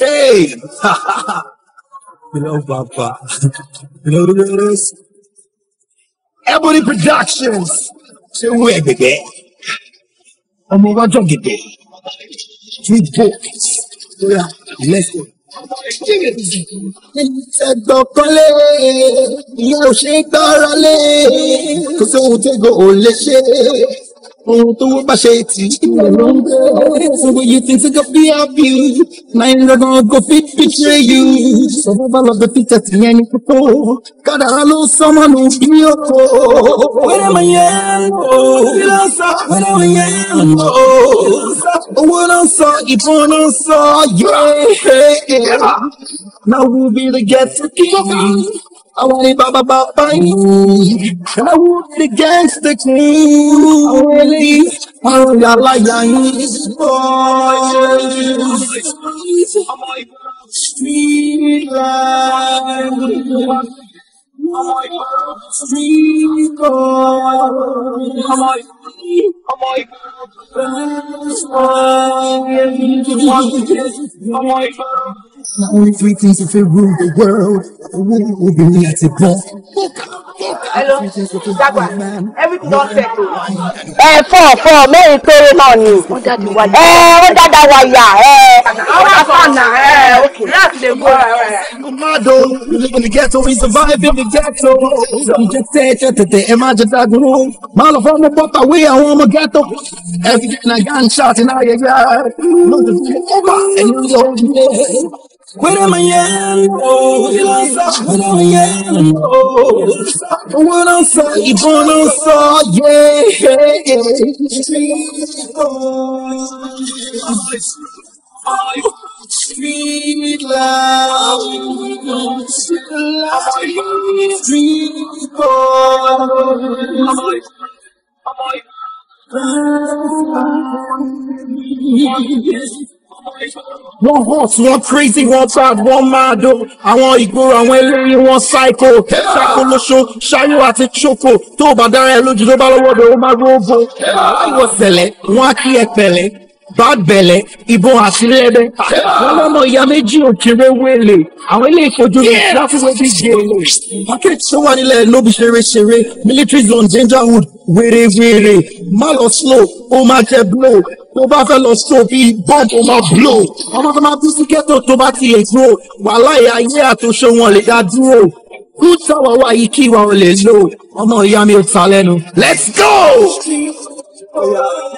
Hey! Hello, Papa. Hello, Rivers. Ebony Productions. Ṣé wo ẹ̀gbẹ̀gbẹ́? Ọmọ ọgọ́jọ́ gèdè. Three books. Lóyà, lẹ́sìn. Ẹgbọ́n kan lé, ìyá ò ṣe gbọ́rọ̀ lé, kò sóhun tẹ́gọ̀ ò lè ṣe. ohun tó wọ́n bá ṣe tì í lọ ń gbé owó yìí ti fíkọ́ bí àbí náírà gangan kò fi picture yìí sọ́wọ́ bá lọ bẹ picture tì yẹn ní kókó kádàrá ló sọ́mọ́ nù bí oko. wẹ́rẹ́ mi yẹn o kí ló sọ wẹ́rẹ́ I'm o owó ló sọ ìfún ló sọ yóò. Now we'll be the get to kill. I want it baba baba and I want it against the king. I want it. I want it like I am. Boy, I'm like street light. I'm like street light. I'm like. Oh my god, oh my god, oh my god. only three things if it rule the world. the woman will be Hello, Everything me at four, ball. Hello, Dagba, everything don settle. Ẹ fọ́ fọ́ mẹ́rin péré náà ni. Ẹ ó dáadáa wa yà. Àwọn àfàànà ẹ̀ òkè láti lè gbọ́. Mado, in the ghetto, we survive in the ghetto. Jẹ́tẹ́ jẹ́tẹ̀tẹ̀ ẹ máa jẹ dagoro. Máa lọ fún ọmọ bọ́tà wé àwọn ọmọ ghetto. Ẹ̀sìn náà gunshot náà yẹ yá. Ẹ̀yin ló ń yẹ. When am I in? Oh, when I saw, when am I in? Oh, when I saw, I'm on saw, yeah. Street loud, street boy. Yes. One hot one crazy one proud one máa do oh. àwọn ìgboro àwọn eléyìí wọ́n psycho psycho lóṣo ṣáyò àti choco tó o bá dára ẹ lójú ló bá lọ́wọ́ bẹ̀ ó máa ló bo aláwọ̀ sẹ̀lẹ̀ wọ́n á kí ẹ pẹ̀lẹ́ bá bẹ̀lẹ̀ ìbọn àṣírẹ́dẹ́ wọ́n lọ́mọ ìyá méjì òkèrè wẹ̀lẹ̀ àwọn ilé ìfojú rẹ̀ láfíwẹ́ bí gèlè package tó wà nílẹ̀ lóbi ṣeréṣeré military zone wood, wèrèwèrè má lọ slow ó máa jẹ blow tó bá fẹ́ lọ sọ bí bọ́ǹpù bùlò ọmọ tó máa dún sí ghetto tó bá ti lè dúró wàhálà ìyá ayé àtúnṣe wọn lè dá dúró kú táwọn wá yìí kí wọn lè lò ọmọ ìyá mi ò ta lẹ́nu. let's go. Oh,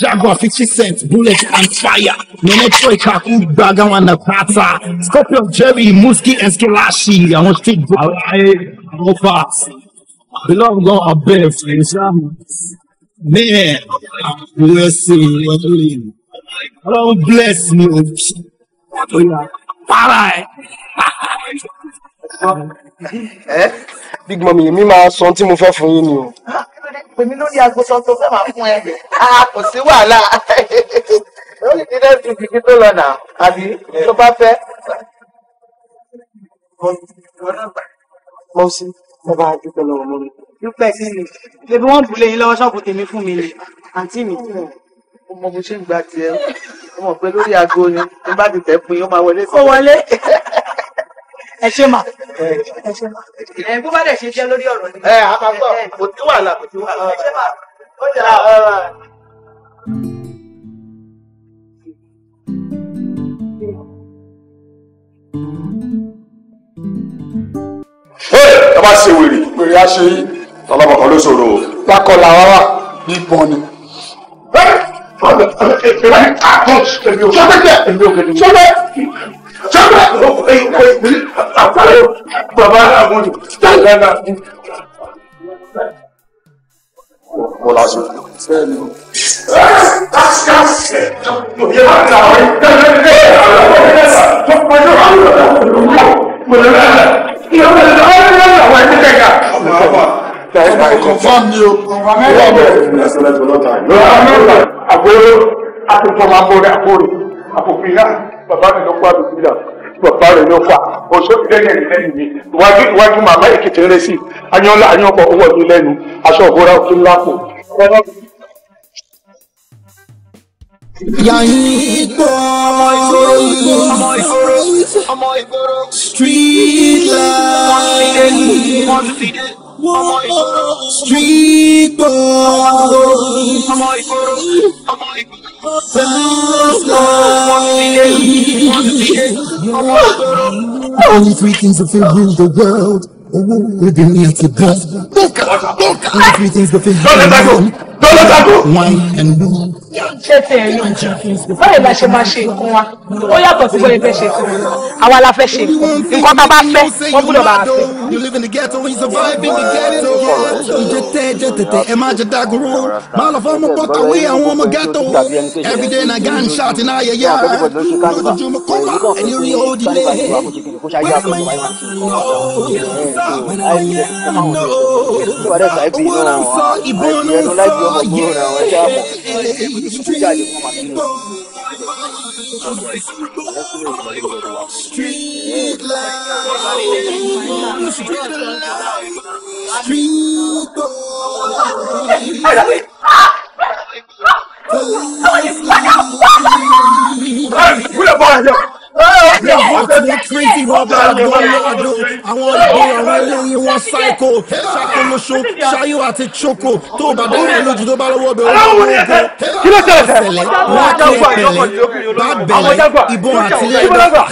Jaguar 50 Cent, Bullet and Fire, Nene Troika, the Nakata, Scorpion Jerry, Muski and Skelashi Skilashi, àwọn street bro. Alaye, àwọn parts. Beloved God above, man, blessing, blessing. Ọlọ́run bless me o. Bye. ẹ̀. Eh? big mummy mi máa sọ tí mo fẹ́ fún yín ni o. pèmí lórí agbóṣọ tó fẹ́ máa fún ẹ a ah, kò sí wàhálà lórí ìdílé do kìkì tó lọ nà àbí tó bá fẹ́. mo sì mo bá dúpẹ́ You mọ́ mi. dúpẹ́ sí mi bébí wọ́n bu lẹ́yìn lọ́wọ́ ṣọ́ọ̀bù tèmi fún mi ni àǹtí mi. mo mọ bó ṣe ń gba tiẹ̀ mo mọ̀ pé lórí aago ni bí bá ti tẹ̀ fún yín ó máa wọlé. ó wọlé. ẹ ṣe mà ẹ bó bá dẹ̀ ṣe jẹ́ lórí ọ̀rọ̀ ni. ẹ àpapọ̀ kò tí wàhálà kò tí wàhálà. ẹ ṣe mà ó jà ọ̀rọ̀. ẹ ṣe wèrè wèrè á ṣe tọlọmọ kan ló ṣòro o. lákọ làwọn wà ní ìbọn ni. sọgbẹ́ sọgbẹ́ sọgbẹ́ mo la ṣe. Confirm you. Àgbèrò àtúntò máa ń bọ̀ ní àpòrò àpòpìlà bàbá mi ló kó àlùbílà bàbá rẹ̀ ló fà òṣòdì lẹ́yìn lẹ́yìn mi iwájú iwájú màmá èkìtì rẹ̀ sí ayánlá ayánpọ̀ owó mi lẹ́nu aṣọ òbóra òkú ńlá pò. Yayin boys, street life. street boy Only three things that fill in the world. Oh, we're doing it to God. Look, look. Only three things that fill in the world. dọ́lọ́ tako. ṣẹ́tẹ̀ ẹ̀yọ́ báyìí bá ṣe máa ṣe nǹkan wa ó yàtọ̀ sí bóyá fẹ́ ṣe fún mi àwa la fẹ́ ṣe nǹkan tá a bá fẹ́ wọ́n gbọ́dọ̀ bá a fẹ́. jẹtẹ jẹtẹtẹ ẹ máa jẹ dagoro máa lọ fọ ọmọ pọtàwé àwọn ọmọ ghetto everyday na gan shot na ayẹyẹ ara lójoojúmọ́ kọlá ẹni orí odi lé wẹ́ẹ́mẹ́yẹ owó ń sọ ìbọn ń sọ gbogbo rẹ̀ wọ́n já mọ̀ tó jáde fún wa nínú. Street life, street life, street life. Pull up, boy! ní àwọn tí wọ́n crazy wọ́n bá lọ́wọ́ lọ́dún àwọn ọ̀dọ́ ọ̀rọ̀ eléyìí wọ́n psycho ṣàkólóṣo ṣáyò àti choco tó bá dáhùn lójú tó bá lọ́wọ́ bẹ̀rẹ̀ wọ́n wọ́n gbọ́ kí ló ṣẹlẹ̀ wọ́n ké pẹ̀lẹ́ bá bẹ̀rẹ̀ ìbọn àti lẹ́dọ̀ àwọn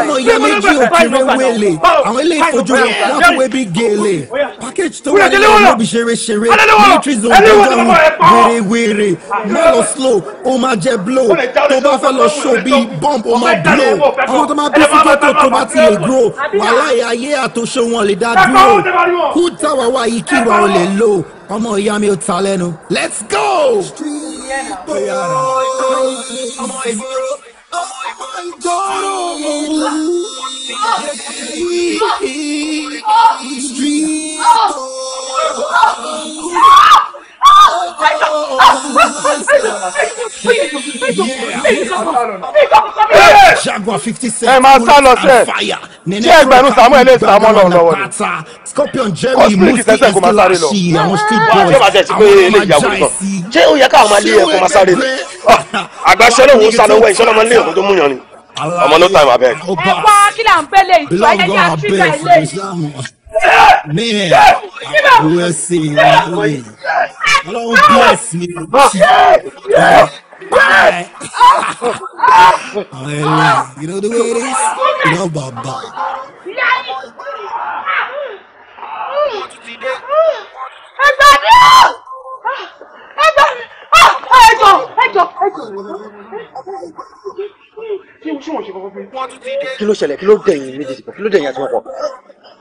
ọmọ iye méjì I'm a àwọn ilé ìfojú wọn fún ebi gèlè package tó wà nílẹ̀ wọn bí ṣeré ṣeré military zone gbẹdọ̀rùn wèrè wèrè má lọ slow ó máa jẹ blow tó bá fẹ́ lọ show bí bump ó máa blow ọmọ tó máa bí sí kókò tó bá ti lè grow wàhálà ayé àtúnṣe wọn lè dá dúró kú táwa wá yìí kí wọn lè lò ọmọ ìyá mi ò ta let's go. ọmọ ìgboro ọmọ ìgboro. Jaguar fifty six. Ẹ máa sá lọ sẹ́ẹ̀. Ṣé ẹgbẹ̀rún Samuel lè sá mọ́ lọ lọ́wọ́ ni? Scorpion Jerry Musi Estelashi àwọn street boys. Ṣé o máa jẹ́ sí pé ilé ìyàwó nìkan? Ṣé o yẹ káwọn máa lé ẹ̀kọ́ máa sáré ni? Àgbàṣẹ́ lòun sá lọ́wọ́ ìṣọ́nà máa lé ẹ̀kọ́ tó múyàn ni. Ọmọ no time abeg. Ẹ wá kí là ń bẹ́lẹ̀ ìtura ẹ̀yẹ́ ní àtúntà ilé yìí. Man, we'll see. Lord bless me. Hallelujah. You know the way it is? No, Baba. kí ló ṣẹlẹ̀ kí ló dẹ̀yìn méjèèjì kí ló dẹ̀yìn àti wọn kọ.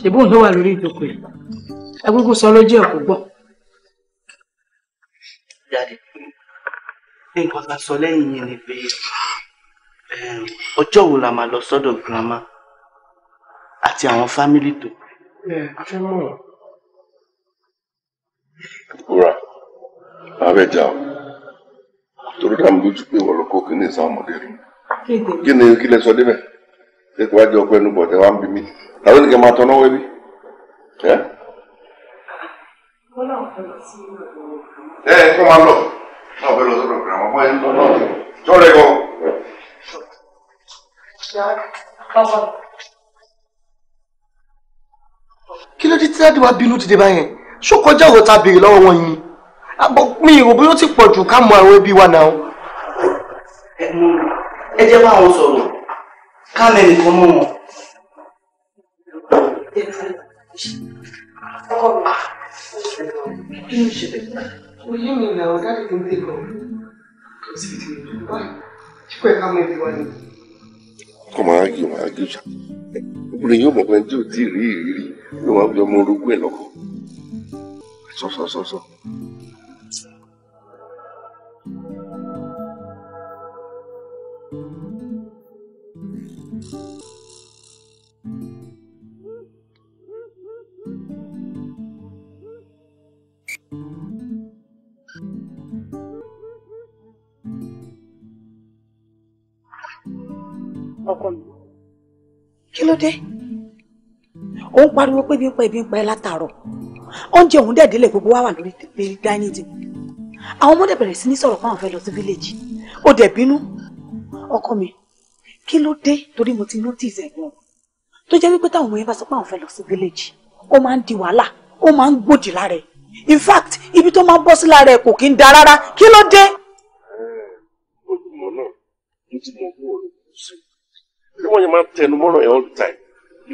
ṣèbóun ló wà lórí ìjókòó yìí agbégbó sọ ló jẹ́ ọ̀pọ̀ gbọ́. jáde nǹkan tá a sọ lẹ́yìn yìí ni pé ọjọ́ wo la máa lọ sọ́dọ̀ girama àti àwọn fámílì tó. wúrà abẹ́ jà ọ́ torí dá mi lójú pé ìwọ ló kó kí ní ìsàn ọmọdé rí kí ni kí lẹ sọ débẹ̀ ṣé kò wá jẹ ọpẹ ẹnu bọ̀ tẹ wá ń bí mi tàbí nìkan máa tọ́nà wẹ́bí. ẹ ẹ kó máa lọ náà fẹ́ lọ sọ́dọ̀ pé àwọn ọmọ ẹ ń lọ náà tó rẹ̀ gan. kí ló dé tí dáàdi wa bínú dìde báyẹn ṣó kọjá ọ̀rọ̀ ta béèrè lọ́wọ́ wọn yìí mi ìrò bóyá ó ti pọ̀ jù ká mọ àwọn ẹbí wa náà. ẹ jẹ́ bá wọn sọ̀rọ̀. Kálẹ̀ nìkan mọ̀ wọ́n. Kí ló ṣe bẹ́ẹ̀? Oyé mi là ọ́ ni. Kọ̀ máa yọ máa yọ ọkọ mi kí ló dé ó ń pariwo pé ibi ń pa ibi ń pa ẹ látàárọ̀ oúnjẹ òun dẹ̀ délé gbogbo wa wà lórí dining table àwọn ọmọdé bẹ̀rẹ̀ sí ní sọ̀rọ̀ fáwọn fẹ́ lọ sí village ó dẹ̀ bínú ọkọ mi kí ló dé torí mo ti notice ẹ̀gbọ́n tó jẹ́ wípé táwọn ọmọ yẹn bá sọ pé àwọn fẹ́ lọ sí village ó máa ń di wàhálà ó máa ń gbòdì lára in fact ibi tó máa ń bọ́ sí lára ẹ̀ kò kí ń da rárá kí ló dé. ojúmọ náà ló ti mọ owó rẹ kù sí bí wọ́n yẹn máa tẹnu mọ́rọ̀ ẹ̀ all the time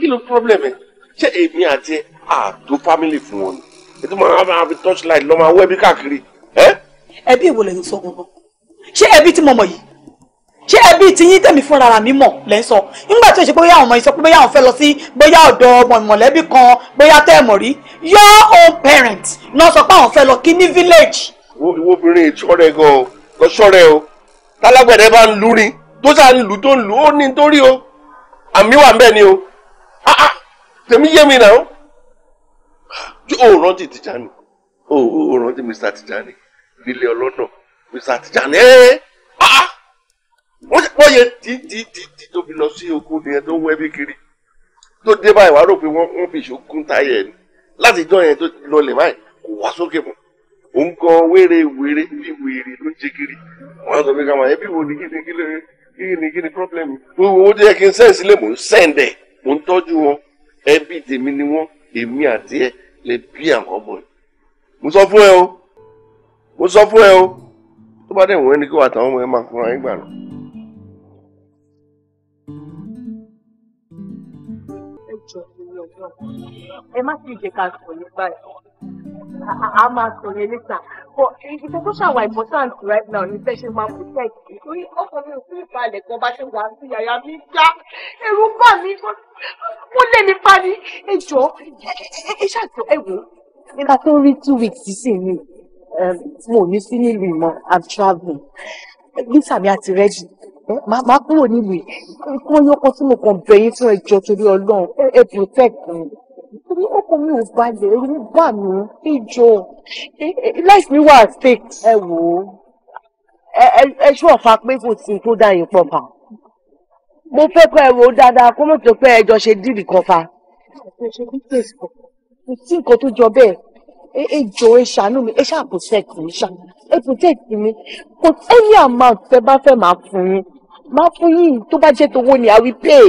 kí ló problem ẹ̀ ṣé èmi àti ẹ̀ àtó family fún wọn ni ètò máa máa fi torchlight lọ́ máa wọ́ ẹbí káàkiri. ẹbí èwo lẹ́yìn sọ gbogbo ṣé ẹbí tí mo mọ̀ yìí ṣé ẹbí tí yín tẹ̀mí fúnra mi mọ̀ lẹ́ ń sọ nígbà tí o ṣe pé bóyá àwọn ọmọ yìí sọ pé bóyá àwọn fẹ́ lọ sí bóyá ọ̀dọ̀ ọmọ ìmọ̀lẹ́bí kan bóyá tẹ́ ẹ̀ mọ̀ rí your own parent náà sọ pé àwọn fẹ́ lọ kí ní village. wo obìnrin ìṣọ́rẹ́ gan-an lọ ṣọ́rẹ́ o tálágbẹ̀dẹ bá ń lúrin tó sáré lù tó ń lù ó ní nítorí o àmì wà bẹ́ẹ̀ ni o ah, ah, tèmi yé mi náà ó rántí Tijani ó rántí Mr Tijani nílé ọlọ́nà Mr Tijani ẹ́ẹ́ wọ́n yẹ tí tí tí tí tó fi lọ sí okun nìyẹn tó ń wẹ́ bí kiri tó dé báyìí wàá rò pé wọ́n fi ìṣókun táyà ẹ̀ ni láti jọ yẹn tó ti lọlẹ̀ báyìí kò wá sókè mọ́ òun kan wéré wéré bí wèrè ló ń ṣe kiri wọ́n á sọ pé ká máa yẹ bí wo ni kí ni kí lóore kí ni kí ni problem. owó tó yẹ kí n sẹ́ǹsì lè mò ń sẹ́ǹdẹ̀ mò ń tọ́jú wọn ẹbí tèmi ni wọn èmi àti ẹ lè bí àwọn ọmọ yìí. mo sọ fún ẹ o mo sọ fún ẹ o tó bá dẹ̀ wọ́n ẹni kí wàá tàwọn ọmọ ẹ máa fúnra yín gbà lọ. ẹ má sì jẹ́ ká nípa ẹ̀. I'm asking sọ yẹn níta but ìṣe tó my important right now ní fẹ́ẹ́ ṣe protect kú We ìtorí ọkọ mi ò fún ìbalẹ̀ kan bá ṣe wà sí yàrá mi dá ẹ̀rù me mí wọ́n lé mi hey Joe, hey ṣàtọ ẹ wò. nígbà tó ń rí two weeks sísìn mi um, mo ò ní sí nílùú ìmọ̀ i'm travelling visa mi àti rẹ́jì máa kúrò nílùú yìí kí wọ́n yọkọ tí mo kàn bẹ̀yìn fún ẹjọ́ torí ọlọ́run ẹ protect me? ọkọ mi ò balẹ̀ ẹ̀rù ń bà mí ìjọ life mi wà fake. ẹ wò ó ẹ ṣú ọ̀fà pé kò sí tó dá yín pọ̀ fà mo fẹ́ kọ́ ẹ̀rọ dáadáa kó mọ̀ tó pé ẹjọ́ ṣe dìrì kan fa. kò sí nǹkan tó jọ bẹ́ẹ̀ ẹ jọ ẹ ṣàánú mi ẹ ṣàpò sẹ́ẹ̀kì mi ṣá ẹ protect mi kò any amount tẹ bá fẹ́ máa fún yín máa fún yín tó bá jẹ́ tówó ni i will pay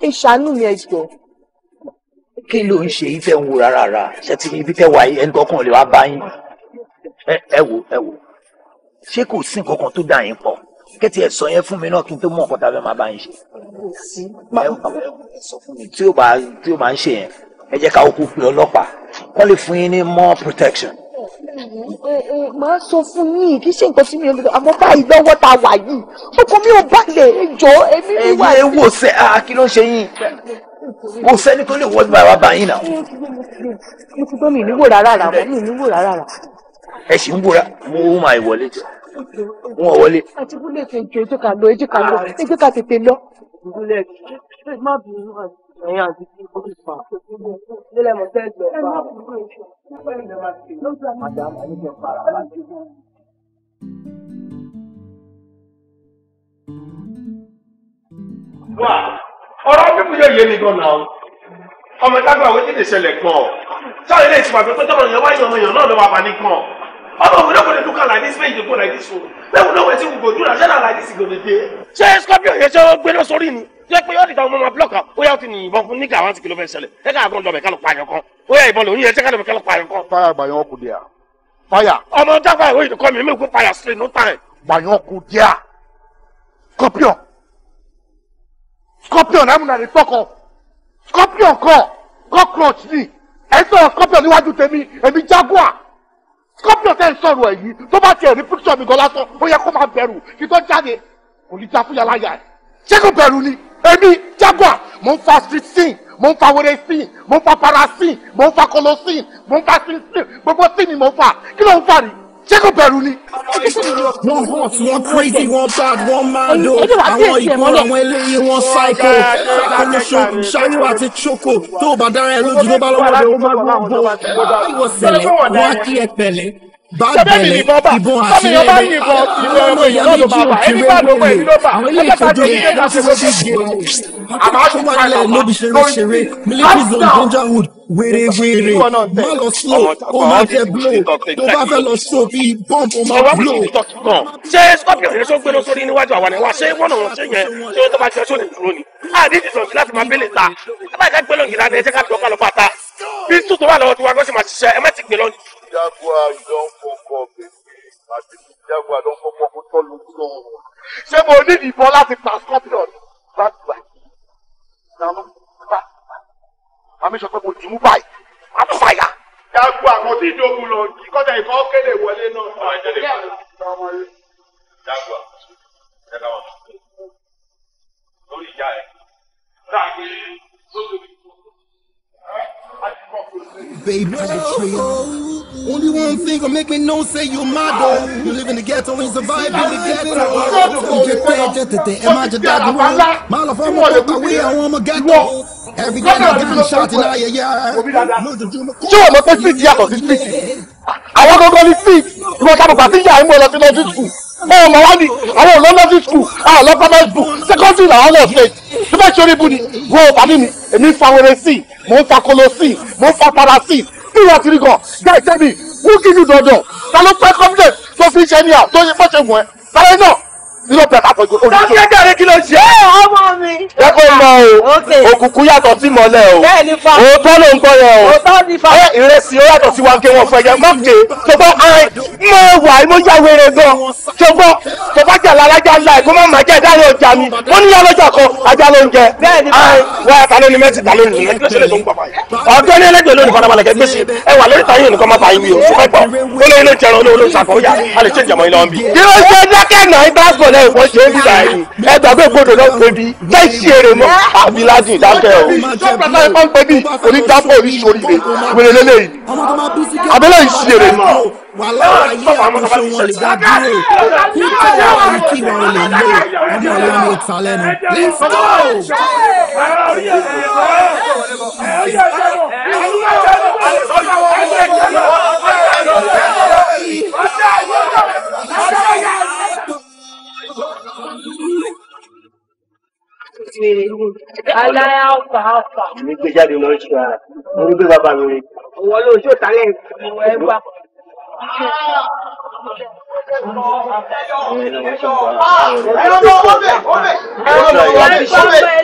ẹ ṣàánú mi ẹ jọ kí ló ń ṣe ìfẹ́ ń wo rárá rà ṣe ti ibi tẹ́ wà yìí ẹnì kankan lè wá bá yín ẹ wò ẹ wò ṣé kò sí nǹkan tó dà yín pọ̀ kẹ́tì ẹ̀ sọ yẹn fún mi náà kí n tó mú ọ̀kan tàbí máa bá yín ṣe. tí ó bá ń ṣe yẹn ẹ jẹ́ ká ó kú pé ọlọ́pàá wọ́n lè fún yín ní more protection màá sọ fún yín kì ṣe nǹkan tí mi ò àmọ́ báyìí lọ́wọ́ tá wà yìí ọkọ mi ò balẹ̀ ẹjọ́ èmi mi wà. ẹyin wò sẹ kí ló ń ṣe yín kò sẹ́ni tó lè wọ ìgbà wa bá náà. mo ti gbọ́ mi níwò rárá rà mọ́ mi níwò rárá rà. ẹ ṣì ń wúra mo ń máa wọlé jọ wọn wọlé. àti búlẹ̀ kejì ojú kan lọ ojú kan lọ ojú kan tètè lọ. búlẹ̀ kejì má bínú àti ẹ̀yin àti kí ló ti fà. nílẹ̀ mo fẹ́ gbẹ̀ fà. màdàmú ẹni tẹ fara láti. wà ọ̀rọ̀ pípọ̀ yóò yé mi gan náà ọmọ ìdágbà wo tètè ṣẹlẹ̀ gan ọ sáré lè tìpàgbé tó tọrọ yẹn wáyé ọmọ yẹn náà lọ́wọ́ abá gan ọmọ òun kò lè look at like this way you dey go like this o bẹ́ẹ̀ wọ́n náà wọ́n ti wù gòdúrà ṣẹ́nà like this go dey dey. ṣé scorpion yẹn ṣé ó gbéná sórí ni jẹ́ pé yọ́ọ̀dì táwọn ọmọ blọ́ọ̀kà ó yà ó ti nìyìnbọn fún nígbà wọn ti kìlọ̀ fẹ́ ṣẹlẹ̀ ẹ káàkó lọ́bẹ̀ kálọ̀ pààyàn kan ó yà ìbọn lòun yẹn ṣẹ́ kálọ̀ kálọ̀ pààyàn kan. fire gbàyàn kù díà fire. ọmọ jáfa ìwé ìdíkọ́ mi mẹ́kún fire straight no time. gbàyàn kù díà scorpion scorpion amúnà tọkọ scorpion kọ cockroach ni ẹ sọ̀rọ̀ scorpion níwájú tèmi èmi jaguar scorpion tẹ́ ń sọ̀rọ̀ èyí tó bá tiẹ̀ rí píkítọ̀ mi gan lásán ó yẹ kó máa bẹ̀rù kí tó jáde kò ní ta fún yà ẹ̀ ṣé kò bẹ̀rù ni èmi jaguar mo ń fa strisin mo ń fa weresin mo ń fa parasin mo ń fa kolosin mo ń fa sinsin gbogbo sin ni mo ń fa kí ló ń fa rí ṣé kò bẹ̀rù ni. one horse one crazy one bad one mad o àwọn ìgbọ́n àwọn eléyìí wọn psycho kọ́ni ṣokùn ṣáájú àti ṣoko tó o bá dára ẹ lójú ló bá lọ́wọ́ rẹ̀ ó máa gbọ́ bọ́ wá ìwọ̀sẹ̀lẹ̀ wá kí ẹ pẹ̀lẹ́ bá bẹ̀rẹ̀ ìbọn àti ẹ̀rọ àwọn èèyàn méjì òkèèrè wọlé àwọn ilé ìtọ́jú yẹn láti ṣe ìgbéra àbájúmọ́lẹ̀ lóbi ṣeré ṣeré military zone danger wood wérewére má lọ slow ó má jẹ blow tó bá fẹ́ lọ slow bíi bomb ó má blow. ṣé scorpion yẹn ṣó gbéná sórí níwájú àwọn ẹ̀wà ṣé wọ́n náà ṣé yẹn ṣé ó tó bá ṣe ṣó lè dúró ni àdé ti sọ̀rọ̀ láti máa bẹ́lẹ̀ ta ẹ bá ìka gbẹ́lọ́ǹgì láti ẹ jẹ́ ká tọ́ka lọ́pàá ta bí tútù wà lọ́wọ́ tiwa gbọ́sẹ̀ máa ṣiṣẹ́ ẹ má ti gbẹ́lọ́ǹgì Jaguar, you don fuck up again. I Jaguar don fuck up with all the snow. Ṣé mo ní ìbọn láti pa scorpion? Back Nàánú back Àmì sọ pé mo dì mú báyìí. Má tó fàyà. Jaguar kan tí ìdógun lọ kí kọ́tà ìfọ́ kéde wọlé náà. Ọmọ ìjọba ìwà. Jaguar, ṣẹ̀dá wọn. Lórí ìyá ẹ̀. Sáà pé sódò mi. Baby, no. Oh. Only one thing will make me know say you my though. You live in the ghetto and survive in the ghetto. You get paid just today. Am I just dodging road? My love, I'm walk away. I want my ghetto. Every day I'm getting shot in the yeah. Joe, my first speech, yeah, for this speech. I want to go to this speech. You want to come back to here? I'm going to go to this school ọ ọmọ wa ni àwọn olóńdọ́sí skul àwọn olóńdọ́sí skul secondary làwọn náà ṣe tó bẹ́ẹ̀ ṣorí ibu ni wo pàdé mi èmi ń fa wẹrẹ sí mò ń fa kolo sí mò ń fa para sí ìwà tìrì gan guy tell me who give you dọ̀dọ̀ ta ló pẹ́ confidence tó fi ṣe ní à tó yẹ pọ́ṣẹ̀ wọ̀ ẹ́ tàlẹ́ náà zero point five ọjọ́ olùkọ́. sọ́kí ẹ̀ka rẹ̀ kí ló ṣe. ẹ ọmọ mi. jẹ́ kó mọ o òkùnkùn yàtọ̀ sí mọ́lẹ̀ o òótọ́ ló ń kọ́ yẹn o ẹ ìrẹsì ó yàtọ̀ sí wa kí wọ́n fẹ́ yẹn má ké ṣùgbọ́n ẹ mọ wà mo yà wẹrẹ gan ṣùgbọ́n ṣùgbọ́n jẹ́ alájà ńlá ẹ̀ kó má má jẹ́ dáná ọjà mi mo ní yàlọ́jà kan ajá a lè náà ìfọ́n ṣe é bí báyìí ẹgbà pé gbọdọ̀ náà tóbi láì sí èrè mọ́ àbí láti ìdákẹ́ o ṣọ́ọ̀bù náà ìfọ́n pé bí onídàpọ̀ oríṣiríṣi wèrè lélẹ́yìn abẹ́lẹ́ ìṣeré ni wàhálà ayé àkóso wọn dúró kúkọ wọn kí wọn lé ọmọ ọlọ́run ló ta lẹ́nu. let's wèrè aláya ọ̀fà ọ̀fà. èmi gbé jáde lọ ṣe ara mo ní gbé bàbá mi rí. òwò ló ṣó tálẹ̀ ìwọ̀ ẹ gbà. ẹ̀yin ọmọ ọbẹ̀ ọbẹ̀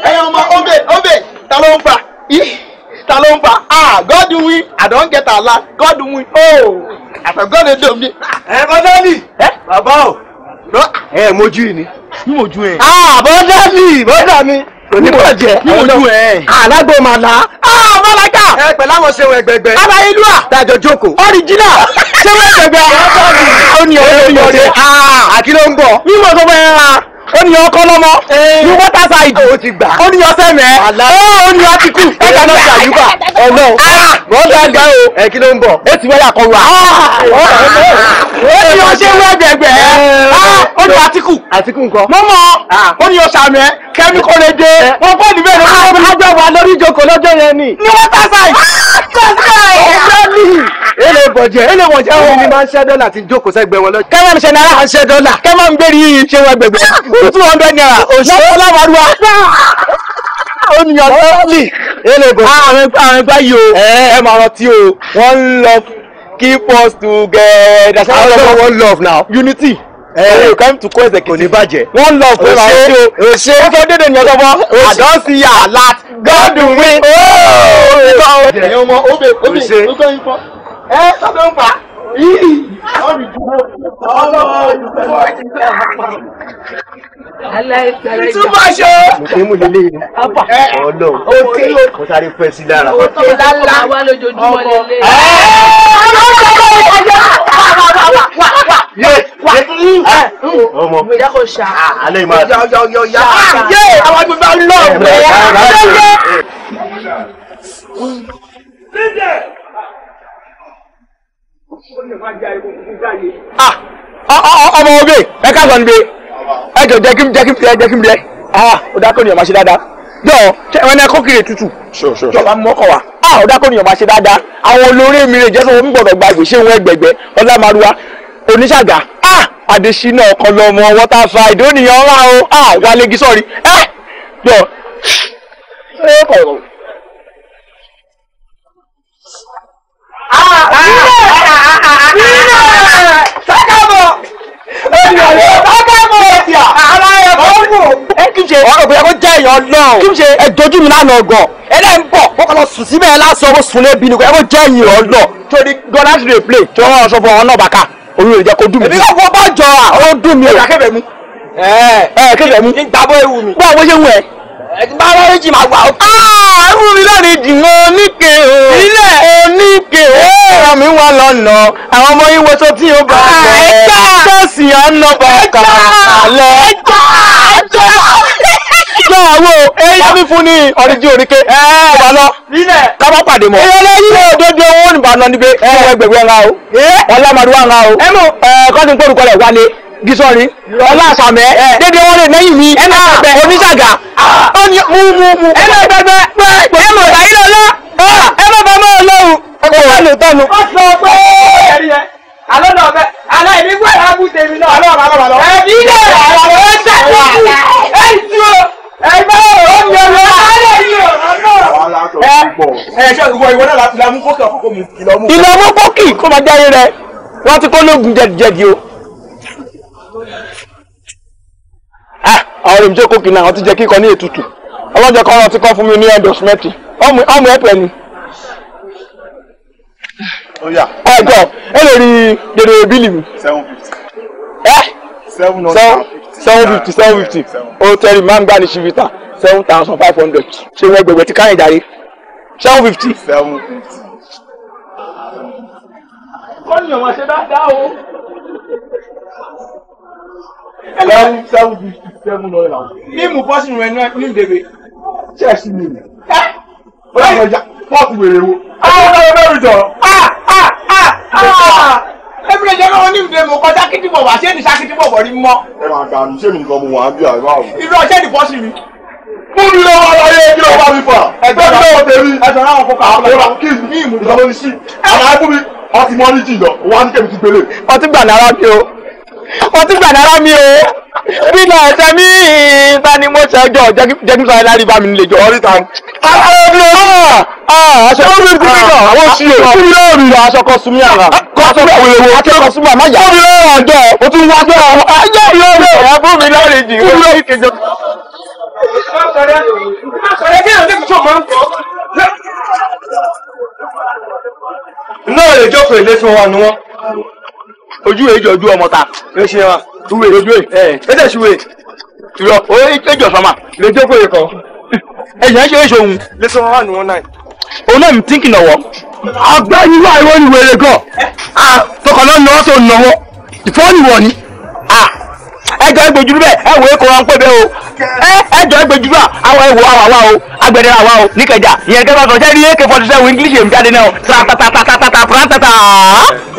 ẹ̀yin ọmọ ọbẹ̀ ọbẹ̀ ta ló ń pa ta ló ń pa ah God win I don to Allah God win oh àtàgọ́dẹ̀ dòmí. ẹ̀ bọ́dọ̀ ni bàbá o ẹ mojú yìí ni. ní mojú ẹ. bọ́dà mi bọ́dà mi oníbọ̀jẹ̀ ní mojú ẹ. alágbó màlá. mọ́lájà. ẹ pẹ̀lú àwọn ṣẹ̀wọ̀n ẹgbẹ̀gbẹ̀. aláyélúwà. dájọ́ jókòó. ọ́ríjìnà ṣẹ̀wọ̀n ẹgbẹ̀gbẹ̀. ó ní ọ̀rẹ́ mi yọ̀ọ̀dẹ. àkìlọ̀ ń bọ̀. mímọ̀ tó bẹ́ẹ̀ ra ó ní ọkọ lọ́mọ eh. ní water side ó ní ọsẹ mẹ́ ó ní ọtíkù ẹ̀ka náà ṣe àyùbá ọ̀nà wọ́n gbàgbà o ẹ̀ eh, kí ló ń bọ̀ ó ti wáyà kan wà. Ah! Eh, ó ní ọṣẹ wẹ́gbẹ̀gbẹ̀ ah! ó ní atiku. Atiku nǹkan mọ́mọ́ ó ní ọṣà mẹ́ kẹ́míkọ́ lè dé wọ́n pọ̀ níbẹ̀ lọ́wọ́ ajọ́ wa lórí ìjókòó lọ́jọ́ yẹn ni ní water side. Ah! ele bọ̀jẹ̀ ele bọ̀jẹ̀ àwọn èmi máa ń ṣẹ́ dọ́là tí ń jókòó sẹ́gbẹ̀ wọn lọ. kẹ́mọ́ mi ṣe náírà à ń ṣẹ́ dọ́là kẹ́mọ́ mi gbérí ṣe wọn gbẹ̀gbẹ̀ two hundred naira òṣù ọlọ́mọdúnwá oníyàn lọ́ọ̀lì ele bọ̀jẹ̀. Ah, àwọn ẹgbẹ́ yìí o ẹ máa rántí o one love keep us together. I love one love now. unity ẹ̀rọ crime to co executive kò ní bàjẹ́. wọ́n lọ fún wa ṣe o ṣe o sọ dédé ní ọjọ́ bọ́ àdánsì yàrá gọ́ọ̀dù wí. ẹ̀yin ọmọ obì obì ọgọ́ ifọ̀ ẹ sọ́dọ̀ ń fà yìí ọ̀rì dúró ọlọ́wọ́ ìfẹ́ ìfẹ́ àpá. ìtumọ̀ ṣe o. mo ti mú lílé yìí. ọlọ́run òkè mo sáré pẹ́ sí lára. òkè lálá wa lójoojúmọ́ lélẹ̀. ọmọ ọmọ ọmọ ọmọ ọmọ ọmọ ìyá kò ṣá alẹ́ ìmọ̀ ẹ jọ jẹ́ kí n jẹ́ ẹ jẹ́ kí n fi ẹ ó dákọ̀ ni ọ̀ma ṣe dáadáa jọ ẹwọn ni ẹkọ kiri tutu jọba mọkọ wa a ọdọ akọni ọba ṣe dáadáa àwọn olórí mi rè jẹsọ omi gbọ́dọ̀ gba gbèsè wọn ẹgbẹgbẹ ọlámàrúwa oníṣàgà a adesina ọkọ lọmọ waterfall ìdóníyàn ọlá o a wàlẹgi sọrí ẹ ah, ah, ah, ah, ah, ah, ọ̀rọ̀ bóyá kó jẹ́ èèyàn náà ẹ dojú mi lánàá ọgàn ẹlẹ́ ń bọ̀ kó kọ́ lọ sùn síbẹ̀ lásán kó sùn lébi ni bóyá kó jẹ́ èèyàn náà torí gọ́dá ti lè play tí wọ́n sọ fún ọ náà bàkà orí rẹ̀ jẹ́ kó dùn mí. èmi kò fọ bá jọ à ó dùn mí o. ẹ̀ka kébẹ̀ mi. ẹ̀ ẹ̀ kébẹ̀ mi. ìgbàgbọ́ ewu mi. báwo ṣe ń wẹ̀ báwo ló jì máa wà ó. ẹrú mi lónìí dì mọ́ oníke o. ilé oníke o. ọ̀rọ̀ mi wà lọ́nà àwọn ọmọ yín wo tó tí ó bá a lọ. ẹja tẹ̀sí ọ̀nà bàkà lọ. ẹja wo èèyàn mi fún ní ọ̀rìjì òrìkè ọba lọ kábà pàdé mọ́ ilé òdodo owó nìbà lọ níbi ẹwọ ẹgbẹ̀rún ẹ̀ra o ọlámọdún wà ń ra o kọ́ni gbórúkọ rẹ̀ wálé gisọ́rí ọlá àsàmẹ́ dédé wọn lè lẹ́yìn mi oníṣàgà mú mú mú ẹnà gbẹgbẹ ẹmọ ìbáyé lọ́lá ẹmọ bàmọ́ ọlọ́run ọgbà lè tọ́nu. ó sọ pé ẹ̀rí ẹ̀ alọ́nà ọ̀bẹ aláìní wẹ̀ lábùtẹ̀mí náà ọlọ́run alọ́run alọ́run. ẹ̀mí náà ọ̀rọ̀ ẹ̀ ẹgbẹ́ òun yóò lọ sáré yìí o. ẹ ẹ ṣe ìwọ ìwọ náà láti la mú kókì ọkọ kó mu ìlọ mú. ìlọ mú kó máa jáde rẹ wọn ti kó lóògùn jẹdìjẹdì o. àwọn ah, èmi kókì náà wọ́n ti jẹ́ kíkọ ní ètùtù ọlọ́jọ́ kan wọ́n ti kọ́ fún mi ní endorsement ọmọ ẹ̀pẹ̀ ni. ẹ ẹ lè rí dèrè bílì mi seven fifty seven fifty ó tẹ́lẹ̀ máa ń gbá ní ṣivita seven thousand five hundred ṣé wọ́n gbẹ̀gbẹ̀ ti káyìn jàre seven fifty. seven fifty. kọ́ni ọ̀wọ́n ṣe dáadáa o. seven seven fifty seven hundred ní mú pọ́sìn rẹ̀ náà ní ìdèbè. chess ni mi. bọ́lá ìjà pọ́ọ̀tù wèrè wo. àwọn ọ̀dọ́ ọ̀dọ́ ìjọ. ah ah ah ah èmi lè jẹ́ lọ́wọ́ ní ìdè mọ̀ kọjá kíndìbọ̀ wá ṣé ní ṣàkíndìbọ̀ bọ̀ rí mọ́. ẹ máa gbà ní sẹ́mi nìkan bí àyè báwo. irú ọ̀ṣẹ́ ìdìbọ̀ sí mi. mú mi lọ́wọ́ àlàyé kí ló mi fà. ẹgbẹ́ mi lọ́wọ́ tèmi. ẹ̀sán náà fọkàn àwọn ọmọ kí ni ìmùdókòwò sí. àlàyé fún mi ọtí mọ́ ní jìyàn wọ́n á ní kẹ́mi ti gbélé. ọtí gbà náírà bí o wọ́n ti gbà nára mi o bí náà ẹsẹ̀ mi ta ni mo ṣe ọjọ́ jẹ́ kí n sáré lárí bá mi nílé jọ. ọ̀rìta ọ̀rìta aṣọ kan sunmi náà àwọn oṣù yẹn sunmi náà rí aṣọ kan sunmi àrà kọ́sọ́ kan wèrè wo aṣọ kan sunmi àmà yà. sunmi náà rà ọjọ́ o tún wá jọ àwọn ayé yóò rẹ̀ ẹ̀ fún mi náà lè jì í. sunmi náà rí kejì. má sọ̀rọ̀ má sọ̀rọ̀ kí ẹ̀rọ tó máa ń kọ́. náà lè jókòó ilé tí wọ́n wà ní wọn ojú èjì ojú ọmọ ta ló ṣe wọn ìwé ojú ẹ ẹ tẹsí ìwé ìrọ èjì ọ̀sánmà lè jókòó yìí kan ẹ̀yìn ẹ̀ṣẹ̀ èṣe òun. lẹ́sọ̀ wọn wà ní wọn náà. òun náà mi tíǹkì náwọ. àgbáyé wà ìwé ìwé rẹ̀ gan. Ah, tọkànnà náà tó náwó ìfọ́nìwọ̀ ni ẹjọ́ ìgbèjúrú bẹ́ẹ̀ ẹ wò é kó wọn pé bẹ́ẹ̀ o ẹjọ́ ìgbèjúrú àwọn ẹ̀wò àwa o agbẹ̀dẹ̀ àwa o níkẹjà yẹn kẹfà sọ sẹ́ni ak forty seven english èmi jáde náà tàtàtàtàtà pàtàtà.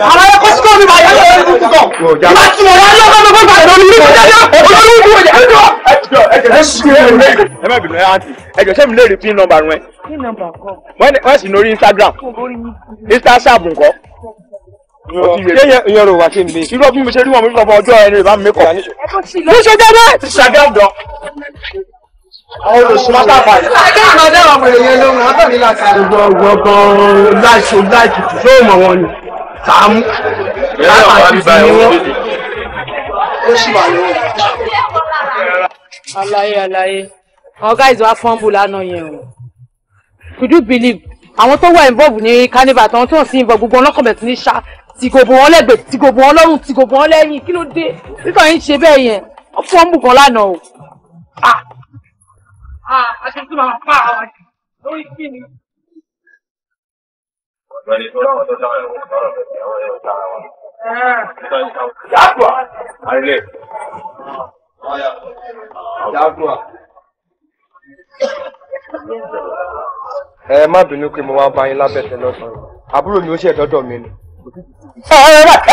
àwọn ẹ̀kọ́ sí kò ní ma yẹ lọ́wọ́ ìlú kúkọ̀ ìmá tí mo yá lọ́wọ́ mi kó gbàgbọ́ mi nígbà ẹjọ́ sẹ́mi lè rí pin number rẹ wọ́n sì lórí instagram instagram nǹkan ìyẹn rò wá kí ni irú ọbí mi ṣe rí wọn mi fọwọ́ ọjọ́ ẹni rẹ̀ bá mi mẹ́kọ̀ọ́ ní ṣe gẹ́gẹ́ ti ṣàgàdàn. àwọn olùsùnmọ́tà báyìí. àgbà náà wà pẹ̀lú yẹn lóhùn abẹ́mi láti. gbogbo gbogbo láìsọ láìsọ tó mọ̀ wọn ni sàmú látàkì ni wọn. ó sì wà lọ́wọ́. àlàyé àlàyé àwọn gáàsì wa fọ́nbù lánàá yẹn o could you believe àwọn tó wà involve ní carnival àtàwọn tó ń sin ìbọn gbogbo ọlọ́kọ̀ọ̀bẹ̀ tí ní ṣá tí kò bò wọ́n lẹ́gbẹ̀ẹ́ tí kò bò wọ́n lọ́rùn tí kò bò wọ́n lẹ́yìn kí ló dé nítorí yín ṣe bẹ́ẹ̀ yẹn wọ́n fún ọmú kan lánàá o. Ah! Ah! aṣọ tí màá fà á wá jù lórí kí ni. Eh. Ẹ má bínú pé mo wá bá yín lábẹ́sẹ̀ lọ́sàn-án. Àbúrò mi ó ṣe dọ́dọ̀ mi ni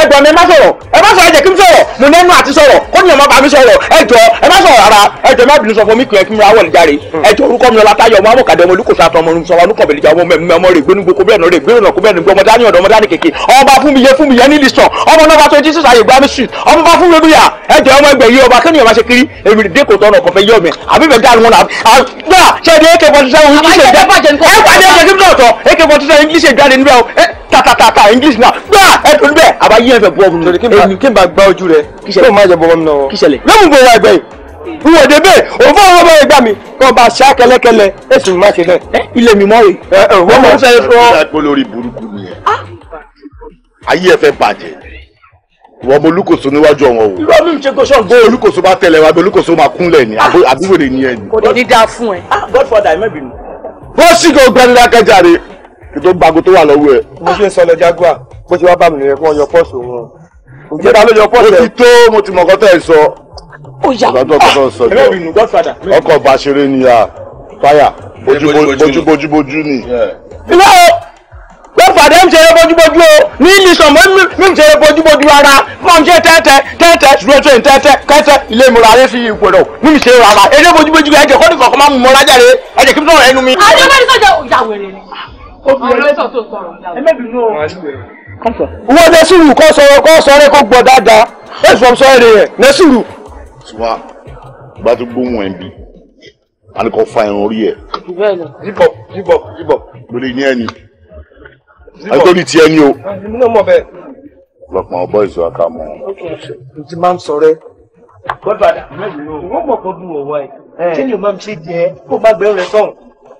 ẹ gbọ́ mi ẹ má sọ̀rọ̀ ẹ má sọ̀rọ̀ ẹ jẹ́ kí n sọ̀rọ̀ mo nẹ́nu àti sọ̀rọ̀ kó ní ọmọ bá mi sọ̀rọ̀ ẹ jọ ẹ má sọ̀rọ̀ rárá ẹ jọ ẹ má bínú sọ fún mi kìlọ̀ kí n ra wọlé járe ẹ jọ orúkọ mi Ọlátayọ ọmọ amọ̀kadà ọmọ olùkọ́sọ àtọ ọmọ olùsọ̀rọ̀ ọmọ kọ̀bẹ̀lì jà ọmọ mẹ́mí ọmọ rẹ̀ gbénu gbogbo bẹ́ẹ̀ rẹ̀ gbénu kó bẹ́ẹ̀ ọmọ dání ọ̀dọ̀ ọmọ dání kéke ọmọ bá fún mi yẹ fún mi yẹ ní lisàn ọmọ náà bá tó etí sísàyè gbá mi sùn ọmọ bá fún mi lóyà ẹ jọ ọmọ ẹgbẹ́ yìí ọba kẹ́niyàn bá ṣe kiri èmi dé kò tọ́nà ọkọ̀ fẹ́ yé ọmọ àbí bẹ́ẹ̀ dáhùn wọn àgbà ṣe é de ak forty seven english ẹ ẹ pàdé ẹ kí n tọ̀ ak forty seven english ẹ jáde níbẹ̀ o tatata english náà gbà ẹ tó níbẹ̀ àbá yí ẹ̀fẹ̀ bọ́ ọ̀hún èmi kí n bá gbá ojú rẹ kó má jẹ bọ́ mi náà. kíṣẹlẹ̀ lẹ́mu bò wá ẹgbẹ́ yìí n wò débẹ̀ òun fún ọmọ bẹ́ẹ̀ gbà mí kó bá ṣá kẹlẹ́kẹlẹ́ èsì mi má ṣe bẹ́ẹ̀. ilé mi mọ́ rè. wọ́n mọ̀ ṣe fún ọ. olórí burúkú nìyẹn ah! ayé ẹ fẹ́ bàjẹ́ wọ́n mo olúkòso níwájú ọ̀wọ́n o. irọ́ mi ń ṣe kóṣọ́ gbọ́. olúkòso bá tẹ̀lé wa bí olúkòso máa kúnlẹ̀ ni ah! àbúrò rẹ̀ ni ẹ ni. kò dé ní dáa fún ẹ. Ah! godfather ẹ mẹ́bìnrin. wọ́n sì kò gbẹ́ni lákẹ́jà rẹ̀ kí tó gbago tó wà lọ́wọ́ ẹ. mo ṣe ń sọ lọ jaguar bó ṣe wá bá mi nìyẹn kí wọ́n yọ wọn ǹjẹ́ ta ló yọ pọ́ọ̀sì ẹ̀. ó ti tó mo ti mọ̀ kọ́tà sọ. ó yà á ọkọ̀ bàṣẹrẹ ni à fáyà bójúbójú ni. ìwọ gbẹ́fàdé ń ṣeré bójúbójú o ní ilé mọ́ mi ń ṣeré bójúbójú rárá mọ́ ń ṣe tẹ́tẹ́ tẹ́tẹ́ ṣùgbọ́n tó tẹ́tẹ́ kẹ́tẹ́ ilé ìmúra ayé fi ipò rẹ̀ mi ń ṣe rárá eré bójúbójú ẹ̀jẹ̀ kọ́ni kọ̀ọ̀kan máa ń mọ rájà rẹ̀ ẹ̀jẹ̀ kí n sọ̀rọ̀ ẹnu mi. àjọ bá ní ìyàwó rẹ̀ ni. obìnrin ọ̀rọ̀ ẹ̀ sọ̀ tó wọ́n ní sùúrù kọ́ sọ̀rọ̀ kọ́ sọ̀rọ̀ kó gbọ́ dáadáa ẹ̀ fọ́n sọ̀rọ̀ rẹ̀ yẹn ní sùúrù. tiwa bá ti gbóhùn ẹ̀ ń bì a ní kò fa ẹran orí ẹ̀. jíbọ jíbọ jíbọ. lórí ní ẹni àtòrí ti ẹni o. Ah, èmi náà mọ̀ bẹ́ẹ̀. lọ́pọ̀ ọ̀bọ ìṣó àkàmọ́. n ti máa ń sọ̀rẹ́. godfather wọ́n mọ̀ kó dùn ọ̀wọ́ ẹ̀ eh. kí ni o máa ń ṣe jẹ́ kó má gbẹ́rù rẹ̀ sọ̀rọ̀.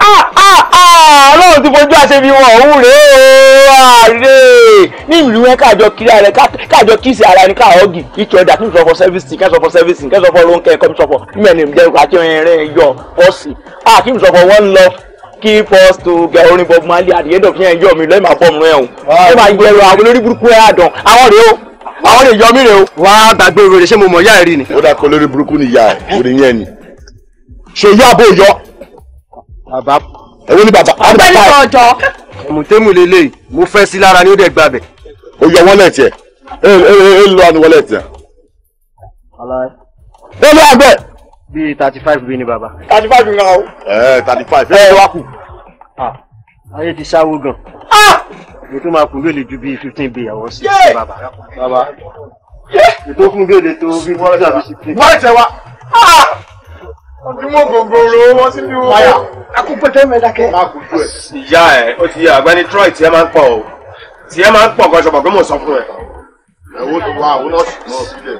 Ah, ah, ah, ọlọ́run ti fojú àṣẹ mi wọ̀n òun rèé o àrè ní ìlú yẹn káàjọ kiri ààrẹ káàjọ kíìsì ara ní káàwọ́ gì each other kí n sọ for servicing kí n sọ for servicing kí n sọ for lóńkẹ́ kọ́ mi sọ for mẹ́rin mi jẹ́rù àti irin yọ fọ́ọ̀sì ah kí n sọ for one love kí first to get orin Bob Marley at the end of yẹn yọ mi lọ́ọ́ máa bọ́ mu rẹ̀ o ó máa gbé ẹrù àwọn olórí burúkú ẹ̀ àdán àwọn rèé o àwọn rèé yọ mí rèé o. wà á gbàgbé rẹ̀ ṣé mo mọ̀ yá ẹ̀ rí ni. ó dà kọ́ lórí burúkú ni yá ẹ̀ òrìyẹn ni ṣe yá bó yọ bàbá ẹ̀wọ́n ní bàbá. ọ̀gbẹ́ni ọ̀jọ́. mùtẹ́mù lélẹ̀ mo fẹ́ sí lára ni ó dẹ̀ gba bẹ̀. o yọ wọlé tiẹ e e e lọ àni wọlé tiẹ. ẹ lọ àgbẹ̀. bíi thirty five bíi ni bàbá. thirty five nǹkan o. ẹ thirty five ẹ wá kù. ayé ti ṣáwó gan. ètò máa kún lóòlì ju bíi fifteen bíi àwọn sí bàbá. bàbá ètò kún lóòlì tó bí wọ́n ṣàbíṣe. wọ́n ṣẹ̀ wá ojúmọ́ gògòrò wọn sí ní owó. báyà akúpẹ́tẹ́ mẹ́dákẹ́. má kú tó ẹ̀. ìyá ẹ ó ti yà àgbẹni troy tiẹ̀ máa ń pọ̀ o tiẹ̀ máa ń pọ̀ gan ṣọ̀bọ̀ pé mò ń sọ fún ẹ. ẹ̀wọ́ tó wá àwọn nọ́ọ̀sì náà sílẹ̀.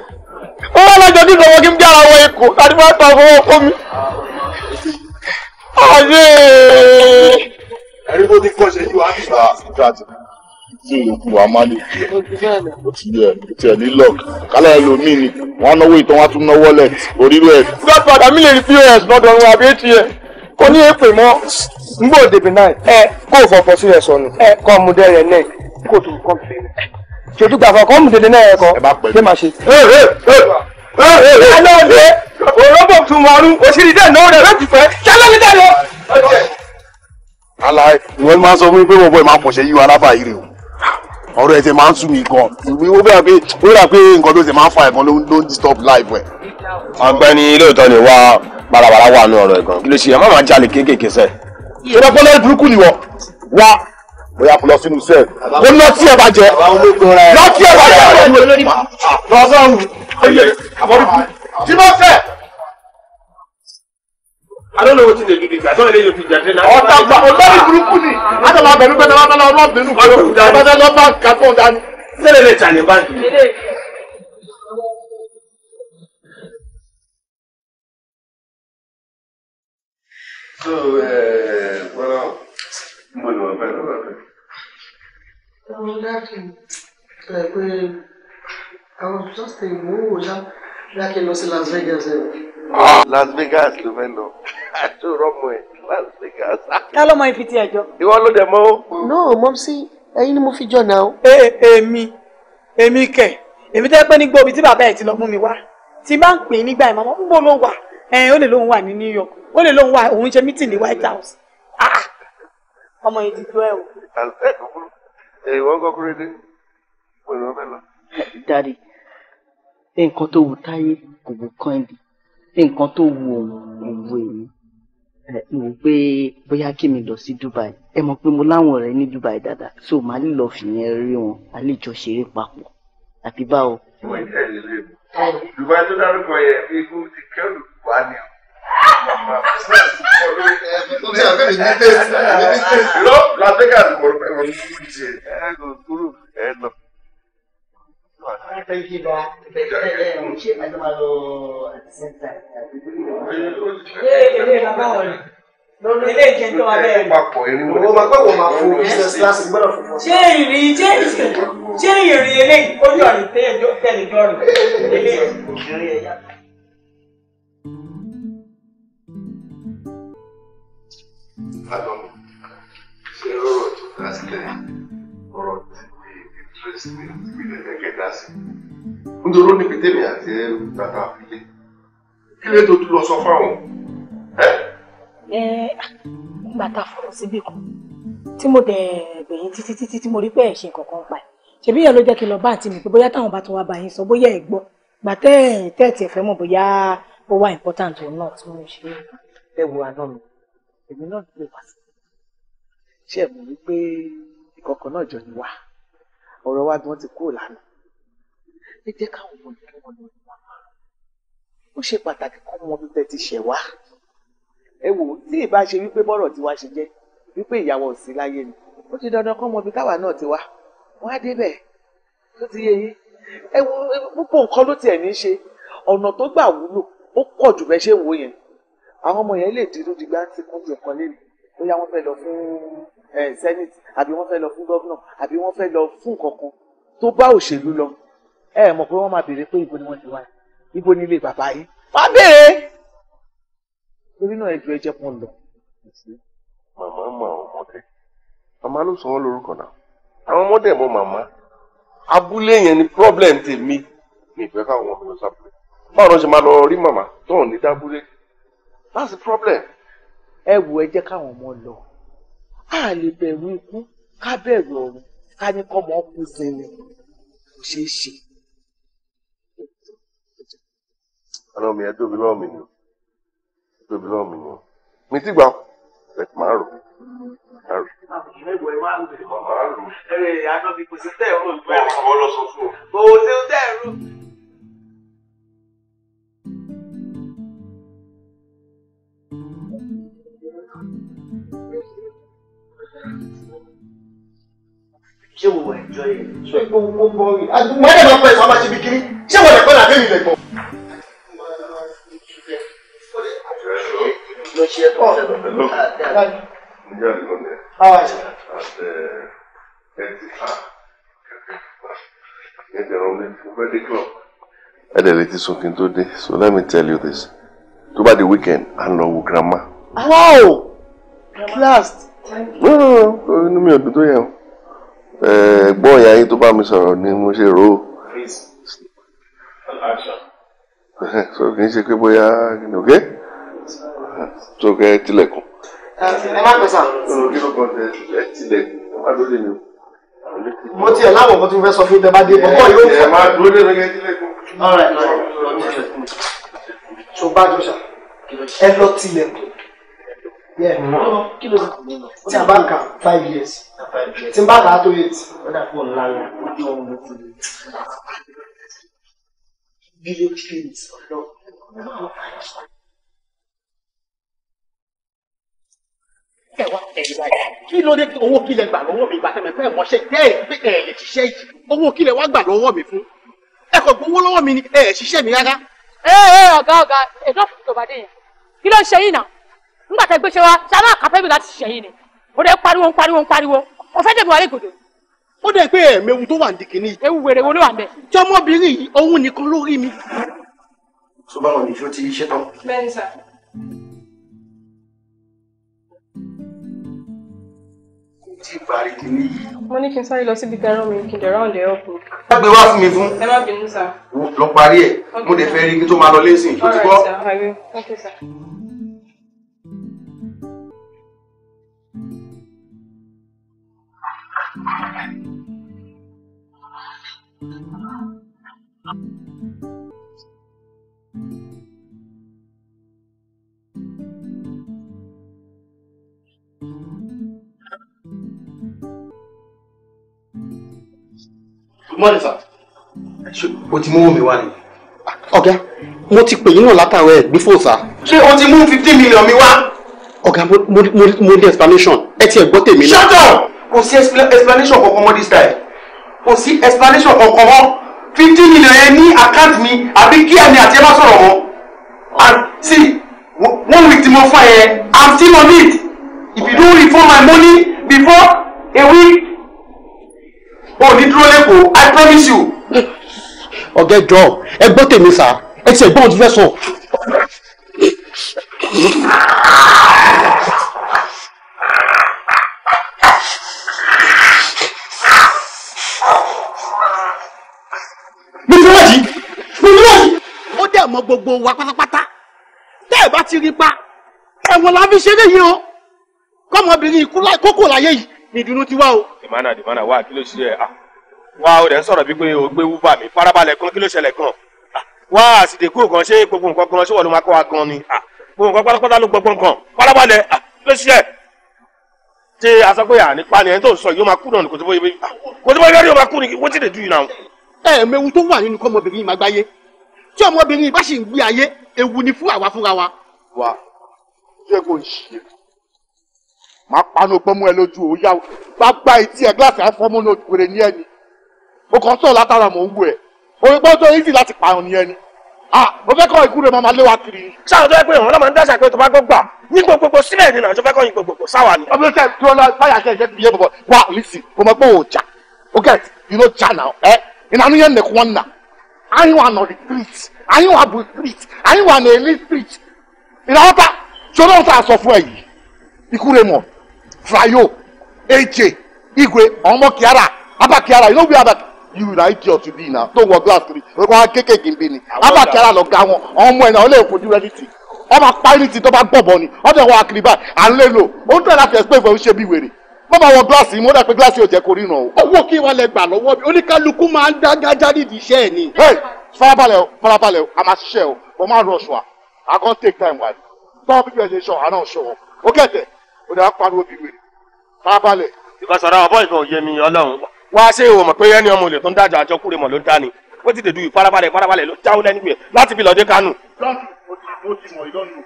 ó wá lọ́jọ́ dídùn ọmọ kí n bí wọ ikú láti máa tọ́ fún ọkọ mi. àyè. ẹ̀rí tó ti kọ́ ṣe yí wa nígbà ìgbà tí ìyókù wa máa lè jẹ ó ti yẹ ó ti yẹ ni wọ́n náwó ìtàn wá tún ná wallet orílú ẹ̀. godfather mi lè rí pos lọ́dọ̀ àbí atm kò ní èpè mọ́ ngbò dèbè náà ẹ kó o fọ̀fọ̀ sí rẹ̀ sọnù ẹ kọ́ ọmú dẹ́rẹ̀ náà kó o tún kọ́ fi ṣètò gbàfọ̀ kọ́ ọmú dèdè náà ẹ kọ́ ṣé máa ṣe. ẹ náà dé òrọ́bọ̀ tún márùn òṣèré dẹ́ náà rẹ̀ láti fẹ́ ṣálẹ́ mi lọ. aláì ìwọ ni máa sọ fún mi pé bọ̀bọ̀ ẹ̀ máa pọ̀ṣẹ́ yí wa lábàá o ọ̀rọ̀ ẹ̀sẹ̀ máa ń sú mi gan ó bẹ̀rẹ̀ pé ó bẹ̀rẹ̀ pé nǹkan tó ṣe máa ń fa ẹ̀gbọ́n ló ń disturb life ẹ̀. ọ̀gbẹ́ni lóòótọ́ ni wá balabala wà nù ọ̀rọ̀ ẹ̀gbọ́n kí ló ṣe ẹ má máa jalè kéékèèké sẹ́. ìrora pọ́lẹ́ burúkú ni wọ́ wá bóyá kò lọ sínú sẹ́ kó ná tí ẹ bá jẹ ná tí ẹ bá jẹ lọ́sọ̀rùn tí bá fẹ́ I don't know wetin dey do this. I don relate you to Jade na. Ọ̀tá gba olórí ni. Adàlá bẹ̀rù pé tọ́lá tọ́lá ọlọ́ bínú kúrò. Ọ̀tá tọ́lá báńkì kàtó dání. Sẹ́lẹ̀ lè tà ní báńkì. So, bọ́lá eh, mo ní wọ́n bẹ́ẹ̀ lọ́wọ́ bẹ́ẹ̀. Ọ̀rọ̀ dáàkì rẹ̀ pé I was just a wo wo ṣá dáàkì lọ sí Las Vegas ẹ̀rọ. Las Vegas ló fẹ́ lọ àtúrọ̀ ọmọ ẹ̀ Las Vegas. ká lọ́mọ ibi tí ẹ jọ. ìwọ ló dẹ̀ mọ́ o. no mọ́mísí ẹyin ni mo fi jọ náà. ee èmi èmi kẹ èmi tẹ́ pé nígbà omi tí bàbá ẹ̀ ti lọ mú mi wá tí bá ń pè é nígbà ìmọ̀ gua bò ló wà ó lè lóun New York ó lè lóun wà òun ṣe mítìn ní White House ah, ah. ọmọ yìí ti tó ẹ o. ìwọ kọkùnrin dé pẹ̀lú ọbẹ̀ lọ. dadi nǹkan tó wù táyé kò nǹkan tó wu òun òun wo èmi mo pé bóyá kí mi lọ sí Dubai ẹ mọ̀ pé mo láwọn ọ̀rẹ́ ní Dubai dáadáa so màá lè lọ fìyẹn rí wọn a lè jọ ṣeré papọ̀ àbí báwo. mo ń tẹ̀lé lé mi Dubai tó dárúkọ yẹ ikú ti kẹ́rù wá ni o. Lọ Las Vegas kò rẹ̀ wọ́n ní kúrò. Ẹ lọ kúrò ẹ lọ sarki ba bai tsaye da yamma ce a zama zo a senta a tukuri da wani. Ilé ìjẹun abẹ́ rẹ̀. Òwò máa pẹ́ wò máa fo business class gbọ́dọ̀ fò fọ́. Ṣé ìrì ṣé ṣé ìrì eléyìí ó yọ̀ ní tẹ́lẹ̀ jọ́rù? Eléyìí ìrì ẹ̀yà. Àgbọ̀n mi, ṣe rọrọ̀ tó kásílẹ̀ fèsì ní ìpínlẹ̀ ẹ̀kẹta sí nítorí ó ní pétémi àti ẹrù tàtà àfilẹ kí lè tó tún lọ sọ fáwọn. ẹ nígbà tá a fọ̀rọ̀ síbì kan tí mo dẹ̀ gbẹ̀yìn títí títí tí mo rí pé ẹ̀ ṣe nǹkan kan pa ẹ̀ ṣebí yẹn ló jẹ́ kí n lọ bá àǹtí mi pé bóyá táwọn bá tún wá bá yín sọ bóyá ẹ̀ gbọ́ gbà tẹ́ẹ̀ tẹ́ẹ̀tì ẹ̀fẹ́ mọ̀ bóyá ó wá important òun náà tí mo ṣe ẹ wo àná mi èmi náà lè wá sí ṣé ẹ mọ̀ wípé ìkọ̀kọ̀ náà jọ ni wá ọ̀rọ̀ wa gan ti kúrò lánàá ẹ jẹ́ káwọn ọmọ ìlú wọn lọ wà ó ṣe pàtàkì kọ́ mọ bí tẹ́ ti ṣẹ̀ wá ẹ wò ó tí ìbá ṣe wípé bọ́rọ̀ tiwa ṣe jẹ́ wípé ìyàwó ò sí láyé ni ó ti dandan kọ́ mọ bí táwa náà ti wá wọ́n á débẹ̀ tó ti yé yín ẹ wo púpọ̀ nǹkan ló tiẹ̀ ní í ṣe ọ̀nà tó gbà wúlò ó pọ̀ jù bẹ́ẹ̀ ṣe wò yẹn àwọn ọmọ yẹn lè dirú digbá kún ti ọ̀kan lé Eh, senate àbí wọ́n fẹ́ lọ fún gómìnà àbí wọ́n fẹ́ lọ fún kankan tó bá òṣèlú lọ ẹ mọ̀ pé wọ́n máa béèrè pé ibo ni wọ́n ti wá ibo ni ilé bàbá yìí wọ́n á béèrè torí náà ẹjọ́ ẹjẹ́ kan lọ. màmá mọ àwọn ọmọdé màmá ló sọ wọn lórúkọ náà àwọn ọmọdé mọ màmá abúlé yẹn ni problem tèmi mi ìfẹ́ káwọn ọmọ mi lọ sábúlé báwo ló ṣe máa lọ rí màmá tó ò ní dábúlé that's the problem. ẹ wo ẹ jẹ́ káwọn ọmọ lọ a lè bẹ̀rù ikú ká bẹ̀rù ọ̀run ká ní kọ́mọ kú sinmi kò ṣeé ṣe. àná mi ẹ tóbi lọ́wọ́ mi ni ẹ tóbi lọ́wọ́ mi ni mi ti gbà ẹ máa rò máa rò. ìwé máa ń tẹ̀ ọ́ lóògbé. ọ̀rọ̀ tẹ̀ ọ́ ṣé wo wọ ẹjọ yẹn. ṣé gbogbo ń bọ rí àdúgbò ẹ̀dẹ̀ máa pẹ́ sọ máa ṣe bí kiri ṣé wọ́n lè pẹ́ làbẹ́ mi lè lọ ṣe ẹ̀tọ́ ṣẹlẹ̀ pẹ̀lú. ǹjẹ́ ti ah, fà kí n tó dé so let me tell you this tó bá di weekend à ń lọ wo grandma. wow class. no no no inú mi ò dùn tó o ẹ̀gbọ́n ìyá yín tó bá mi sọ̀rọ̀ ni mo ṣe rò ó. so kì í ṣe pé bóyá ok so kẹ ẹ tilẹ̀kùn. ẹ má pèsè. olùkí ló kàn tẹ ẹ tilẹ̀kùn ẹ má lóde ni o. mo tiẹ̀ láwọn kan tí mo fẹ́ sọ fún yín tẹ bá dé bọ́kọ́ yóò fẹ́. ẹ má dúró dé lókè tilẹ̀kùn. ọ̀rẹ́ ẹ̀ lọ́ọ́ tilẹ̀kùn. so bá jọ ṣá ẹ lọ tilẹ̀kùn kí ló ti a bá kà five years tí n bá kà á tó eight. ọ̀dà fún ọ̀la rẹ̀ ó jẹ́ ohun tó ti village clinics ọ̀dọ́ ẹ wá ẹ̀yìn báyìí kí ló dé owó kílẹ̀ gbà lọ́wọ́ mi gbàtẹ́ mẹ́fẹ́ mọ́ṣẹ́ jẹ́ ìgbé ẹ̀ lè ṣiṣẹ́ yìí owó kílẹ̀ wá gbà lọ́wọ́ mi fún ẹ kò gbowó lọ́wọ́ mi ni ẹ̀ ṣiṣẹ́ mi rárá. ẹ ẹ ọ̀gá ọ̀gá ẹ̀dọ́ fún tòbádé yẹn kí ló ń ṣe yìí náà nígbà tẹ gbéṣẹ́ wa ṣe aláàkà fẹ́mi láti ṣẹ̀yìn ni ó dẹ̀ pariwo ń pariwo ń pariwo ó fẹ́ dẹ̀mí wàlẹ̀ gòdò. ó dẹ̀ pé ẹ̀mẹ́wu tó wà ní kìíní. ewu wèrè wo ló wà ń bẹ̀. jọmọbìnrin yìí òun nìkan ló rí mi. tó bá wọn ní ṣó ti ṣe tán. bẹ́ẹ̀ni sà. ti parí kìíní yìí. mo ní kí n sáré lọ síbi tẹ́rán mi kí n dẹ̀ ráùn dẹ̀ ọ̀pọ̀. wọ́n gbé wá fún mi fún. ẹ má bínú sà. lọ parí ẹ̀ mo dẹ̀ fẹ́ rí kí tó máa lọ lẹ́sìn tó ti gbọ́. Mọ́ni sà. O ti mú mi wá ni. Ọ̀gá, mo ti pè yín náà látàwọn ẹ̀ gbé fòsà. Ṣé o ti mú fifteen million mi wá? Ọ̀gá, mo ní explanation. Ẹ ti ẹ̀ gbọ́ tèmi náà. Shut up! Kò sí explanation kankan mọ́ this time kò sí explanation kankan mọ́ fifty million yẹn ní account mi àbí kí ẹni àti ẹ má sọ̀rọ̀ wọn and see one week tí mo fún ẹ yẹn i'm still on it if you don't refund my money before a week o ní dúró lẹ́kọ̀ọ́ i promise you. ọ̀gá ẹ̀jọ̀ ẹ gbọ́ tèmi sá ẹ ti ẹ̀ gbọ́ ohun tó fẹ́ sọ. mo ti wá yìí mo ti wá yìí. ó dẹ̀ mọ gbogbo wa pátápátá tẹ́ ẹ̀ bá ti rí pa ẹ̀wọ̀n la fi ṣeré yìí o kọ́mọbìnrin ikú kókò láyé yìí ni ìdùnnú ti wá o. dìmánà dìmánà wá kí ló ṣe ẹ wá o dẹ̀ ń sọ̀rọ̀ bí pé o gbé wúbà mi farabalẹ̀ kan kí ló ṣẹlẹ̀ gan wá àsìdèkú kan ṣé gbogbo nǹkan gan ṣé wọ́n ló máa kọ́ wa gan ni gbogbo nǹkan pátápátá ló gbọ́gbọ́n kan farabalẹ̀ kí ló ṣe ṣe asọ́gbéyà nípa ni ẹni tó sọ yìí ó máa kú náà kò tí bóyá kò tí bóyá máa kú ni wọ́n ti lè dùn yìí náà ẹ̀ẹ̀mẹ̀wu tó wà nínú kọ́mọbìnrin yìí máa gbáyé tí ọmọbìnrin yìí bá sì ń gbé ayé ewu ni fún àwa fúnra wa. wà á yẹ kó n ṣe máa panu gbọ́mú ẹ lójú òun yá gbàgbà etí ẹ gíláàsì àfọmọ́ náà gbèrè ní ẹni mo kàn sọ̀rọ̀ látara mò ń wù ẹ orí gbọ́dọ̀ easy láti pààyàn ní ẹni ah mo fẹ́ kọ́ ikú rẹ̀ máa lé wa kiri. sáà tó yẹ pé ìrànlọ́mọ ń dáṣà pé tó bá gbọ́gbà ní gbogbogbò sílẹ̀ ni náà tó fẹ́ kọ́ yin gbogbogbò sáwà ni. ọbẹ̀ sẹ́ẹ̀ tí wọ́n lọ báyà kẹ́ ẹ̀ jẹ́ bọ̀bọ̀ wá listen mo mọ̀ pé òòjà okay you no jà now ẹ́ Ina ano yɛ nek wɔn na anyi wa na retreat anyi wa bu retreat. anyi wa na eli street na ɔta sɔrɔ ɔta asɔfo ayi ikuremo frayo eche igwe ɔmɔ kiara aba kiara you know where aba you na iti ɔtu bi na tó wɔ glass kiri o wa kekeke bi ni aba kiara lɔ ga wọn ɔmɔ yẹn na ɔlẹ kojú rẹ ni ti ɔba pa ni ti tó bá gbɔbɔ ni ɔtɛ wɔ akiri ba alelo o n tẹ láti explain for o ṣe bi wèrè má bá wọ gíláàsì yìí mo dà pé gíláàsì yóò jẹ́ kó ríran o. owó kí wàá lẹ gbà lọ́wọ́ mi oníkálukú máa ń dá gájá nídìí iṣẹ́ ẹ̀ ni. farabalẹ̀ o farabalẹ̀ o a máa ṣiṣẹ́ o o máa rush wa a kàn take time wa ni báwọn bíbí ẹ̀ ṣe sọ àná ṣọ wọn ó kẹ̀tẹ̀ o dà pariwo bíbí rẹ̀ farabalẹ̀. ìbáṣọ̀rọ̀ ọ̀bọ̀ ìfọ̀ òye mi ọlọ́run. wá ṣé o mọ̀ pé ẹni ọmọ olè tó ń dájọ́ àjọkúrẹ́ mọ̀ ló ń dání ó ti dèdú ìfarabalẹ̀ ìfarabalẹ̀ ló jáwọ́ lẹ́nu rẹ̀ láti fi lọ́dẹ ti mọ̀ ìdánù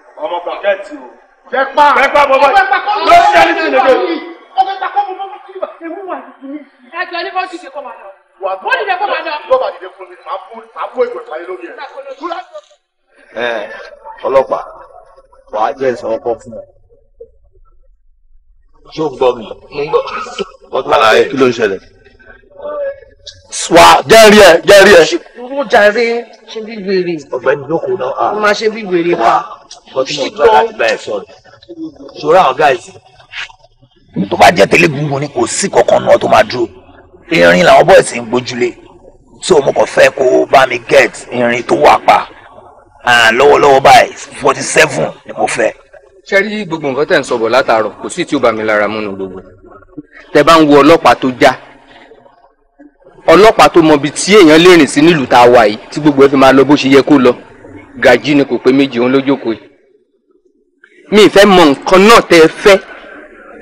ọ̀sẹ̀ ta kọ́ mo mọ́ kí ló ewu wà ní. ẹjọ ní bọ́ọ̀sì ṣe kọ́ máa lọ. wà á bọ́ọ̀lì rẹ kọ́ máa lọ. lọ́ba dìde fún mi máa fún máa fún ìwé ìpàdé lórí ẹ̀. ẹ ọlọ́pàá wà á jẹ́ ìsọ̀rọ̀ kọ́ fún ọ. ṣé o gbọ́ mi? mo ń gbọ́. wọ́n kí ló ń ṣẹlẹ̀. wà á jẹ́rìí ẹ̀ jẹ́rìí ẹ̀. mo jàre ṣe bí wèrè. ọ̀gbẹ́ni lóko náà. mo máa ṣe bí wèrè pa. ṣùgbọ́n ṣòro àwọn gáàsì ibi tó bá jẹ́ tẹ́lẹ̀ gbùngbùn ni kò sí kankan náà tó máa dúró irin làwọn bọ́ọ̀sì ń gbójúlé so mo kàn fẹ́ kó bá mi get irin tó wà pa lọ́wọ́lọ́wọ́ báyìí forty seven ni mo fẹ́. ṣé rí gbogbo nǹkan tẹ̀ ń sọ̀bọ̀ látàárọ̀ kò sí tí ó bá mi lára mú nu gbogbo tẹ bá ń wo ọlọ́pàá tó já ọlọ́pàá tó mọ ibi tí èèyàn lè rìn sí nílùú tá a wà yìí tí gbogbo ẹ fi máa lọ bó ṣe yẹ kó lọ gàjí ni kò pé méjì òun lójókòó yìí mi ì fẹ́ mọ nǹkan náà tẹ ẹ fẹ́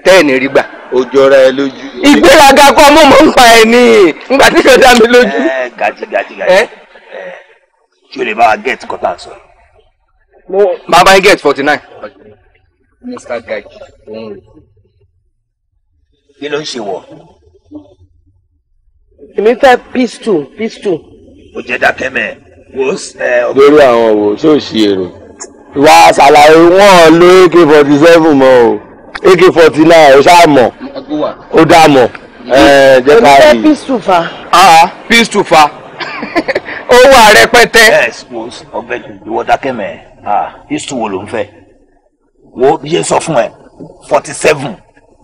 tẹ́ẹ̀nì rí gbà. ó jọra ẹ lójú. ìgbéraga kọ́ mọ̀ mọ̀ ń pa ẹ̀ ní ìgbà tí kò dá mi lójú. ẹ gàjí gàjí gàjí ṣé o lè get kọ́tà sọ. màá bá get forty nine. mr gaji òun rè. kí ló ń ṣe wọ. èmi fẹ́ peace two peace two. ó jẹ́ dákẹ́ mẹ́ẹ̀ wo ẹ. lórí àwọn wo ṣó ṣe èrò. ìwà àṣàlàyé wọn lórí k forty seven mọ́ o ak forty nine ó ṣáà mọ̀ ó dá mọ̀ jẹ́ ká rí i. onífẹ́ pistol fa. pistol fa ó wà rẹpẹtẹ. ọbẹ̀ ìwọ dákẹ́ mẹ́ pistol wo ló ń fẹ́ wo yé sọ fún ẹ forty seven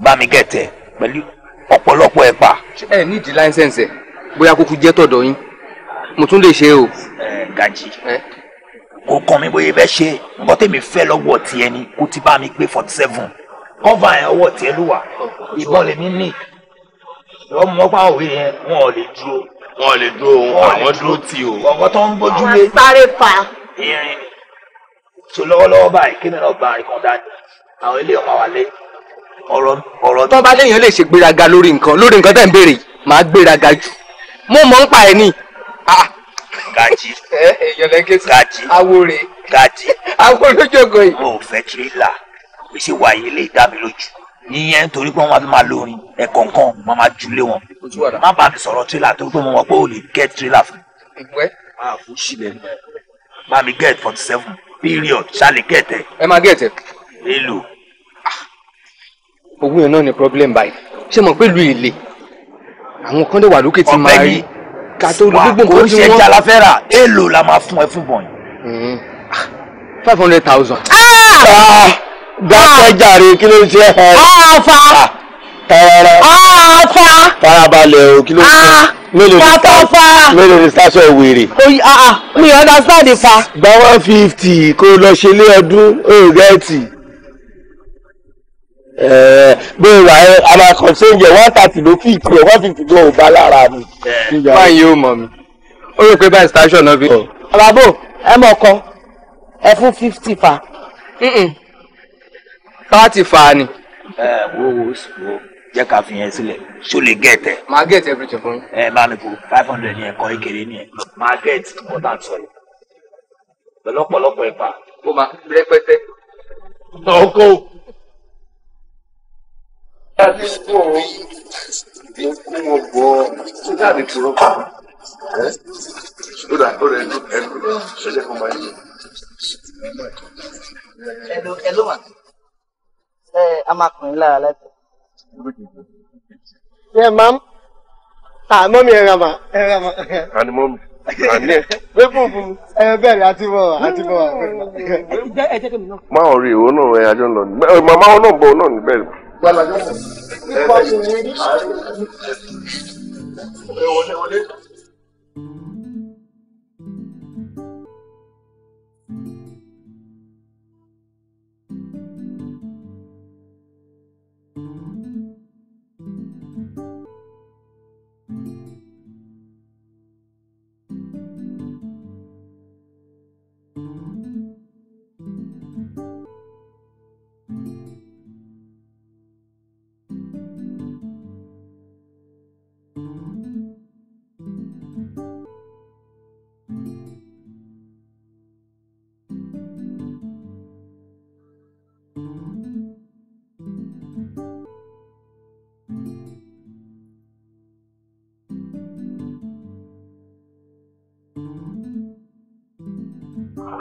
bá mi gẹ̀ tẹ̀ pẹ̀lú ọ̀pọ̀lọpọ̀ ẹ̀ pa. ẹ nídìí láńsẹ̀nsẹ̀ bóyá kúkú jẹ́ tọ̀dọ̀ yín mo tún lè ṣe o. ẹ gàjì kò kàn mí bóyá ẹ fẹ́ ṣe nǹkan fẹ́ lọ́wọ́ tiẹ̀ ni kó ti bá mi gbé forty seven kọ́fà ẹ̀ ọwọ́ tiẹ̀ ló wà ìbọn lèmi ní ìwọ mọ pa òwe yẹn wọn ò lè dúró. wọn ò lè dúró òun àwọn dúró tì o. ọkọ tó ń gbójú lé. àwọn sáré pa. irin so lọ́wọ́lọ́wọ́ báyìí kí nínú ọgbà rẹ̀ kan dání àwọn ilé ọmọ wa lé ọ̀rọ̀ ọ̀rọ̀. tó bá léèyàn lè ṣe gbéraga lórí nǹkan lórí nǹkan tẹ̀ ń béèrè màá gbéraga jù mo mọ̀ ń pa ẹ̀ ni. gàjí gàjí awore gàjí awore jókòó yìí. mo fẹ́ tirila pèsè wáyé lè dá mi lójú ìyẹn torí pé wọn máa fi máa lórin ẹ̀kọ́ nǹkan wọn máa júlé wọn má bàa mi sọ̀rọ̀ tírélà torí pé mo mọ̀ pé o lè get tírélà fún mi. ìgbẹ́ máa fún sílẹ̀ bá mi get forty seven period ṣáàlì get ẹ. ẹ máa get ẹ. èlò. Ah. owó yẹn náà ni problem báyìí ṣé mo pé lu èlé àwọn kan lè wà lókè tí màá rí ká tó lu gbogbo nǹkan tí wọ́n. wà kò ṣe jalafẹ́ra èlò la máa fún ẹ fún bọ̀yìn. Hmm. Ah. five hundred thousand. Ah! dákẹ́ ah. jàre kí ló ń ṣe ẹ. ọ̀ọ́fà ọ̀ọ́fà farabalẹ̀ o kí ló ń ṣe ah, mélòó ni fa mélòó ni station ìwèrè. Ah, mi ò understand fa. gba one fifty kó o lọ ṣe ilé ọdún ògẹ́tì eh, bí ìwà ẹ amakọ ṣéǹjẹ one thirty ló fi ìkúrò one fifty ló ò bá lára mi. Eh, báyìí yóò mọ̀ mi ó rò pé báyìí station náà fi. bàbá ẹ mọ̀ kan ẹ fún fifty fa káàtì fàánì. ẹ wo wo wo jẹ́ ká fi yẹn sílẹ̀ ṣó lè get ẹ. máa get everything fún yín. ẹ bá mi kó five hundred ní ẹ̀kọ́ ìkéré ní ẹ̀ máa get important sọ̀rọ̀ pẹ̀lú ọ̀pọ̀lọpọ̀ ẹ̀pà. ó máa rẹpẹtẹ. ọkọ. láti kú ọ mo kú mo bọ ọ láti tòrọ kọ ẹ ó dà ó rẹ ẹnu ẹnu ṣẹjẹ fún wa ẹ ló ẹ ló wà ẹ a máa kùn yín lára láti. ẹ máa ń ta mọ́mí ẹ̀rọ mà ẹ̀rọ mà. àní mọ́mí àní ẹ̀. pé fúnfún ẹ bẹ̀rẹ̀ àti bọ̀ àti bọ̀. máa ń rí ìwọ náà ẹ àjọ ń lọ màmá ọ náà bọ̀ ọ náà níbẹ̀. gbàlájọ́ kọ̀. ẹ wọlé wọlé.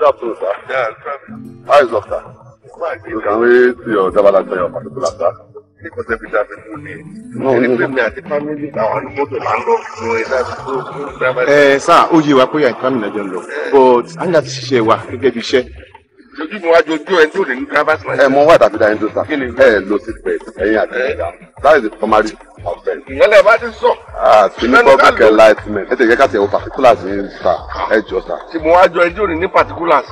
afternoon, sir. Yeah, probably. How is doctor? Fine. You can wait till your driver like your particular sir. Because every time we do me. No, no. Anyway, me and the family now are go to landlord. So it's like to Eh, sir, ó yé wa pé ya ìtàmì náà jọ ń lọ. But a ní láti ṣiṣẹ́ wa gẹ́gẹ́ bí iṣẹ́. Ojú mi wá jojú ẹ tó lè ní driver's license. Ẹ eh, mọ wá dàbí dáhìn tó sá. Kí ni? Ẹ lo seat belt ẹ̀yin àti ẹ̀dá. Eh. That is the ọ̀fẹ́. ìyẹn lè bá ti sọ. kìíní public enlightenment ẹ tẹ̀ yẹ ká tẹ̀ wọ particulars ní ta ẹ jọ ta. tí mo wá jọ ẹjọ́ ni ní particulars.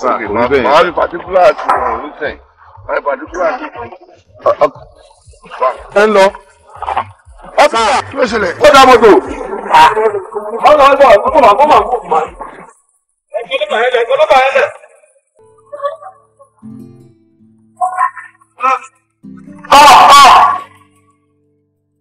sà kò bẹ́ẹ̀ máa fi particulars ọ̀hún ní tẹ̀ máa fi particulars. ẹ ń lọ. ọ̀sán kí ló ṣẹlẹ̀. ó dá mọ́tò. ọ̀sán ọ̀sán ọ̀sán máa kó máa kó máa. ẹ̀gbọ́n ló kà ẹ́ lẹ̀ ẹ̀gbọ́n ló kà ẹ́ lẹ̀. Ah! Ah!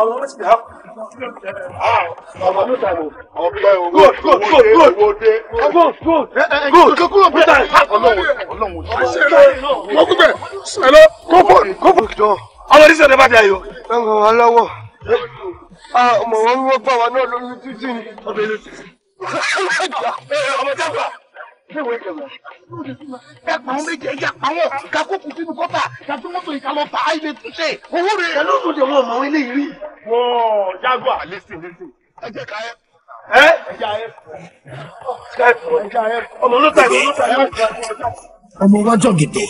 Àwọn ọmọ ti ah, dà á. Good good ah, good good eh, eh, eh, kúrò pété. Ọlọ́run ọlọ́run ṣe ṣe ṣẹlẹ̀ kófóònù kófóònù. Ọmọ Ẹ ràn wá lọ́wọ́. Ah, ọmọ wọn wọ́n bá wa náà lórí títí ni. Ọmọ ìlú ti. Ọmọ ẹ pa àwọn méje ẹjẹ àpáwọ kakókò sínú kọta kàtí mọtò ìkàlọ fà áyè túnṣe owó rẹ ẹ ló dùn jẹwọ ọmọ ilé yìí. wọ jagua listen listen ẹ jẹ ká yẹ. ẹ ẹ jẹ ẹ ọmọ olóta ìwé olóta ìwé. ọmọ rọjò gidi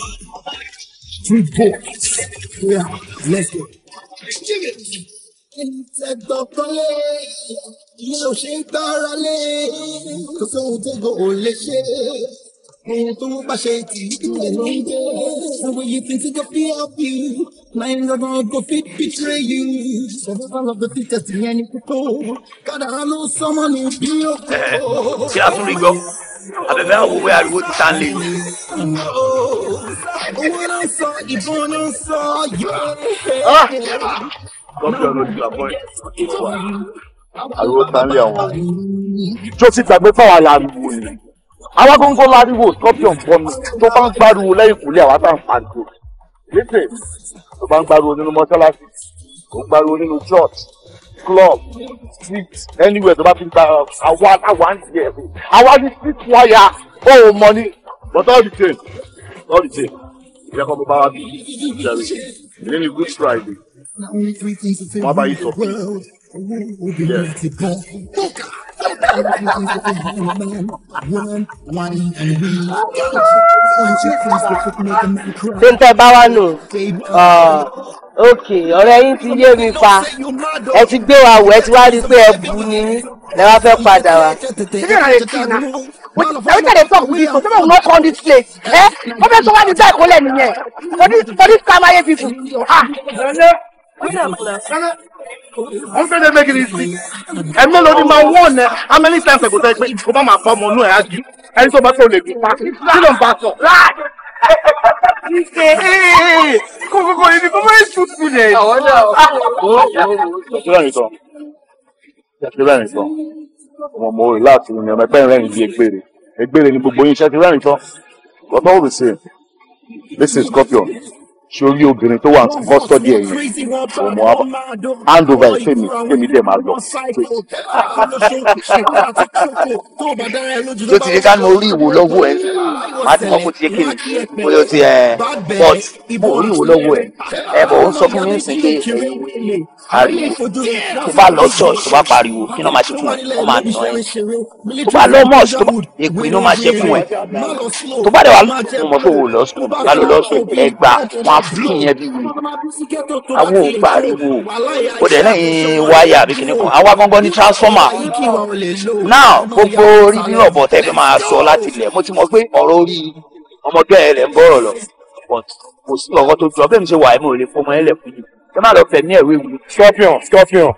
three balls yeah let's go ìtẹ̀gbọ̀n kan lé mi ò ṣe ń gbára lé kò sóhun tó gbọ́ ò lè ṣe. Ohun tó mú pàṣẹ ti ilẹ̀ ló ń gbé. Gbogbo yìí ti ti go fear of you. Máyì lọ́dún go fit betray you. Survival of the fittest ní ẹni kókó. Kádàrá ló sọ́mọ́ ní bí ó kó. Eh, kí a tún rí gbọ́, abẹ́fẹ́ àwòwé ariwo ti ta lé owó ló ń sọ ìbọn ló ń sọ yóò. Ah! Scorpion ló ti wà bọ́ àríwo tánlé àwọn tó ti gbàgbé fáwọn aláriwo ni àwa góńgó láriwo Scorpion bọ́mi tó bá ń gbáriwo lẹ́yìn kùlẹ̀ àwa tá à ń pàdé létè tó bá ń gbáriwo nínú mọ́ṣáláṣí tó ń gbáriwo nínú church club street anywhere tó bá fi ń gba àwa àwa ń tiẹ̀ àwa ní street wire ó mọ ní but all the same all the same ìyá kan bó bá wà bí ìjà rẹ̀ ìyẹn ni Good Friday. The only three things that's in the world will be melted by water. ṣé ń tẹ́ bá wà nù ah, ok ọ̀rẹ́ yín ti yé mi pa ẹ ti gbé wa wọ̀ ẹ ti wá rí i pé ẹ bù ni yín ẹ wá fẹ́ padà wá. Every time they talk with people, people will not come this place. Eh? Wọ́n fẹ́ sọ wá ní bẹ́ẹ̀ kólẹ̀ nìyẹn. For this for this kamaye people. Ah! wọ́n fẹ́ lẹ́mẹ́kì ní sí ẹ̀mí lórí máa wọ́n nẹ how many times ẹ̀kọ́ sẹ́yìn pé o bá máa fọ́ ọmọ inú ẹ̀ ájú ẹni tó bá tó lè gùn pa kí ló ń bá sọ. kókókó ibi kó máa ń tutù nẹ. ṣílẹ̀ mi sọ ṣílẹ̀ mi sọ mo mo rí láti ní ọmọ ẹgbẹ́ rẹ̀ ní egbèrè egbèrè ni gbogbo yín ṣe ti rẹ́rìn tán God always say this is scorpion sórí obìnrin tó wà ní kọ́sítọ́dì ẹ̀ yìí òmò hand over ẹ̀ fẹ́mi fẹ́mi dẹ̀ máa lọ. tó ti di ká nu orí ìwò lọ́wọ́ ẹ̀ máa ti mọ̀ kó ti yé kí ni bóyá o ti eh, ẹ̀ port bó orí ìwò lọ́wọ́ ẹ̀ ẹ̀ bọ̀ ó ń sọ fún mi nísìnyí pé àríwó tó bá lọ church tó bá pariwo kí ni wọ́n máa ṣe fún ẹ wọ́n máa tàn ẹ́ tó bá lọ mosque tó bá èpè ni wọ́n máa ṣe fún ẹ tó bá dẹ̀ wà lọ́sùn àti ìyẹn bí wí àwọn ò pariwo ó dẹ̀ lẹ́yìn wáyà àbí kìnìún kan àwa gangan ní transformer now gbogbo orí rírọ̀ bọ̀ máa sọ láti ilẹ̀ mo ti mọ̀ pé ọ̀rọ̀ orí ọmọdé ẹ̀ rẹ̀ ń bọ̀rọ̀ lọ kò sí ọ̀rọ̀ tó jọ bẹ́ẹ̀ mi ṣe wà mí ò lè fọmọ ẹlẹ̀ fún yìí ẹ má lọ fẹ̀mí ẹ̀wé wu. scorpion scorpion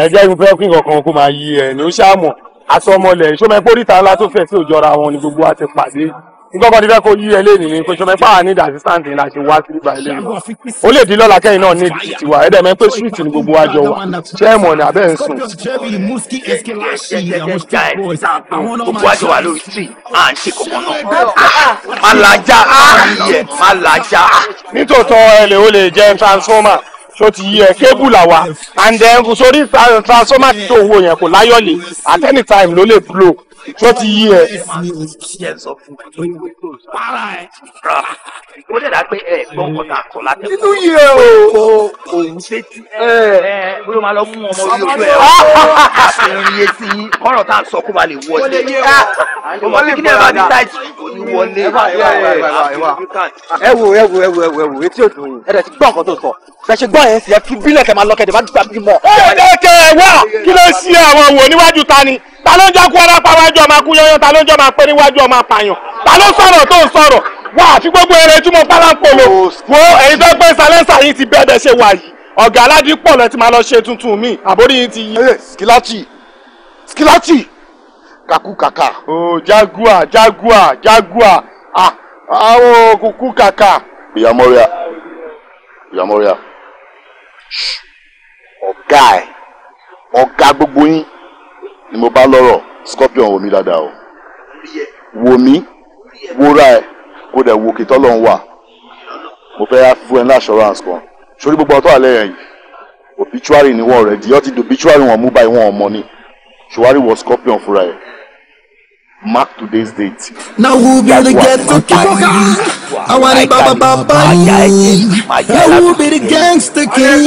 ẹ̀jẹ̀ ìmú fẹ́ kí nǹkan kó máa yí ẹ̀ ní ó ṣàmọ̀ àsọmọlẹ̀ ìṣọ́mọ ẹ̀pọ̀ oríta ńlá tó fẹ̀ sí òjọra wọn ni gbogbo àti pàdé nkọ́kọ́ ti fẹ́ kó yí ẹ léyìn ní pé ṣọmọ ẹ̀pá ní assistant ní láti wá sí ibà ilé ó lè di lọ́la kẹ́yìn náà ní tiwa ẹ̀dẹ̀ mẹ́ pé ni gbogbo àjọ wa chairman ní abẹ́ ń sùn. gbogbo àjọ wa lórí tí à ń ṣe kọ̀kan náà má lajà yẹ má lajà. nítòótọ́ ẹ lè o lè jẹ́ transformer tó ti yí ẹ kébù là and then sórí transformer tó owó yẹn kò láyọ̀lé at any time ló lè blow tó ti yí ẹ. ó dẹ̀ dá pé ẹ gbọ́ kọ́tà kọ́ láti. nínú yìí ẹ o. òun ṣe tí ẹ ẹ bóyá máa lọ mú ọmọ orí ojú ẹ. ìrìn etí ọ̀rọ̀ tá a sọ kó ba lè wọlé. ọmọ kí ni ẹ bá ní táìtì wọlé. ẹ wo ẹ wo ẹ wo ẹ wo ẹ wo etí òdò ẹ dẹ̀ ti gbọ́ nǹkan tó sọ bẹ́ẹ̀ ṣe gbọ́ yẹn sì ẹ fi bílẹ̀ kẹ́ máa lọ́kẹ́ dẹ̀ bá dùgbà bímọ. ẹ ẹ kẹ ẹ wá kí ló ṣe àwọn wò níwájú ta ni ta ló ń já kú ara pa wájú ọmọ akú yọyọ ta ló ń jọ máa pé níwájú ọmọ apààyàn ta ló sọ̀rọ̀ tó ń sọ̀rọ̀ wá àfi gbogbo eré túmọ̀ pálápolo wo èyí tó pé sálẹ́nsà yìí ti bẹ́ẹ̀ bẹ́ẹ̀ ṣe wà yìí ọ̀gá aládìí pọ̀ lẹ́ ti máa lọ ṣe tuntun mi àbórí yìí ti yí. skilachi skilachi kaku kaka. o jagua jagua jagua ah awo kuku kaka. ìyàmọ́ríà ìyàmọ́ríà ọ̀gá ẹ̀ ọ̀gá gbogbo yín ni mo bá lọ́rọ̀ scorpion wò mí dáadáa o wò mí wóra ẹ kó dẹ̀ wò kìtọ́ lọ́hún wà mo fẹ́ fún ẹ ní assurance kan sórí gbogbo ọtọ́ àlẹ́ yẹn yìí obituary ni wọ́n rẹ̀ di ọtí di obituary wọn mú báyìí wọn ọmọ ni ṣùwárí wọ scorpion fúnra ẹ̀ mark today's date. na wo bi the ghetto awa ni baba baba yi na wo bi the gangster king.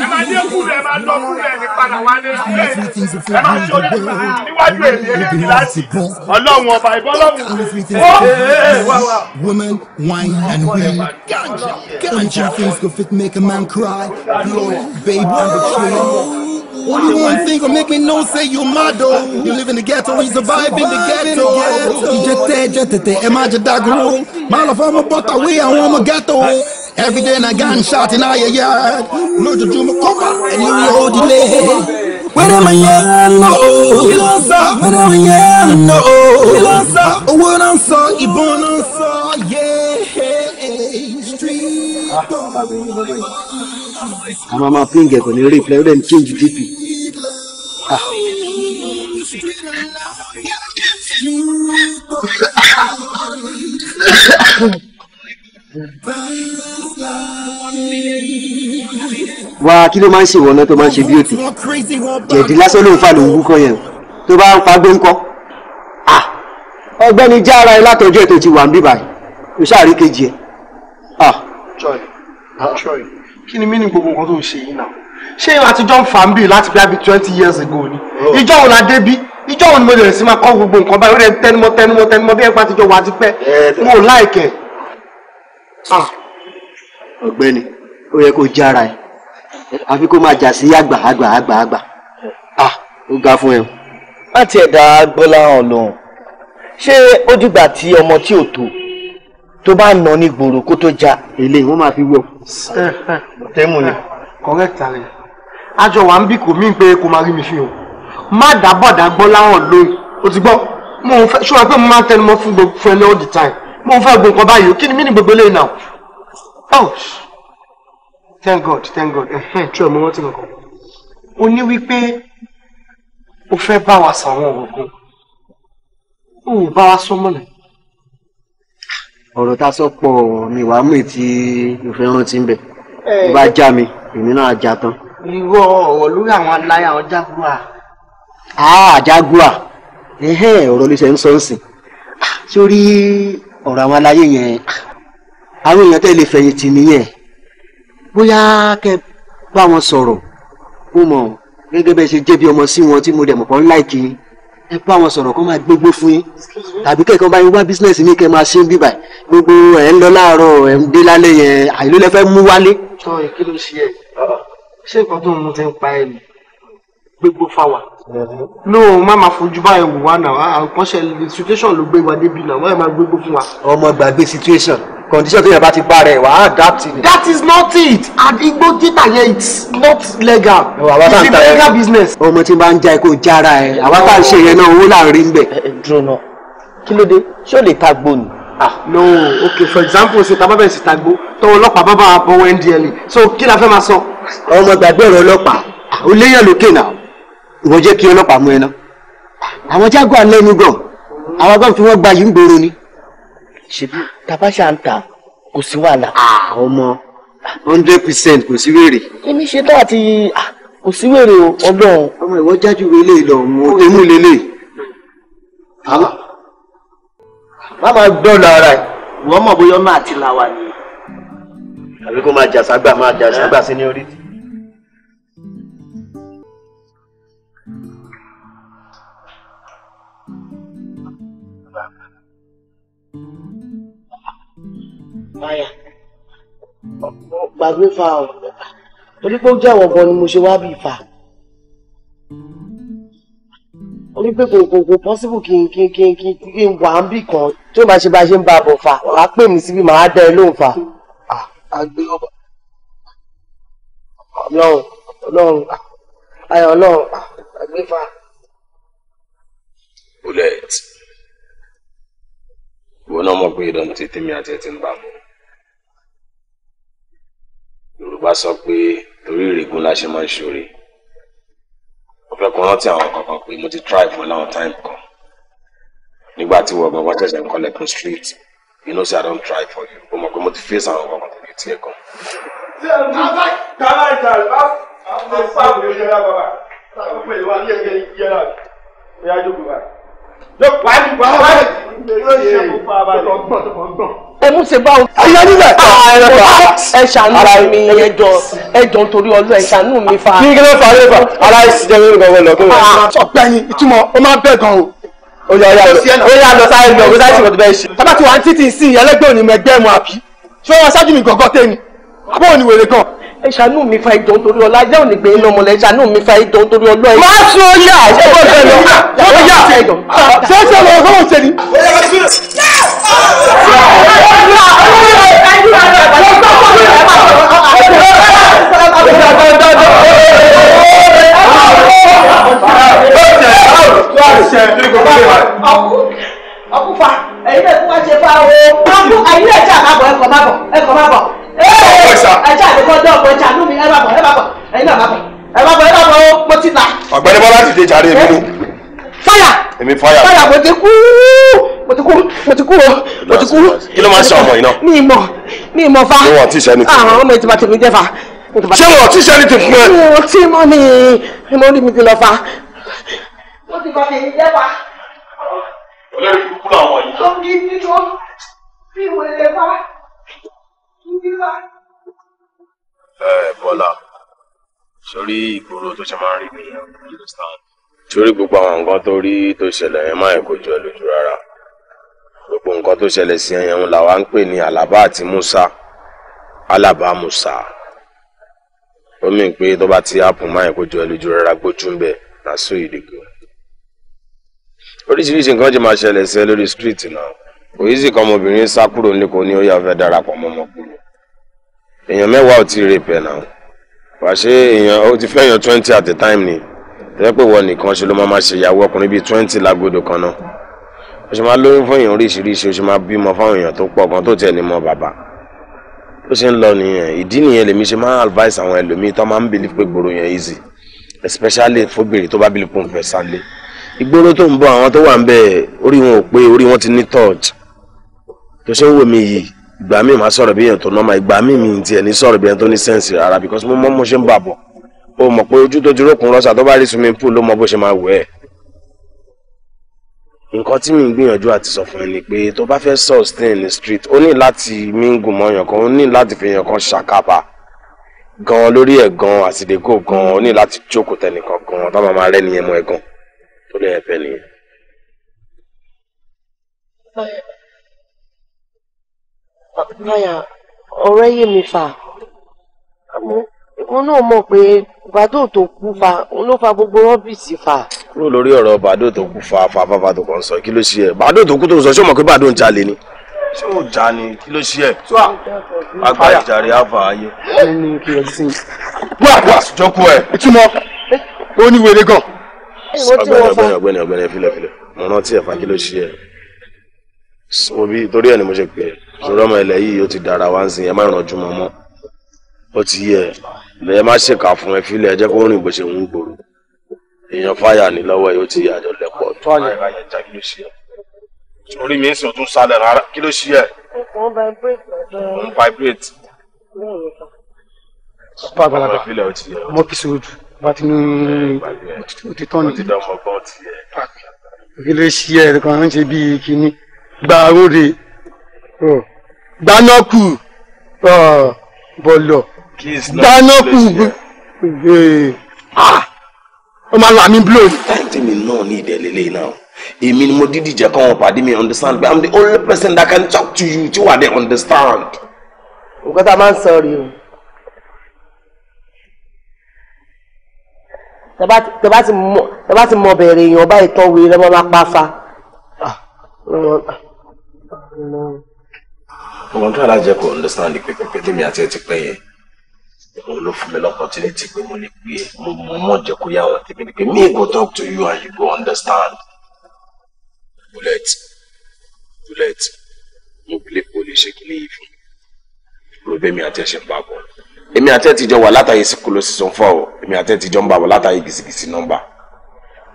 ẹ máa dé kú rẹ ẹ máa lọ kú rẹ ní padà wá lé sílẹ̀ ẹ máa ṣe orí níwájú èmi eléyìí láti ọlọ́run ọba ìbọn lọ́wọ́. Women, wine and weed, ganja, ganja things go fit make a man cry, blood, babe and betrayal. Only one thing will make me know say you mad though. You live in the ghetto, we survive in the ghetto. Ìjẹtẹ ìjẹtẹtẹ ẹ máa jẹ dagoro. Máa lọ fọ́ ọmọ bọ́tà wí àwọn ọmọ ghetto. Every day na gunshot in our yard. No kọ́pà oh, ẹni orí òdìlé. Wẹ́rẹ́ mi yẹ lọ o. Kí ló sọ? Wẹ́rẹ́ mi yẹ lọ o. No, ló sọ? Owó náà ń sọ, ìbọn náà ń sọ, yéé. Street boy. Àwọn ọmọ pínkì ẹ̀kọ́ ní replay ó dẹ̀ ń change dp. Ah. Street wá kí ló máa ń ṣe ìwọ náà tó máa ń ṣe bí òtí jẹ̀dí lásán ló ń fa lòun kúkọ yẹn tó bá ń fagbó ńkọ́ ọgbẹ́ni já ara ẹ látọjọ́ ètò ti wà ń bí báyìí kò sáàrí kejì ẹ. joy joy kí ni mí gbogbo nǹkan tó ń ṣe yìí náà ṣé àtijọ́ ń fà ń láti bí i twenty years ago ni oh. ìjọ́ òun la dé bí ìjọ́ òun ni mo lè sí máa kọ́ gbogbo nǹkan báyìí ó lè tẹnumọ́ tẹnumọ́ tẹnumọ́ bí ẹgbẹ́ àtijọ́ wà á ti pẹ́ mo láìkẹ́. ọ̀gbẹ́ni ó yẹ kó jára ẹ àfi kó máa jà sí àgbà àgbà àgbà àgbà ah ó ga fún ẹ. má tiẹ̀ dá gbọ́lá hàn lòun ṣé ó dìgbà tí ọmọ tí ò tó tó bá nà ní gbòòrò kó tó ja èlé wọn máa fi wọ. tẹ́mu ni. correct ààrẹ àjọ wa ń bí kò mí pé kò máa rí mi fi o má dábọ̀dá gbọ́lá hàn lóyún o ti gbọ́ mo ń fẹ́ ṣọ́ra pé mo máa ń tẹnu fún gbogbo ẹni all the time mo ń fẹ́ gbogbo nǹkan báyìí kí ni mí ní gbogbo eléyìí náà. Oh, thank god thank god tí ọmọ wọn ti kankan o ní wípé o fẹ́ bá wa sàwọn ọ̀gọ̀gọ̀ o ò bá wa sọ mọ́nà. ọ̀rọ̀ tá a sọ pọ̀ mi wàá mú ètí ìfẹ́ rántí ń bẹ̀ bí bá já mi èmi náà já tán. ìwọ ọ̀rọ̀ lórí àwọn aláya àwọn jágùá. àá jágùá ọ̀rọ̀ ló ṣe ń sọ ń sìn sórí ọ̀rọ̀ àwọn aláyé yẹn àwọn èèyàn tẹ̀lé fẹ̀yìntì nìyẹn bóyá kẹ bá wọn sọ̀rọ̀ mo mọ̀ gẹ́gẹ́ bẹ́ẹ̀ ṣe jẹ́ bí ọmọ sí wọn tí mo dẹ̀ mọ̀ pọ̀ ń láìkì yín ẹ bá wọn sọ̀rọ̀ kọ́ máa gbégbé fún yín tàbí kẹ́kọ̀ọ́ bá yín wá bísínẹ́sì mi kẹ́ máa ṣe ń bíbà gbogbo ẹ̀ ń lọ láàárọ̀ ẹ̀ ń dé lálẹ́ yẹn àìló lẹ fẹ́ mú wálé. sọ kí ló ṣe ẹ ṣé nǹkan tó ń mu ti ń pa ẹ nì gbégbó fáwa. ló mm-hmm. o má máa fojú báyìí wò wá náà àkọsẹ̀ situation ló gbé wa débi náà wọ́n yẹ máa gbégbó fún wa. ọmọ gbàgbé situation condition tó yẹn bá ti bá rẹ̀ wà adapt ni. that is not it and igbó títà yẹn it's not legal it's a legal business. ọmọ tí n bá ń ja ikú jára ẹ àwa tá à ń ṣe yẹn náà owó là ń rí ń bẹ. dùn náà kí ló dé ṣé o lè ta gbó ni. ah no okay for example ṣe tábàbẹ̀ sí tagbó tọwọ́ ọlọ́pàá bá bá wa bọ̀wọ́ ndla e. so kí la fẹ́ máa sọ. ọmọ gbàgbé ọ̀rọ̀ ọlọ́pàá ah, ó léyàn lókè náà ìwọ jẹ́ kí ọlọ́pàá mú ẹ náà àwọn jágó alẹ́ nu gan àwọn agbáǹfin wọn gba yìí ń gbòòrò ni ṣebí tàbá ṣà ń ta kò sí wàhálà. ọmọ hundred percent kò sí wèrè. èmi ṣe tó àti kò sí wèrè o ọlọ́run. ọmọ ìwọ jájú wele ìlọrun o èmú lele. má máa dọ́ọ̀lù ara ẹ̀ wọ́n mọ̀ bóyá ọmọ àti làwà ni. àbí kó máa jà ságbà máa jà ságbà sí ní orí. Maya gbàgbé fa ọ torí pé ó jẹ́ àwọn gan ni mo ṣe wá bí ìfà orí pé kò kò pọ́sibù kí n kí n kí n kí n kí n wà ń bì kan tí ó bá ṣe bá ṣe ń ba bọ̀ fà wàá pè mí síbi màá dá ẹ lóhùn fà. àgbẹ̀ ọba ọlọ́run ọlọ́run ayọ̀ ọlọ́run àgbẹ̀ fà. bullet ìwọ náà mọ̀ pé ìdánwò tètè mi àti ẹ̀ ti ń bá a mọ̀. yorùbá sọ pé torí ìrìgún la ṣe máa ń ṣòre mo fẹ́ rántí àwọn kankan pé mo ti try fún láwọn time kan nígbà tí wọ́n gan wá ṣẹ̀ṣẹ̀ ń kọ́lẹ̀kùn street you know say i don try for you o mọ̀ pé mo ti face àwọn kankan tẹ̀lé tiẹ̀ kan. ẹ ní kàrá ìjà rẹ mú ṣe báwo. ayé nílẹ̀. ẹ ṣàánú mi ẹjọ ẹjọ nítorí ọlọ ẹ ṣàánú mi fa. kí n kí fà á lè fà aláìsí jẹ́ mímu gbọ̀ngàn lọ. Ah. ọ̀gbẹ́ni ìtumọ̀ ó máa bẹ̀ gan o ó yà lọ sáré lọ wíṣà ìṣòro tó bẹ́ẹ̀ ṣe. tábà tí wàá títí sí ẹlẹgbẹ́ òní mẹgbẹ́ mu àbí ṣé wọ́n ṣáájú mi gọ̀gọ́ tẹ́ni àbọ̀ òní wèrè gan-an ẹ ṣàánú mi fa ìjọ nítorí ọlá ajá òní gbé iná ọmọlẹ ẹ ṣàánú mi fa ìjọ nítorí ọlọ ẹ. má tún ó yà ṣé kò fẹ́ lọ ó yà ṣé ṣe lọ ọgbọ́n òṣè ni. ọkùnfà ẹ̀yin náà kó wá ṣe fáwọn ọkùnfà ẹ̀yin náà jà má bọ̀ ẹ̀kọ́ má bọ̀ ẹ̀kọ́ má bọ̀ ẹja ẹ bá bọ̀ ẹ dé jàre èmi nù. fáyà èmi fáyà fáyà mo ti kú mo ti kú mo ti kú o mo ti kú. kí ló máa ń ṣe ọmọ yìí náà. mi mọ mi mọ fa. ṣé wọn ti ṣe ẹni tí. àwọn ọmọ ìtìmọ̀ tèmi jẹ fa. ṣé wọn ti ṣe ẹni tí fún ẹ. mo ti mọ ni mo rí mi ti lọ fa. mo ti mọ tèmi jẹ fa. olórí kúkú làwọn yìí. ó ń bí nínú bí mo fa ẹ eh, Bọ́lá sórí ìgboro tó ṣe máa ń rí mi torí gbogbo àwọn nǹkan tó rí tó ṣẹlẹ̀ yẹn máa kò jọ lójú rárá gbogbo nǹkan tó ṣẹlẹ̀ sí ẹyẹn làwa ń pè ní Àlàbá àti Musa Àlàbá Musa ó mì pé tó bá ti àpùn máa kò jọ lójú rárá gbójú ń bẹ̀ lásù ìdìgbò oríṣiríṣi nǹkan jẹ́ máa ṣẹlẹ̀ sí ẹ lórí street náà kò yí ọmọbìnrin sá kúrò nílé kò ní ó yà fẹ́ darapọ̀ mọ́ ọmọkùnrin èèyàn mẹ́wàá ò ti rape ẹ̀ náà pàṣẹ èèyàn ó ti fẹ́ èèyàn twenty at a time ni tẹ́lẹ̀ pé wọ́n nìkan ṣe ló máa máa ṣe ìyàwó ọkùnrin bíi twenty lágodo kan náà ó ṣe máa lóyún fún èèyàn oríṣiríṣi ó ṣe máa bímọ fáwọn èèyàn tó pọ̀ gan tó tiẹ̀ ní mọ bàbá ó ṣe ń lọ nìyẹn ìdí nìyẹn lèmi ṣe máa advice àwọn ẹlòmíì tó máa ń believe pé gbòòrò yẹn easy especially fóbìnrin tó bá believe pé òun fẹ́ sálé ìgboro tó ń bọ̀ àwọn tó wà ń bẹ̀ orí wọn ò pé orí wọn ti ní touch tó ṣe ń wò mí yìí ìgbà míì máa sọ̀rọ̀ bí èèyàn tó nọ́mà ìgbà míì mi tiẹ̀ ní sọ̀rọ̀ bí èèyàn tó ní sẹ́ǹsì rárá because mo mọ̀ mo ṣe ń bà bọ̀ o mọ̀ pé ojú tó dúró kun rọ́ṣà tó bá rí swimming pool ló mọ bó ṣe máa wẹ̀ ẹ́ nǹkan tí mi ń gbìyànjú àti sọ fún ẹ ni pé tó bá fẹ́ sustain ní street ó ní láti mingu mọ́ èèyàn kan ó ní láti fi èèyàn kan ṣàkàbà gan lórí ẹ̀ gan àsìdégò gan ó ní láti jókòó báyà ọ̀rẹ́ yé mi fà òun náà mọ̀ pé bàdó tó kú fa òun ló fa gbogbo rọ́bìsì fa. kúrò lórí ọ̀rọ̀ bàdó tó kú fa fàfàfà tó kàn sọ kí ló ṣe ẹ̀ bàdó tó kú tó sọ ṣé o mọ̀ pé bàdó ń jalè ni ṣé o jà ni kí ló ṣe ẹ̀ àgbà ìjàre àfà ayé. wá wá jọkọ ẹ ìtumọ̀ ó ní wèrè gan. ọ̀gbẹ́ni ọ̀gbẹ́ni ọ̀gbẹ́ni filẹfilẹ mo rántí ẹ̀fà kí ló ṣe ẹ̀ mo bí torí ẹ̀ ni mo ṣe pè é sọ̀rọ̀ ọmọ ilẹ̀ yìí ó ti dára wá ń sìn ẹ má rànjú mọ́ mọ́ ó ti yẹ ẹ ẹ má ṣèkà fún ẹ fílẹ̀ ẹ jẹ́ kó rìn bó ṣe ń gbòòrò èèyàn fáyà ní lọ́wọ́ ẹ ti yẹ lẹ́pọ̀ tó àyè ayé já kí ló ṣe ẹ orí mi ń sìn tún sálẹ̀ rárá kí ló ṣe ẹ. ó ń vibrate. ó ń vibrate. bá àgbàlagbà mo kì í sòròdù bá ti ní òtítọ́ ni. ó ti dán ọmọ gbọ́n ti yẹ. kí ló ṣe ẹ kàn ń ṣe bíi kínní gbàrúre hmm. gbanákù ah, bọ̀lọ̀ gbanákù eh. ah! ó máa là mí blow. táyì tèmi náà ní ìdẹ̀lélẹ́yìn náà èmi ni mo dídì jẹ́ kọ́ wọn pàdé mi understand but i'm the only person that can talk to you tí wà dé understand. nǹkan tá a máa ń sọ rèé o tẹ bá ti mọ bẹ̀rẹ̀ èèyàn báyìí tán wí lọ́mọ bá pa fa. Ah ọmọ tó alájẹ kò understand pé pé tèmi àti ẹ ti pẹ́ yẹn òun ló fún mi l'opportunity pé mo lè pè é mo mọ mọ jẹ kó yá wọn tèmi ni pé me go talk to you and you go understand. bullet bullet mo bìlẹ̀ kó lè ṣe kíní yìí fún mi ló bẹ́ẹ̀ mi àti ẹ ṣe ń bá bọ̀. èmi àti ẹ ti jọ wà látàyè sikolo season four èmi àti ẹ ti jọ ń bá bọ̀ látàyè gìsìgìsì nọ́mbà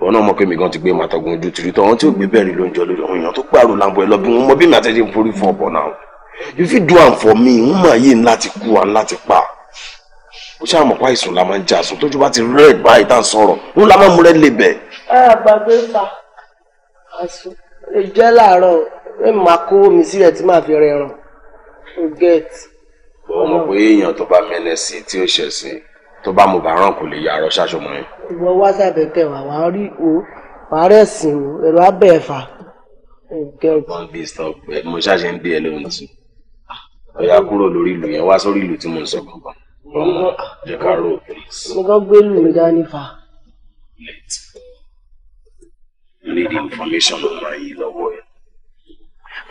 wọn náà mọ pé mi gan ti gbé màtọgùn ojú tìrì tó àwọn tí ò gbé bẹ́ẹ̀ rí ló lórí àwọn èèyàn tó pààrọ̀ làǹbọ̀ ẹ̀ lọ́bí wọn mọ bí mi àtẹ̀jẹ̀ ń forí fún ọ̀pọ̀ náà you fit do am for me n máa yé ńlá ti kú à ńlá ti pa ó ṣáà mọ̀ pa ìsùn la máa ń jà sùn tójú bá ti rẹ̀ báyìí tá à ń sọ̀rọ̀ ó la máa mú rẹ̀ lè bẹ̀. àgbàgbé fa àṣù lè jẹ́ láàárọ̀ ẹ máa kówó mi sílẹ̀ tí màá fi rẹ̀ ràn. forget. bọ́ọ̀ mọ̀ pé èèyàn tó bá mẹ́lẹ̀ sí tí ó ṣẹ̀ sí tó bá mo bá rán kò lè yàrá ṣaṣọ mọ́ yín. ìwọ wá sábẹ́ kẹwàá wàá rí o wàá rẹ̀sìn o ẹ̀rọ abẹ́ ẹ̀fà. wọ́n bí stop ẹ mo ṣàṣẹ ń bí ẹ lóhun tì ó yá kúrò lórí ìlú yẹn wá sórí ìlú tí mo ń sọ kankan please. mo kàn gbé lù mí dání fa. I need information ọmọ yìí lọ́wọ́ ẹ̀.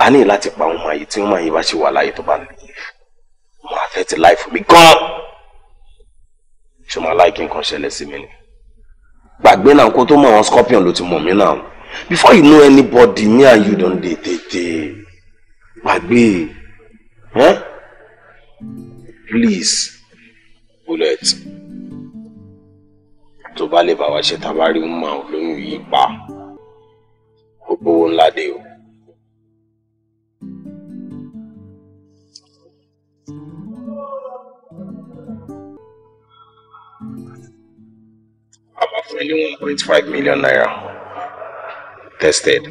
a ní láti pa ọmọ yìí tí ọmọ yìí bá ṣe wà láàyè tó bá lè yẹ. mo àfẹ́ ti láì mi gan-an ṣùgbọ́n aláìkí nǹkan ṣẹlẹ̀ sí mi ni gbàgbé náà kó tó mọ̀ wọn scorpion ló ti mọ̀ mí náà before you know anybody me and you don dey tètè gbàgbé eh? please bullet tó bá lè bá wa ṣe tábàárí mọ àwọn olóyún yìí pa gbogbo ńlá dé o. fún mi one point five million naira tested.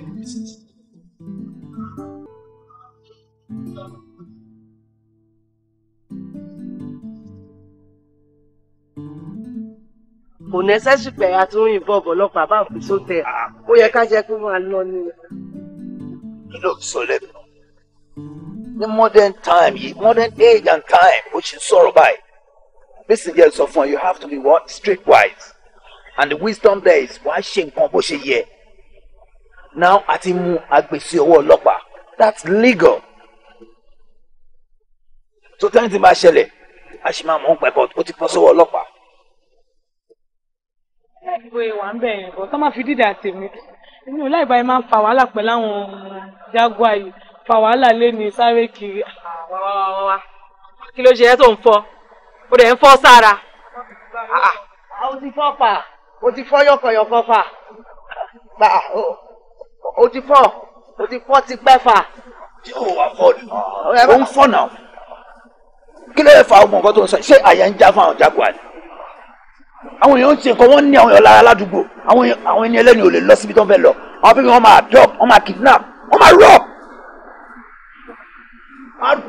kò nẹ́sẹ̀sì pé a tún yìnbọn ọ̀bọ̀lọpàá bá ń fi sóńtẹ̀ ó yẹ ká jẹ́ pé wọ́n á lọ ní. kí ló sọ lẹ́nu ní modern time yìí modern age and time ó ṣe sọ̀rọ̀ báyìí bí sì jẹ́ sọ fún ọ you have to be what streetwise and the wisdom there is wàá ṣe nǹkan bó ṣe yẹ now àti mú agbèsè ọwọ́ ọlọ́pàá that's legal so tẹ́yìn tí máa ṣẹlẹ̀ a ṣì máa mọ̀ ọ́n pẹ́ but ó ti bọ́ sọ́wọ́ ọlọ́pàá. ẹgbẹ́ wà ń bẹ̀rẹ̀ bọ̀ ká má fi dídà tèmi inú láì báyìí máa ń fa wàhálà pẹ̀lú àwọn jaguar yìí fa wàhálà lẹ́ni sáré kiri. Ah, wá wá wá wá kí ló ṣe ẹ́ tó ń fọ́ ó dẹ̀ ń fọ́ sára. Ah, ah. ó ti fọ́ pa o ti fọ́ yọ̀kọ̀yọ̀kọ̀ fà gbà o ti fọ́ o ti fọ́ ti pẹ́ fà. tí o wà fọ́ ni o ń fọ́ náà kí ló yẹ fa ọmọ nǹkan tó ń sọ ṣé àyà ń já fún àwọn jagoa ni àwọn èèyàn ń ṣe nǹkan wọ́n ní àwọn èèyàn lára ládùúgbò àwọn ènìyàn lẹ́nu ò lè lọ síbi tó ń fẹ́ lọ àwọn fífi wọn máa drop wọn máa kidnap wọn máa rọ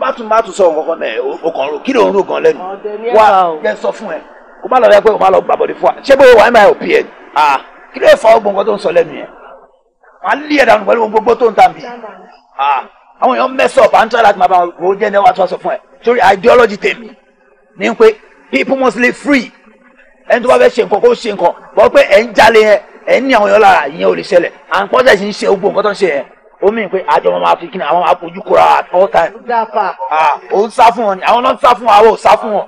má tún má tún sọ nǹkan kan náà o kàn ń ro kí ló ń ro gan lẹ́nu wá jẹ́ sọ fún ẹ kó má lọ rẹ pé kó má lọ gbà bọ̀dé fún wa ṣé bóyá wàá máa òbí ẹ ah kí ló fa ọgbọ̀n kan tó ń sọ lẹ́nu yẹn wàá lé ẹ̀dá nù pẹ̀lú gbogbo tó ń tà mí ah àwọn èèyàn mess up à ń tọ́ láti máa bá wọn kó jẹ́ ní wàá tó sọ fún ẹ torí ideology tèmi ní pé people must live free ẹni tó bá fẹ́ ṣe nǹkan kó ṣe nǹkan bọ́ pé ẹ̀ ń jalè yẹn ẹ̀ ń ní àwọn èèyàn lára ìyẹn ò lè ṣẹlẹ̀ à ń pọ́sẹ̀ sí ń ṣe gbogbo nǹkan tó ń ṣe yẹn ó mìíràn pé àjọ wọn máa fi kí ni àwọn afojú kura at all time. ó ń sá fún wọn ni àwọn náà ń sá fún wọn àwọn ò sá fún wọn.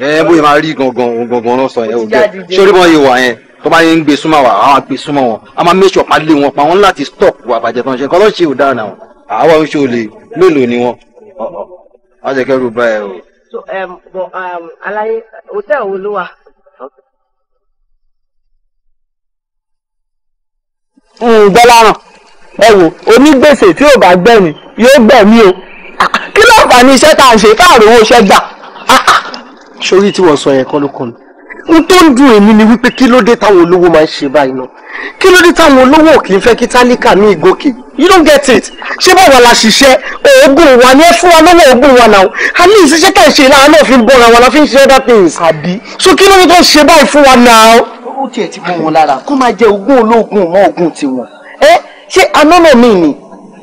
ẹ bóyá máa rí gangan gangan náà sọ yẹn ò jẹ sórí wọn yìí wà yẹn tó bá yẹn ń gbé súnmọ́ wa àwọn àgbè súnmọ́ wọn a máa méṣọ̀ pa lé wọn pa wọn láti stop wà bàjẹ́ tó ń ṣe kọ́ ló ṣe ò dáa náà àwọn oṣù olè mélòó ni wọn. a jẹ kẹrù bá o. Um, um, alaye hòtẹ́ẹ̀lì wo ló wà. ń hmm, gbọ́ láràn ẹ wò onígbèsè tí ò bá gbẹ̀mí yóò gbẹ̀mí o kí ló fà ní iṣẹ́ tá à ń ṣe káàró owó iṣẹ́ gbà. sórí tí wọ́n sọ yẹn kọ́ ló kọ́ ni n tó ń dùn èmi ni wípé kí ló dé táwọn olówó máa ń ṣe báyìí náà kí ló dé táwọn olówó kì í fẹ́ kí tálíkà ní ìgòkè you don't get it ṣé báwa la ṣiṣẹ́ oògùn wa ni ẹ fún wa lọ́wọ́ oògùn wa náà a ní ìṣiṣẹ́ tá ì ṣe náà náà fi ń bọ́ra wa la fi ń ṣe other things. àbí so kí ló dé tó ń ṣe báyìí fún wa náà. ó tiẹ̀ ti mú wọn lára kó máa jẹ ogún olóògùn mọ́ ogún tiwọn ṣé anọ́nà mi ni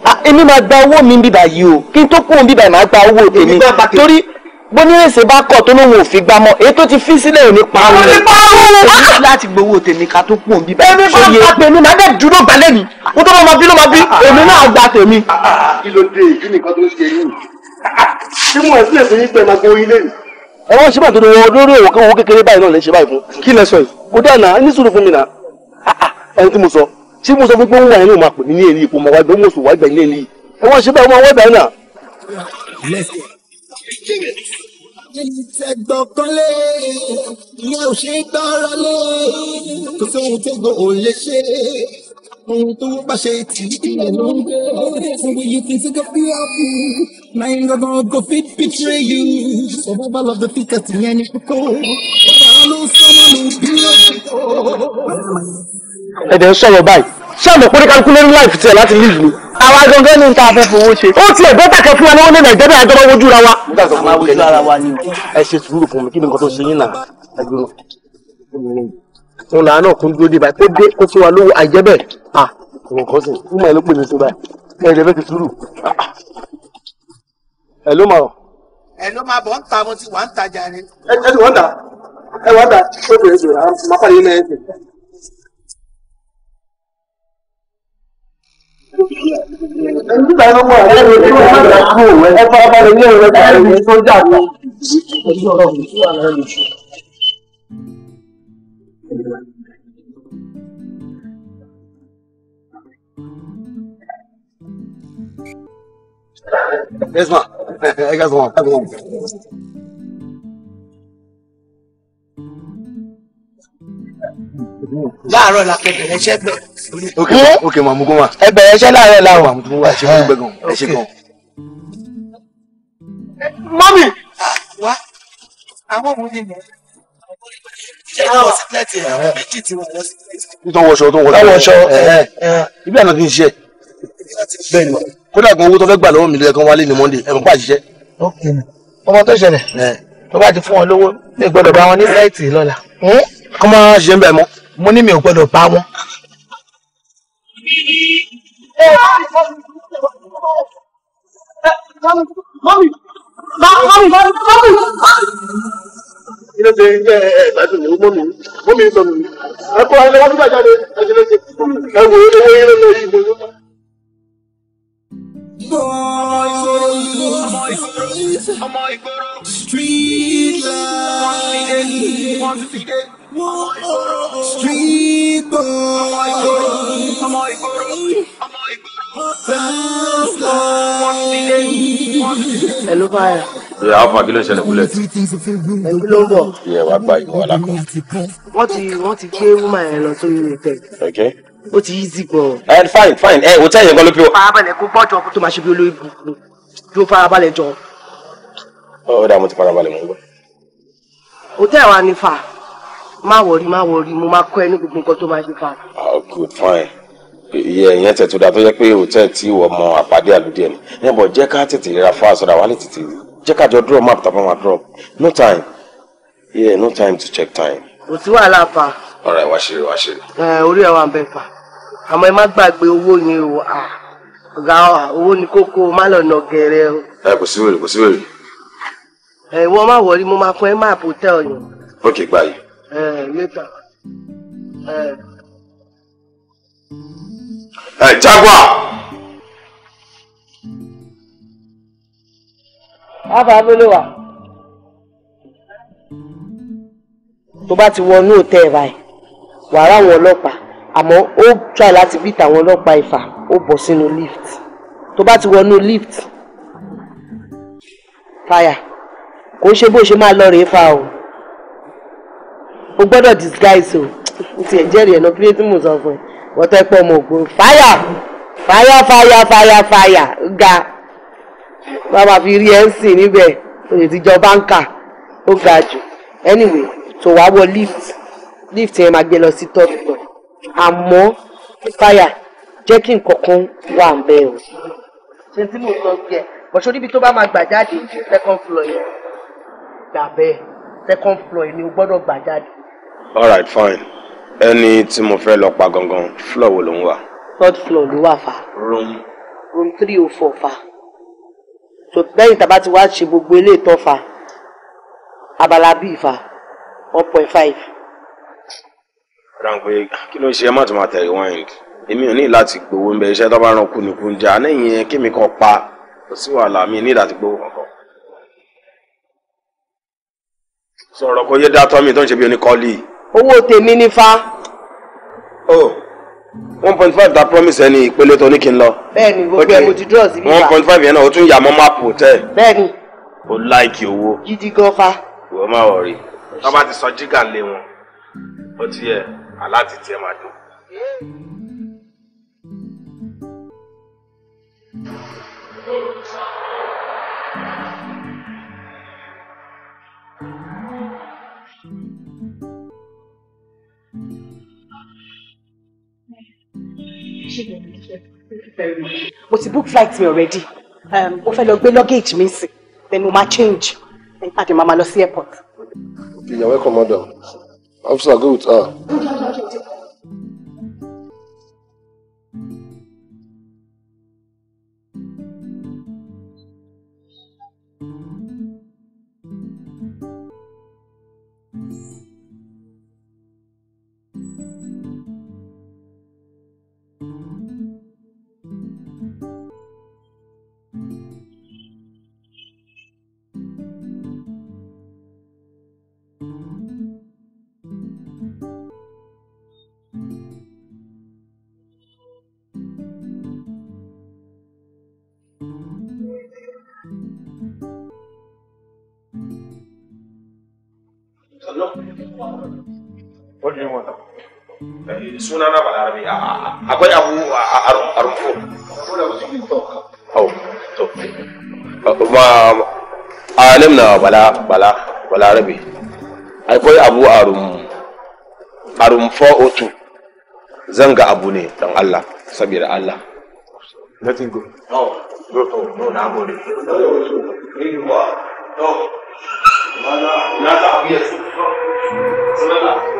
ah, èmi máa gba owó mi bíbà yìí o kí n tó kún un bíbà máa gba owó tèmi torí bóníyèsè bá kọ̀ tó lóun ò fi gbá mọ́ èyí tó ti fi sílẹ̀ ò ní parun rẹ̀ èmi ah! láti gbowó tèmi ká tó kún un bíbà èmi máa gba tèmi máa dẹ̀ dúró gbalẹ̀ ni mo tó bá máa bí ló máa bí ah, èmi náà gba tèmi. kí ló dé ìdí nìkan tó ń ṣe yín tí mo ẹ̀sìn ẹ̀sìn yín pẹ̀ máa gbowó ilé mi. ẹ wọ́n ṣe bàtò lórí òwò kékeré báyìí náà lè ṣe báyìí fún kí lẹ sọ yìí kò dáa náà sùúrù fún mi náà ẹni tí mo sọ ṣé mo sọ fún pé wọn wà nínú máa pè ní èlì ipò màwá ìgbọ́n sùn wá ìgbà ilé ilé ẹ wá ṣe báyìí wọn wá ìgbà náà. ò ṣe gbọ́rọ̀ lé, kò sóhun tẹ́gbọ̀n ò lè ṣe ohun tó bá ṣe tì í lẹ̀ ló ń gbé. Gbogbo you can think of you out. Náà gangan go fit betray you. Sọ̀rọ̀ bá lọ bẹ fíkà tì yẹn ní kókó. Bàbá ló sọ́mọ́ ló ń bí ọ̀ṣun ẹ̀dẹ̀ ń sọ̀rọ̀ báyìí ṣé àmọ̀ pé oníkálukú lórí láìpẹ́ tiẹ̀ láti leave ni. àwa gangan ní nta fẹ́ fowó ṣe. ó tiẹ̀ bẹ́tà kẹ́ fún wa lọ́wọ́ ní nàìjíríà ẹjọ́ wojú ra wa. wojú ara wa ni ẹ ṣe sùúrù fún mi kí ni nǹkan tó ṣe yín náà ẹgbẹ́rún. òun làá náà kún dúró dé báyìí kó dé kó fún wa lówó àìjẹ́ bẹ́ẹ̀ ah nǹkan sìn fún màá ló pè mí sí báyìí ẹ̀rẹ̀ bẹ́ẹ̀ ti sùúrù. ẹ̀ ló máa ẹ̀ ló máa bọ̀ ń ta mo ti wà ń tajà ni. ẹ ẹ ti wọ́n ta ẹ wọ́n ta ó bèrè bèrè àwọn máa pàdé yín náà ẹ̀ sìn. nígbà yẹn mọ̀ ẹ́ lè láàárọ̀ la kẹ bẹ̀rẹ̀ iṣẹ́ bẹ̀. ok ok màmú kó wà. ẹ bẹ̀rẹ̀ iṣẹ́ láàárọ̀ la o. màmú tó wà ṣe fún gbẹ̀gàn ẹ ṣe gan. mọ́mì. wá àwọn ọmọ mi nìyẹn. Nítorí wọṣọ tó wọṣọ. Ibi àná ti ń ṣiṣẹ́. Bẹ́ẹ̀ni. Kódà gan owó tó fẹ́ gbà lọ́wọ́ mi lóye kan wálé ní Monday ẹ̀mọ́ pa àṣìṣe. Ọmọ tó ṣẹlẹ̀. Tó bá ti fún wọn lówó, lè gbọ́dọ̀ bá wọn ní láìtì lọ́la. Kọ́mọ́ ṣe ń bẹ̀ mọ́ mo ní mi ò gbọ́dọ̀ bá wọn. Street life. Street boy. Sounds like. Hello, Fire. Ẹ Alfa kí ló ń ṣẹlẹ̀ bullet. Ẹ̀mí Yeah, what bọ̀. Ìyẹn wàá gba ìwọ alákọ̀. Wọ́n ti wọ́n ti gbé woman yẹn so you hotel. Okay. What is it, gan. Ẹ fine fine Hey, hotel yẹn gan ló pé o. Farabalẹ̀ kó gbọ́jọ to my máa ṣe bí olórí burúkú. Yóò farabalẹ̀ jọ. Ó dà mo ti farabalẹ̀ mọ́ gbọ́. Hotel wa ni má wọrí má wọrí mo máa kọ́ ẹ gbogbo nǹkan tó máa ṣe fà. ok fine iye ẹ̀yẹn tẹ̀tù dáa tó jẹ́ pé hòtẹ́ẹ̀lì tí ìwọ mọ àpàdé àlùdí ẹ̀ ní ẹ̀bọ̀ jẹ́ ká tètè ra fún àsọdá wa lè tètè jẹ́ ká jọ draw map tàbí wọn draw no time yeah no time to check time. kò sí wàhálà pa. ọ̀rọ̀ ẹ̀ wá ṣeré wá ṣeré. ẹ eh, orí ẹ̀ wà ń bẹ̀ fà àmọ́ ẹ má gbàgbé owó yẹn o ah, ọ̀gá owó ni kókó má lọ nà gẹ̀rẹ́ o. ẹ eh, kò sí wèrè kò sí wèrè. ẹ eh, wọ́n má wọrí mo máa fún ẹ máa pòtẹ́ ọ̀yàn. ok gbà yìí. Uh, later. Uh, hey, Jaguar! Abba Abolowa. Tó bá ti wọnú òtẹ́ báyìí, wà á ráwọn ọlọ́pàá àmọ́ ó try láti bí tàwọn ọlọ́pàá Ifá ó bọ̀ sínú lift. Tó bá ti wọnú lift, fire. Kò ń ṣe bó ṣe máa lọ rèé fa o o gbọ́dọ̀ disguise o n tiẹ̀ jẹ́rìí ẹ̀ náà kí ló tí mò ń sọ fún ẹ wọ́tẹ́ pọ̀ mọ̀ ògbó fire. fáyà fáyà fáyà fáyà ga bá máa fi rí ẹ ń sìn níbẹ̀ o lè ti jọ báńkà ó ga jù anyway tó wàá wọ lift lift yẹn máa gbé lọ sí top floor àmọ́ fáyà jẹ́ kí nǹkan kan wà ń bẹ́ẹ̀ o ṣe tí mò ń sọ sí ẹ bọ̀ṣọ́ níbi tó bá máa gbà jáde second floor yẹn gbà bẹ́ẹ̀ second floor yẹn ni o gbọ́dọ̀ gbà jáde all right fine ẹni tí mo fẹ́ lọ pa gangan floor wo ló ń wà. third floor ló wà fà. room. room three oh four fà. so lẹ́yìn tàbá ti wá ṣe gbogbo eléyìí tó fà abala bíi fà one point five. ránpẹ́ kí ló ṣe ẹ má tún máa tẹ̀lé wind èmi ò ní láti gbowó ń bẹ iṣẹ́ tó bá ràn kú nìkú ń jà lẹ́yìn yẹn kí mi kàn pa kò sí wàhálà mi ní láti gbowó kankan. sọ̀rọ̀ kó yé dátọ́ mi tó ń ṣe bí oníkọ́lì owó tèmi ní fa. o oh, one point five da promise ẹni ìpele tó ní kí n lọ. bẹ́ẹ̀ni gbogbo ẹ mo ti draw sí bíbá. one point five yẹn náà o tún yà mọ́ máàpù tẹ. bẹ́ẹ̀ni. o láìkì owó. gidi gan fa. ìwọ máa wọ rí tó bá ti sọ jígà lé wọn ó ti yẹ aláàtì tiẹ̀ máa dùn. mo ti book flight mi already ó um, fẹ́ lọ gbé luggage mi sí then mo máa change then pàdé màmá lọ sí airport. ìyàwó ẹ̀ welcome, madam. officer go with her. What do you want? a Ma alim na bala bala Balarabe. abu a arum otu. Zanga abu ne dan Allah, saboda Allah. Nothing good. No, no, no, no, no, no, no, no, no, no, no, Na, na, na, na, wir sind doch.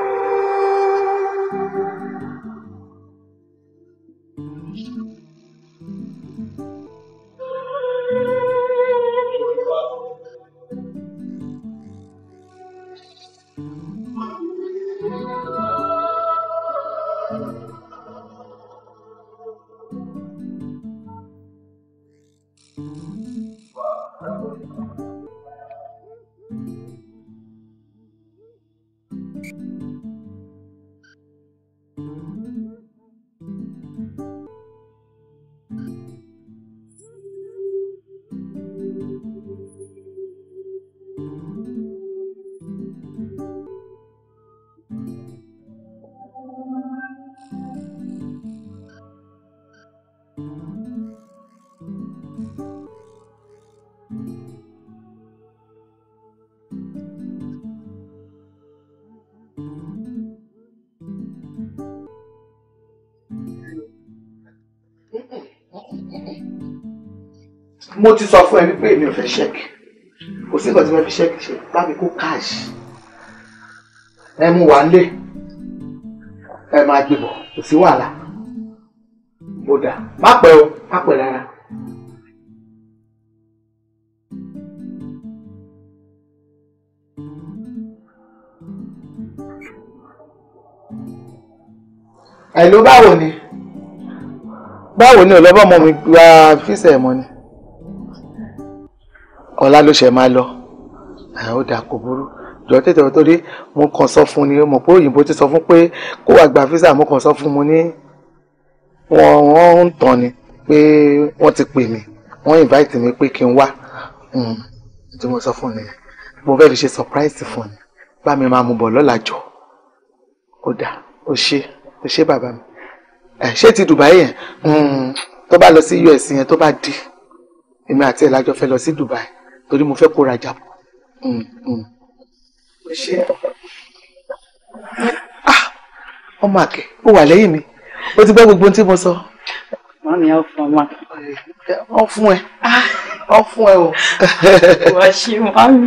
mo ti sọ fún ẹ wípé èmi ò fẹ́ ṣẹ́ẹ̀kì kò sí nǹkan tí mo fi ṣẹ́ẹ̀kì ṣe bámi kó káàṣì ẹ mú wa lé ẹ máa gbìbọ̀ kò sí wàhálà mo dà má pẹ́ o má pẹ́ rárá. ẹ̀ ló báwo ni báwo ni ò ọmọ mi gba fíṣẹ̀ mọ́ ni ọ̀la ló ṣẹ̀ máa lọ ó dà kò burú jọ tètè wọ́n torí mo kàn sọ fún ni mo pé òyìnbó ti sọ fún pé kó wá gba físà mo kàn sọ fún mo ní wọ́n wọ́n ń tàn ni pé wọ́n ti pè mí wọ́n invite mi pé kí n wá hmm, tí mo sọ fún ni mo fẹ́ fi ṣe surprise fún ni bá mi máa mú bọ̀ lọ́la jọ ó dà ó ṣe ó ṣe bàbá mi ṣé ti Dubai yẹn hmm, tó bá lọ sí US yẹn tó bá di èmi àti ẹ̀ lájọ fẹ́ lọ sí Dubai torí mo fẹ́ kó rajà bọ̀. ọmọ àkẹ́ ó wà lẹ́yìn mi ó ti gbọ́ gbogbo ohun tí mo sọ. màmí á fún ọmọ àkẹ́. wọ́n fún ẹ wọ́n ah, fún ẹ o. wà á ṣe màmí.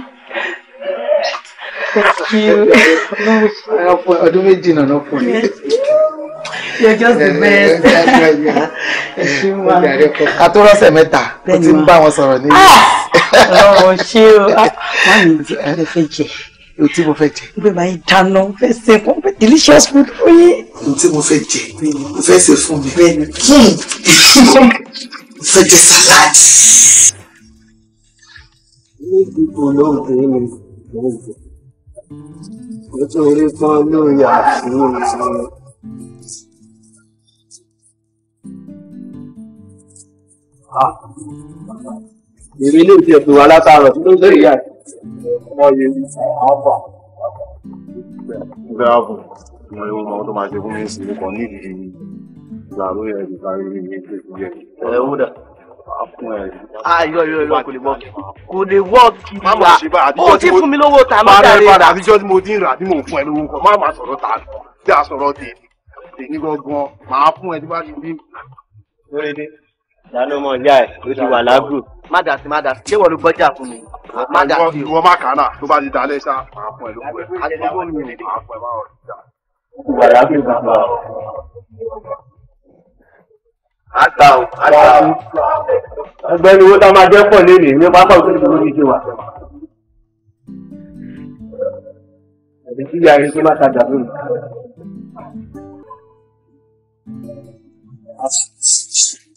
ọdún méjì nànà fún mi. You're just the best. Ẹ ṣe wá. Ká tó rọ́ṣẹ̀ mẹ́ta, ó ti ń bá wọn sọ̀rọ̀ ní. Ọ̀rọ̀ ah! oh, ṣé o, ah! má mi ti kí ẹ fẹ́ jẹ. O tí mo fẹ́ jẹ. Bí màá dáná, fẹ́ ṣe fún mi delicious food fún yín. O tí mo fẹ́ jẹ, o fẹ́ ṣe fún mi. Bẹ́ẹ̀ni. Mo fẹ́ jẹ sàláàdì. Ní gbogbo náà ní mi, mo ń tún rí pọ́n lórí àfihàn ìṣòro. Èrè ilé ìfẹ́ pè wá látàárọ̀ ló lè yá ọmọ yẹmi àbà. Bẹ́ẹ̀ ààbò mo yóò mọ tó máa ṣe fún mi sí mo kàn ní ìdíje ìgbàlú yẹn ìgbàlú yẹn ní ìgbésí yẹn. Ẹ wú dà. Ayọ̀ ah, yọ̀ yọ̀ kò lè wọ́ọ̀kì. Kò lè wọ́ọ̀kì wa. Mo ti fún mi lówó ta ló dáre. Máa rẹ̀ padà àtijọ́ tí mo ti ń rà tí mò ń fún ẹ lówó kan. Má máa sọ̀rọ̀ ta lọ. Bí a sọ̀rọ̀ tèmi, tèmi gangan, màá fún ẹ tí bá ti bí. Lórí dé ìdáná ọmọ ìyá ẹ ló ti wà lágùn. má dà sí má dà sí ṣé wọ́n ló gbọ́jà fún mi. má dà sí o. ìwọ má kàánà tó bá ti dalẹ̀ ṣá máa fún ẹ lóko ẹ. àtẹ̀wọ́ mi ò wà lágùn bàbá o. àtà o àtà o. ọ̀gbẹ́ni wo tá a máa jẹ pọ̀ lélẹ̀ ní pápá òkè tó lórí ìṣe wa. ẹbí tí ìyá rẹ ṣe má tajà lónìí. Thank you.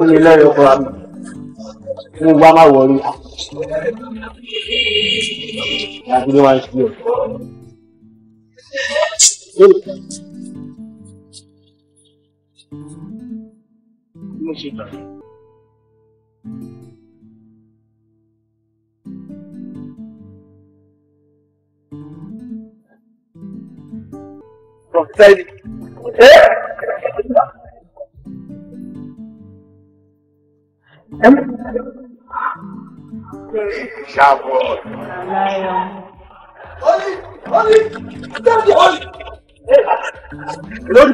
ó lè lọ́rọ̀ ọkọ mi mo gbá má wọrí àti ní wá ń ṣe Prophetic. Ṣàbọ̀. Lórí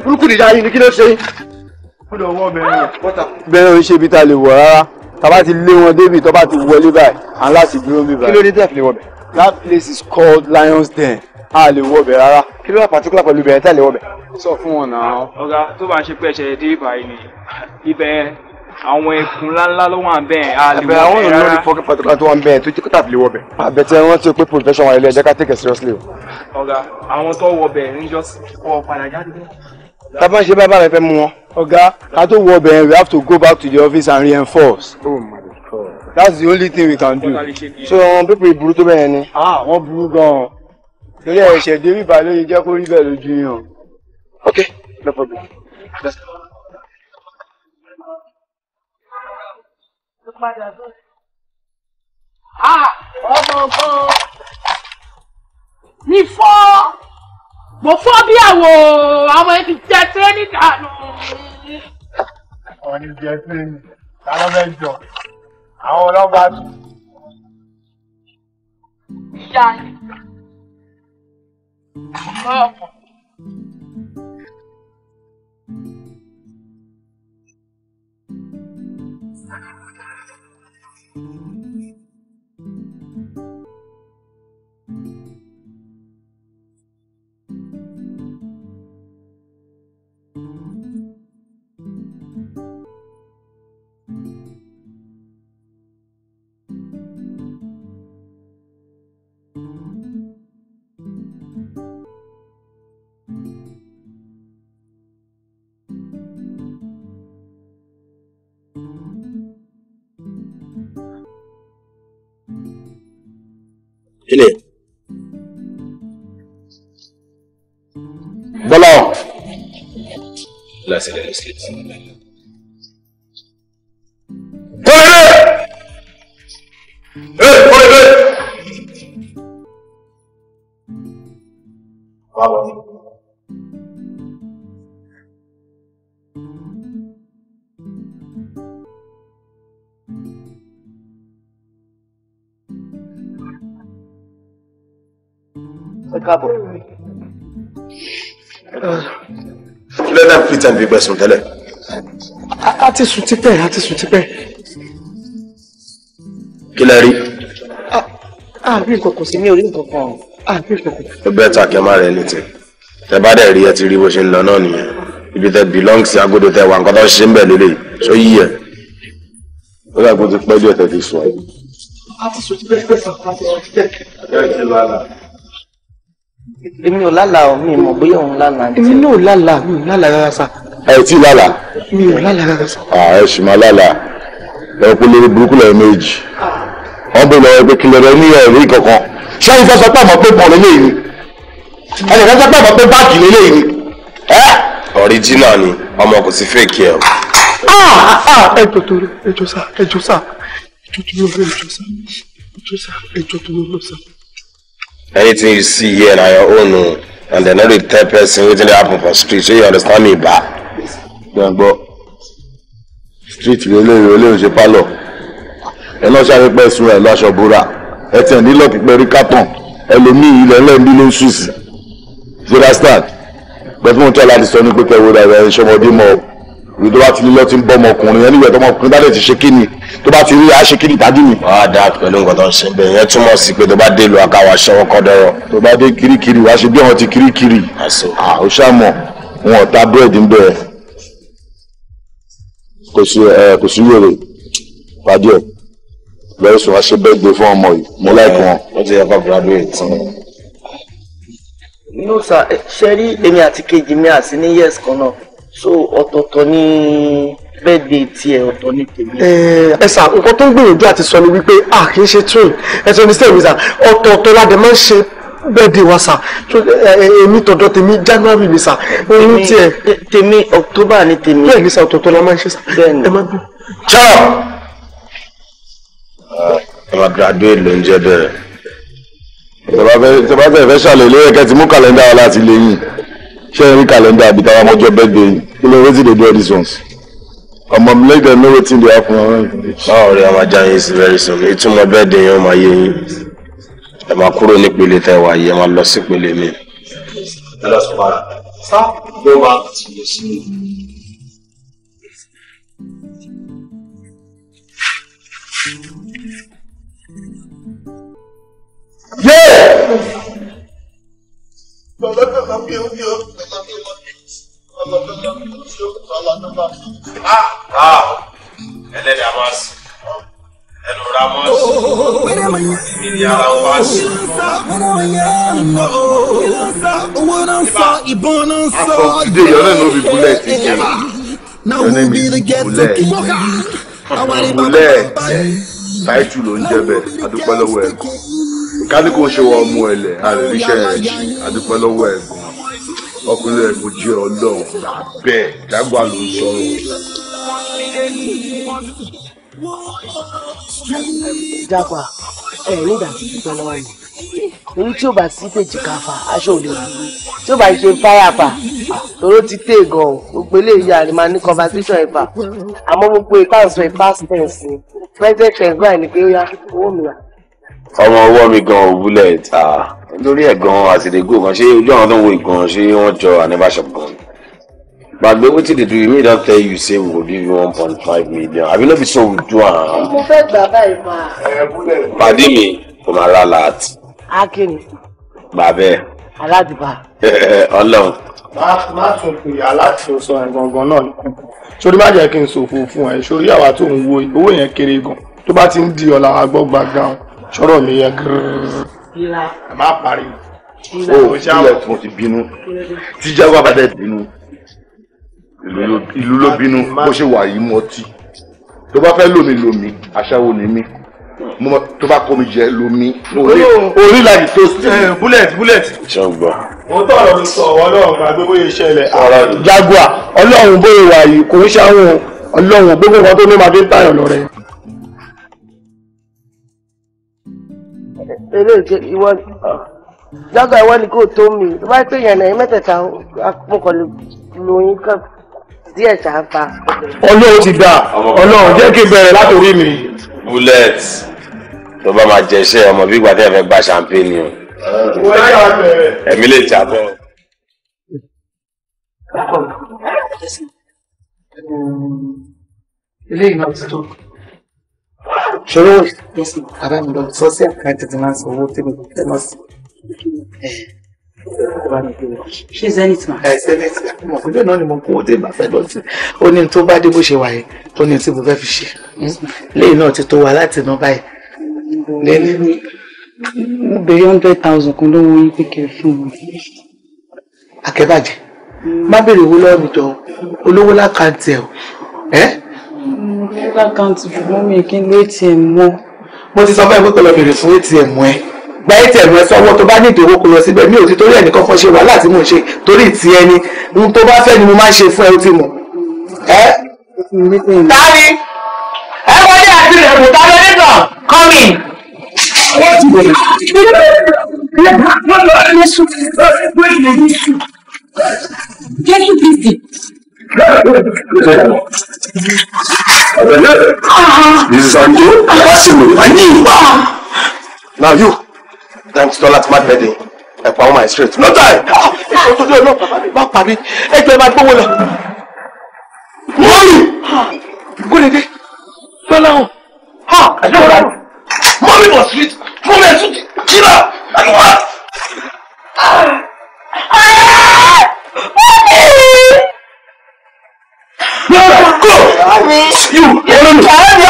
burúkú nìyá yìí ni kí ló ṣe yín? Kúlọ̀ wọ́ bẹ̀rẹ̀ bọ́tà. Bẹ́ẹ̀ ò ń ṣe ibi tá a lè wọ̀ rárá. Tàbá ti lé wọn débi tó bá ti wọlé báyìí. À ń láti dúró mi báyìí. Kí ló ní tẹ̀fìlì wọ̀ bẹ̀? That place is called Lion's Den a lè wọ ọbẹ̀ rárá kí ló wà particular pẹ̀lú ibẹ̀ tá lè wọ ọbẹ̀. sọ fún wọn náà. ọ̀gá tó bá ń ṣe pé ẹ̀ṣẹ̀ dé ibà yìí ni ibẹ̀ àwọn ẹkùn ńláńlá ló wà bẹ́ẹ̀ a lè wọ ọbẹ̀ rárá. àwọn olórí fọkàn pàtàkì tó wà bẹ́ẹ̀ tó jẹ́ tàbí lè wọ ọbẹ̀. àbẹ̀tẹ̀ wọn ti pé profession wà ilé ẹ̀jẹ̀ ká take it seriously o. ọ̀gá àwọn tó wọ ọbẹ̀ níjọ́ wọ padà jáde tábà ń ṣe bábà rẹ fẹ́ mú wọn. ọ̀gá ká tó wọ ọbẹ̀ we have to go back to the office and reinforce. oh my god that's the only thing we can do. so àwọn pípé ìburú tó bẹ̀rẹ̀ ni. ah wọ́n burú gan-an torí ẹ̀ ṣẹ̀ dé bíbá ló yẹ jẹ́ kó rí bẹ́ẹ̀ lójú yín ok no problem. Ah, ọmọ gan-an ní fọ́ mo fọ́ bí àwọ̀ àwọn ẹni jẹ́ tẹ́ni dànù. ọ̀nì jẹ́ tẹ́ni táwọn bẹ́ẹ̀ jọ àwọn ọlọ́gbàá tù. ìyá Nossa. ilẹ̀ bọ́lá ọ̀ lásìlẹ̀ lọ́sílẹ̀ kọ́lẹ́lẹ́ ee kọ́lẹ́lẹ́ báwo ni. káàbọ̀. kí ló dé pretend bí gbẹ̀sùn tẹ́lẹ̀. a ti sùn tipẹ́ a ti sùn tipẹ́. kí lẹ rí. a rí nǹkan kò sí ní orí nǹkan kan a rí nǹkan kò. ó bẹ́ẹ̀ ta kí ẹ má rẹ̀ ní tẹ̀ tẹ bá dẹ̀ rí ẹ ti rí bó ṣe ń lọ náà nìyẹn ibi tẹ belong sí agodo tẹ wà nǹkan tó ṣe ń bẹ̀ lélẹ̀ ṣó yí ẹ. ó dàgbò ti pẹ́ bí ọ̀tẹ̀ ti sùn a ti sùn tipẹ́ tipẹ́ sàn a ti sùn tipẹ́ èmi ò lálà o mi mọ̀ bóyá òun lálà. èmi náà ò lálà mi ò lálà rárá sa. ẹ ti lálà. mi ò lálà rárá sa. à ẹ sì máa lálà ẹ kú lórí burúkú lẹ́yìn méjì wọ́n bẹ lọ́wọ́ pé kílẹ̀ rẹ ní ẹ̀rí kankan ṣé ẹni fẹ́ sọ pé àmọ́ pé pọ̀ lélẹ́yìn ni ẹni fẹ́ sọ pé àmọ́ pé báàkì lélẹ́yìn ni ọ̀ríjínà ni ọmọ kò sí fèkì ẹ o. ẹ jọ torí ẹ jọ sá ẹ jọ sá ẹ jọ torí ẹ jọ sá ẹ jọ sá ẹ ẹ jọ sá anything you see here na your own o oh, and dem no dey tell person wetin dey happen for street shey you understand me ba. gbàgbọ́ street rẹ olóyè olóyè ṣe pálọ̀ ẹ lọ́ọ́ ṣàpẹ́pẹ́ sun ẹ̀ lọ́ṣọ búra ẹ tẹ̀ nílò pípẹ́ rí kápọ̀n ẹlòmíì ilẹ̀ ńlẹ́ẹ̀dí ló ń sùn sí. ṣé understand? pẹ̀fún tí ọ̀la ti sọ ní pípẹ́ wo dàgbà ẹ̀ ṣọmọdé mọ́ ọ ìwé tó bá ti lílọ ti ń bọ́ ọmọkùnrin yẹn níwẹ̀ tó ọmọkùnrin bá dẹ̀ ti ṣe kíni tó bá ti rí a ṣe kíni dájú ni. wàá da pẹ̀lú nǹkan tó ń ṣe bẹ́ẹ̀ yẹn túmọ̀ sí pé tó bá dé lu àkàwà ṣọwọ́ kọ́dọ̀rọ̀. tó bá dé kirikiri wàá ṣe bí ọ̀hún ti kirikiri. àṣọ àwọn ṣàmọ̀ wọn ò ta búrẹ́dì ń bẹ̀ kò sí kò sí wèrè pàdé ẹ bẹ́ẹ̀ sọ wá ṣe bẹ́ẹ̀ dé fún ọmọ yìí mo láìpẹ́ wọn. no sir ṣe rí èmi àti kejì mi àti ní so ọ̀tọ̀ọ̀tọ̀ ni birthday tiẹ̀ ọ̀tọ̀ ní tèmi. Eh, ẹ sà nǹkan tó ń gbìyànjú àti sọ ni wípé a kì í ṣe twin ẹ ti understand mi sà ọ̀tọ̀ọ̀tọ̀ la dẹ̀ máa ń ṣe birthday wa sà èmi tọ̀dọ̀ tèmi january mi sà oyún tiẹ̀. tèmi october ni tèmi. bẹ́ẹ̀ ni sà ọ̀tọ̀ọ̀tọ̀ la máa ń ṣe sà ẹ má bí. chọ́ ah, ọ̀rọ̀ graduate ń jẹ́ bẹ́ẹ̀ tọ́ba tẹ̀ fẹ́ ṣàlẹ̀ lórí ẹ̀kẹ́ ti mú kàlẹ́ndà wa láti lè yìn ṣé calendar àbí táwọn ọmọjọ birthday yìí kí ló wetin dey do all these ones ọmọ mi lẹ́gbẹ̀ẹ́ know wetin dey happen around the village. báwo rí àwọn ajá yín very soon ìtumọ̀ birthday yẹn ó máa yé yín ẹ máa kúrò nípele tẹ wà yìí ẹ máa lọ sípele mi. ẹ lọ sọ fara sá ló Yeah! Bàbá bàbá bí o bí o. Ẹlẹ́dàá máa sùn. Ẹnu ra máa sùn. Ìdí ara wọn máa sùn. Owó náà ń sọ, ìbọn náà ń sọ. Àkọ́kídé yọ náà ló fi bulẹ̀ ti jẹ́. Now we'll be the get to keep on. Bulẹ̀ Taitu ló ń jẹ bẹ́ẹ̀, a dúpẹ́ lọ́wọ́ ẹ̀ kálí kò ṣe wọ ọmọ ẹlẹ̀ àrèríṣẹ́ rẹ̀ ṣe àdúpẹ́ lọ́wọ́ ẹ̀gbọ́n ọkùnrin rẹ̀ kò jẹ́ ọlọ́run lábẹ́ jágbá ló ń sọ̀rọ̀. jápa ẹ nígbà tí ìgbẹ́ lọ́wọ́ yìí èyí tí ò bá sí péjì káfa aṣọ ò lè wú tí ò bá ṣe fáyàpà tòró ti tè gan gbogbo eléyìí àrè máa ní conversation ìfà àmọ́ gbogbo ìfàǹsọ ìfà spence present tense báyìí ni pé ó yá owó mi rà ọmọ ọwọ́ mi gan òwúlẹ̀ ta lórí ẹ̀ gan àtìlẹ́gbò kan ṣé ojú àwọn tó ń wo ìgan ṣé wọ́n jọ àníbàṣọp gan ni. gbàgbé wetin dey do you me don tell you say we go give you one point five million àbí no be so we do am. mo fẹ́ gbà báyìí máa. pàdé mi kò máa ra alert. akin. gbà bẹ́ẹ̀. aládùúgbà. ọlọ́run. má tún pè aláàtì sọ ẹ̀ gangan náà sórí má jẹ́ kí n ṣòfò fún ẹ sórí àwa tó ń wo owó yẹn kéré gan tó bá ti ń di ọ̀la àgbọ̀ gbàgbà sọ̀rọ̀ mi yẹn gírírí ẹ má pariwo o ilẹ̀ tún ti bínú tíjà wà bàtẹ́ bínú ìlú ló bínú bó ṣe wà yìí mọ́ tí tó bá fẹ́ lómi lómi aṣáwo ni mí tó bá kó mi jẹ lómi orí láti tó sí. Eh, bullet bullet. jagua. mo tọrọ mi sọ Ọlọ́run gbàgbé bóyá ìṣẹ̀lẹ̀. jagua Ọlọ́run bóyá wà yìí kò ń ṣe àwọn Ọlọ́run gbogbo nǹkan tó ní ma fi ń tàyàn lọ rẹ. eléyìí ìwọ jágà ìwọ ni kò tó mi tó bá pè yàn lẹ́yìn mẹ́tẹ̀ẹ̀ta mo kàn lóyún kan díẹ̀ ṣàǹfà. ọlọ́run ti dà ọlọ́run jẹ́ kí n bẹ̀rẹ̀ látòrí mi. bullet tó bá máa jẹ ọmọ bí ìgbà tẹ́ ẹ fẹ́ gba champagne o. ẹ̀mí lè jà bọ́. Ehm, eléyìí máa tó ṣòro bàbá mi lọ sọ sí àkáǹtì tí máa ń sanwó tí mi tẹ lọ sí. ṣé zenith ma. ẹ zenith mọ pé bẹ́ẹ̀ náà ni mo kún òde ìgbà fẹ́ lọ sí ó ní tó bá dé bó ṣe wà yẹn ó ní tí mo fẹ́ fi ṣe hmm? lẹ́yìn náà ti tó wa láti ná báyìí. mo bèrè hundred thousand kan lọ́wọ́ yín pé kẹ́ ẹ fún mi. akẹ́bàjẹ́ má bèrè owó lọ́wọ́ mi jọ olówó lákàntì ẹ̀ ẹ́ nígbà kan ti ṣùgbọ́n mi kí n lo atm mọ́. mo ti sọ fún ẹ pé kò lọ bèrè fún atm ẹ gba atm ẹ sọwọ́ tó bá ní ìdòwò kò lọ síbẹ̀ mi ò ti torí ẹnì kankan ṣe wàhálà tí mò ṣe torí ti ẹni ohun tó bá fẹ́ ni mo máa ń ṣe fún ẹ ó ti mọ̀. tani ẹ wọlé àti rẹ̀ kò tán lórí kan kọ́mì. Jésù Kristi Abele, this is Anjo. Awasimo, ah. Anyi. Now you, thanks to that mad wedding, ẹ pa ọmọ ẹ straight. No time. No ah. tó dé ọlọ́run bàbá mi bá pa mi, ẹgbẹ́ máa gbówó lọ. Mọ́mí! Gbọ́dẹ̀dẹ̀, Gbọ́láhùn. Ha! Àjọyọ̀ Mọ́mí bọ̀ street, fún mi ẹ̀sùn jìnnà. Ah. Mọ́mí! No, no, go! Mommy! You! Mommy! Mommy!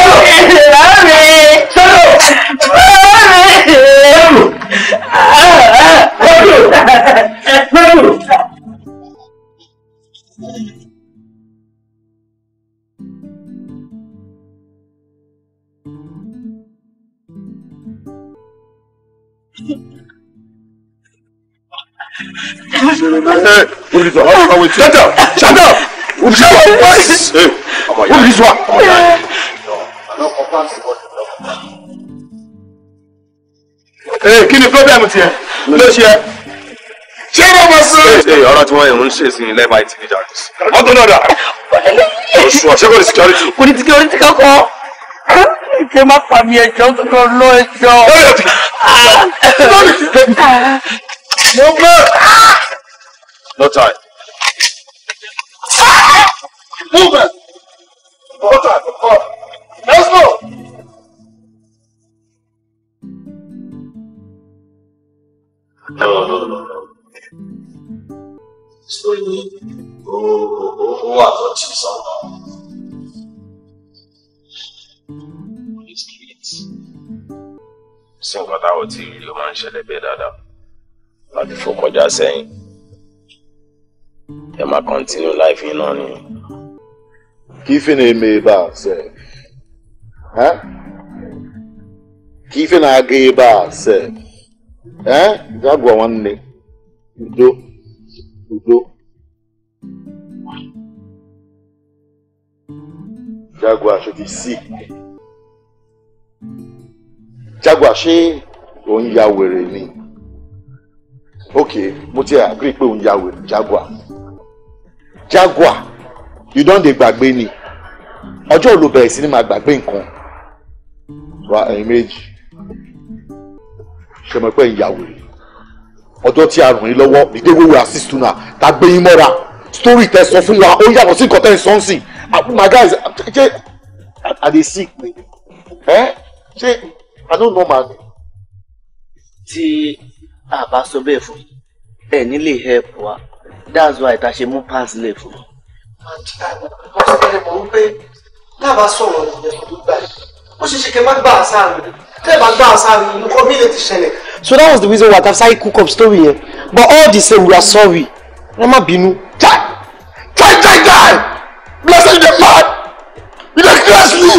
Mommy! Solo! Mommy! Solo! Solo! Shut up! Shut up! olùsọ wa olùsọ wa. kí ni problem tiẹ̀ ló ṣe ṣé wọn bá sí. ee ọ̀rọ̀ tí wọ́n ń ṣe sí ilé ẹ̀ma ìtìlẹ̀ jà ọ̀tọ̀ náà dà oṣù àṣẹkọ̀ọ́ ní security. kò ní security kankan ṣe má pa mi ẹjọ́ tó lọ ẹjọ́. Ah! no time. Movement! Water! Let's go! No, no, no, no. Sorry. Oh, oh, oh, oh, I thought you saw that. sí nǹkan táwọn tí rí o máa ń ṣẹlẹ̀ bẹ́ẹ̀ dáadáa láti fò kọjá sẹ́yìn. ẹ máa continue life yín náà ni. kí ife na-eme ebe a sef ka ife na-aga ebe a sef gaa gwa nwanne udo udo jagwa ṣe sick jagwa ṣe òun ya were ni ok mo ti agree pé òun ya were jagwa. jaguar you don dey gbàgbé ni ọjọ́ òòlù bẹ̀rẹ̀ sí ni máa gbàgbé nǹkan wa ẹ̀yin méjì ṣe mọ̀ pé ìyàwó rẹ̀ ọjọ́ tí a rùn yín lọ́wọ́ ìdí wíwú assist una ta gbé yín mọ́ra story tẹ sọ fún wa ó yàtọ̀ sí nǹkan tẹ́ ń sọ́nsìn ah, my guys ṣe i dey sick ni ẹ ṣe i don't know man. tí a bá sọ bẹ́ẹ̀ fún ẹ nílé help wa that's why ta ṣe mú parsley fún un. mo ti kẹ́lẹ̀ mọ̀ wípé dábàá sọ̀rọ̀ ìyẹn tó gbà ó ṣe ṣe kẹ́ má gbà àṣà rẹ̀ tẹ́ bá gbà àṣà rẹ̀ nǹkan bí lè ti ṣẹlẹ̀. so that was the reason why tafsai cook up story yẹn but all the same we are sorry wọn má bínú. try try try try Blessing you dey mad you dey curse me.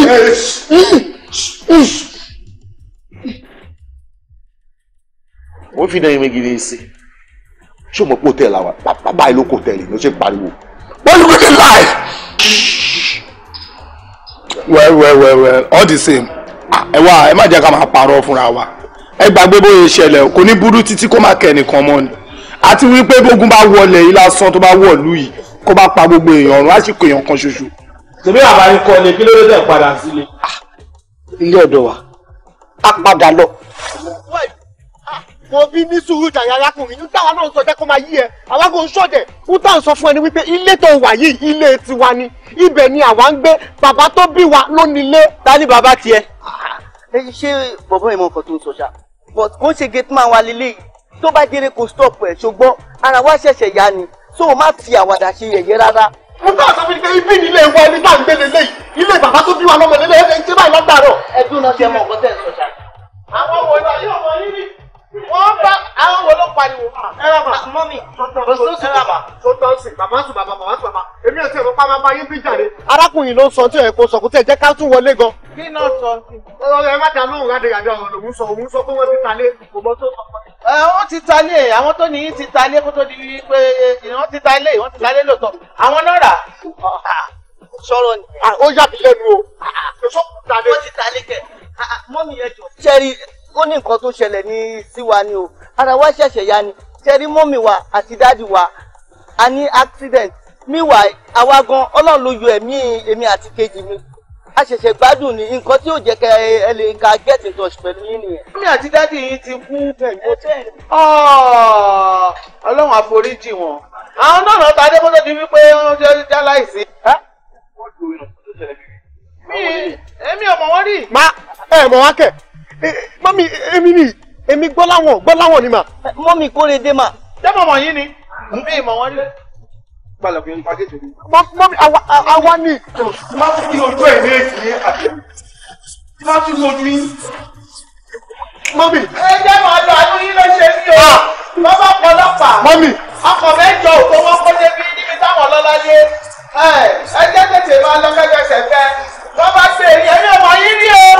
wọ́n fi dẹ́yìn mi gidi sí ṣé o mọ̀ pé hòtẹ́ẹ̀lì àwa bàbá ìlú kò tẹ̀lé ló ṣe pariwo. wọ́n yóò gbé láì. well well well well all the same ah, ẹ wá ẹ má jẹ́ ká máa parọ́ fúnra wa ẹ gbàgbé bóyá ìṣẹ̀lẹ̀ kò ní burú títí kó má kẹ́ nìkan mọ́ ni àti wípé bógun bá wọlé yìí lásán tó bá wọ̀lú yìí kó bá pa gbogbo èèyàn ọ̀run àsìkò èèyàn kan ṣoṣo. tèmi àbá ń kọ ni kí ló dé tẹ̀ padà sílé. Ah, ilé ọ̀dọ̀ wa a padà lọ kò bí ní sùúrù jàyà arákùnrin nígbà wa náà sọ jẹ́ kó máa yí ẹ àwa kò ń ṣọ̀dẹ̀ ń tà ń sọ fún ẹni wípé ilé tó wà yìí ilé tiwa ni ibẹ̀ ni àwa ń gbé bàbá tó bí wa ló nílé. ta ni bàbá tiẹ̀. ṣé bọ̀bọ́ ìmọ̀ nǹkan tó ń sọ ṣá but kò ń ṣe gate man wa lélẹ̀ tó bá jẹrẹ kò stop ẹ̀ ṣùgbọ́n ara wa ṣẹ̀ṣẹ̀ yá ni so o má fi àwàdà ṣe yẹ̀yẹ́ rárá. mo tọ́ àṣà fún ibi nílé wa ilé tá à ń gbé lélẹ̀ ilé bàbá tó bí wa lọ́mọ pariwo ẹ̀rọ ah, mà ah, mọ́mì ẹ̀rọ mà tó tọ́ bàbá sùn bàbá bàbá sùn bàbá èmi ò tí ẹ̀rọ pàmò bá yín bí jàre. arákùnrin ló sọ tí ẹ kó sọ kó tẹ jẹ ká tún wọlé gan. kí náà sọ sí. ẹ má dá lóhùn rádìí rádìí ọ̀rọ̀ lòún sọ òun sọ pé wọ́n ti ta lé kò mọ́ tó sọ pé. ó ti ta lé àwọn tó ní ti ta lé kó tó di pé wọ́n ti ta lé wọ́n ti ta lé lóòótọ́ àwọn náà rà sọ̀rọ̀ ni. Ah, ó yà mí lẹ́nu o. ó ti ta lé kẹ̀ mọ́mì yẹn jọ ó ní nǹkan tó ṣẹlẹ̀ ní sí wa ni o ara wa ṣẹ̀ṣẹ̀ ya ni ṣẹ́rí mọ́mì wa àti dáàdì wa a ní accident miwa àwa gan ọlọ́run ló yọ ẹ̀mí èmi àti kejì mi a ṣẹ̀ṣẹ̀ gbádùn ní nǹkan tí ò jẹ́ kẹ ẹ lè ka get in touch pẹ̀lú yín nìyẹn. mọ́mì àti dáàdì yìí ti kú ọlọ́run àforíjì wọn àwọn náà lọ́ta adébọ́tò ti wípé wọ́n ṣe láìsí. mi èmi ò mọ̀ rí. má ẹ mọ̀ wá kẹ̀. Eh, mami, èmi ni èmi gbọ́ láwọn gbọ́ láwọn ni ma. mọ́mí Kóredé mà. Eh, dẹ́mọ̀ mọ̀ yín ni mi ì mọ̀ wọ́n rí. gbàlọ́gbìn pàkẹ́tì mi. mọ́mí àwa ni. má fi ojú ẹ̀ méjì ní àjẹ́ má fi ojú yín. mọ́mí. ẹ jẹ́ màá lọ àánú yín ló ṣe mí o. bàbá ah. ọlọ́pàá. mọ́mí. ọkọ̀ mẹ́jọ òkú wọn kó débi níbi táwọn ọlọ́lá dé. ẹ jẹ́ tètè máa lọ ní e. o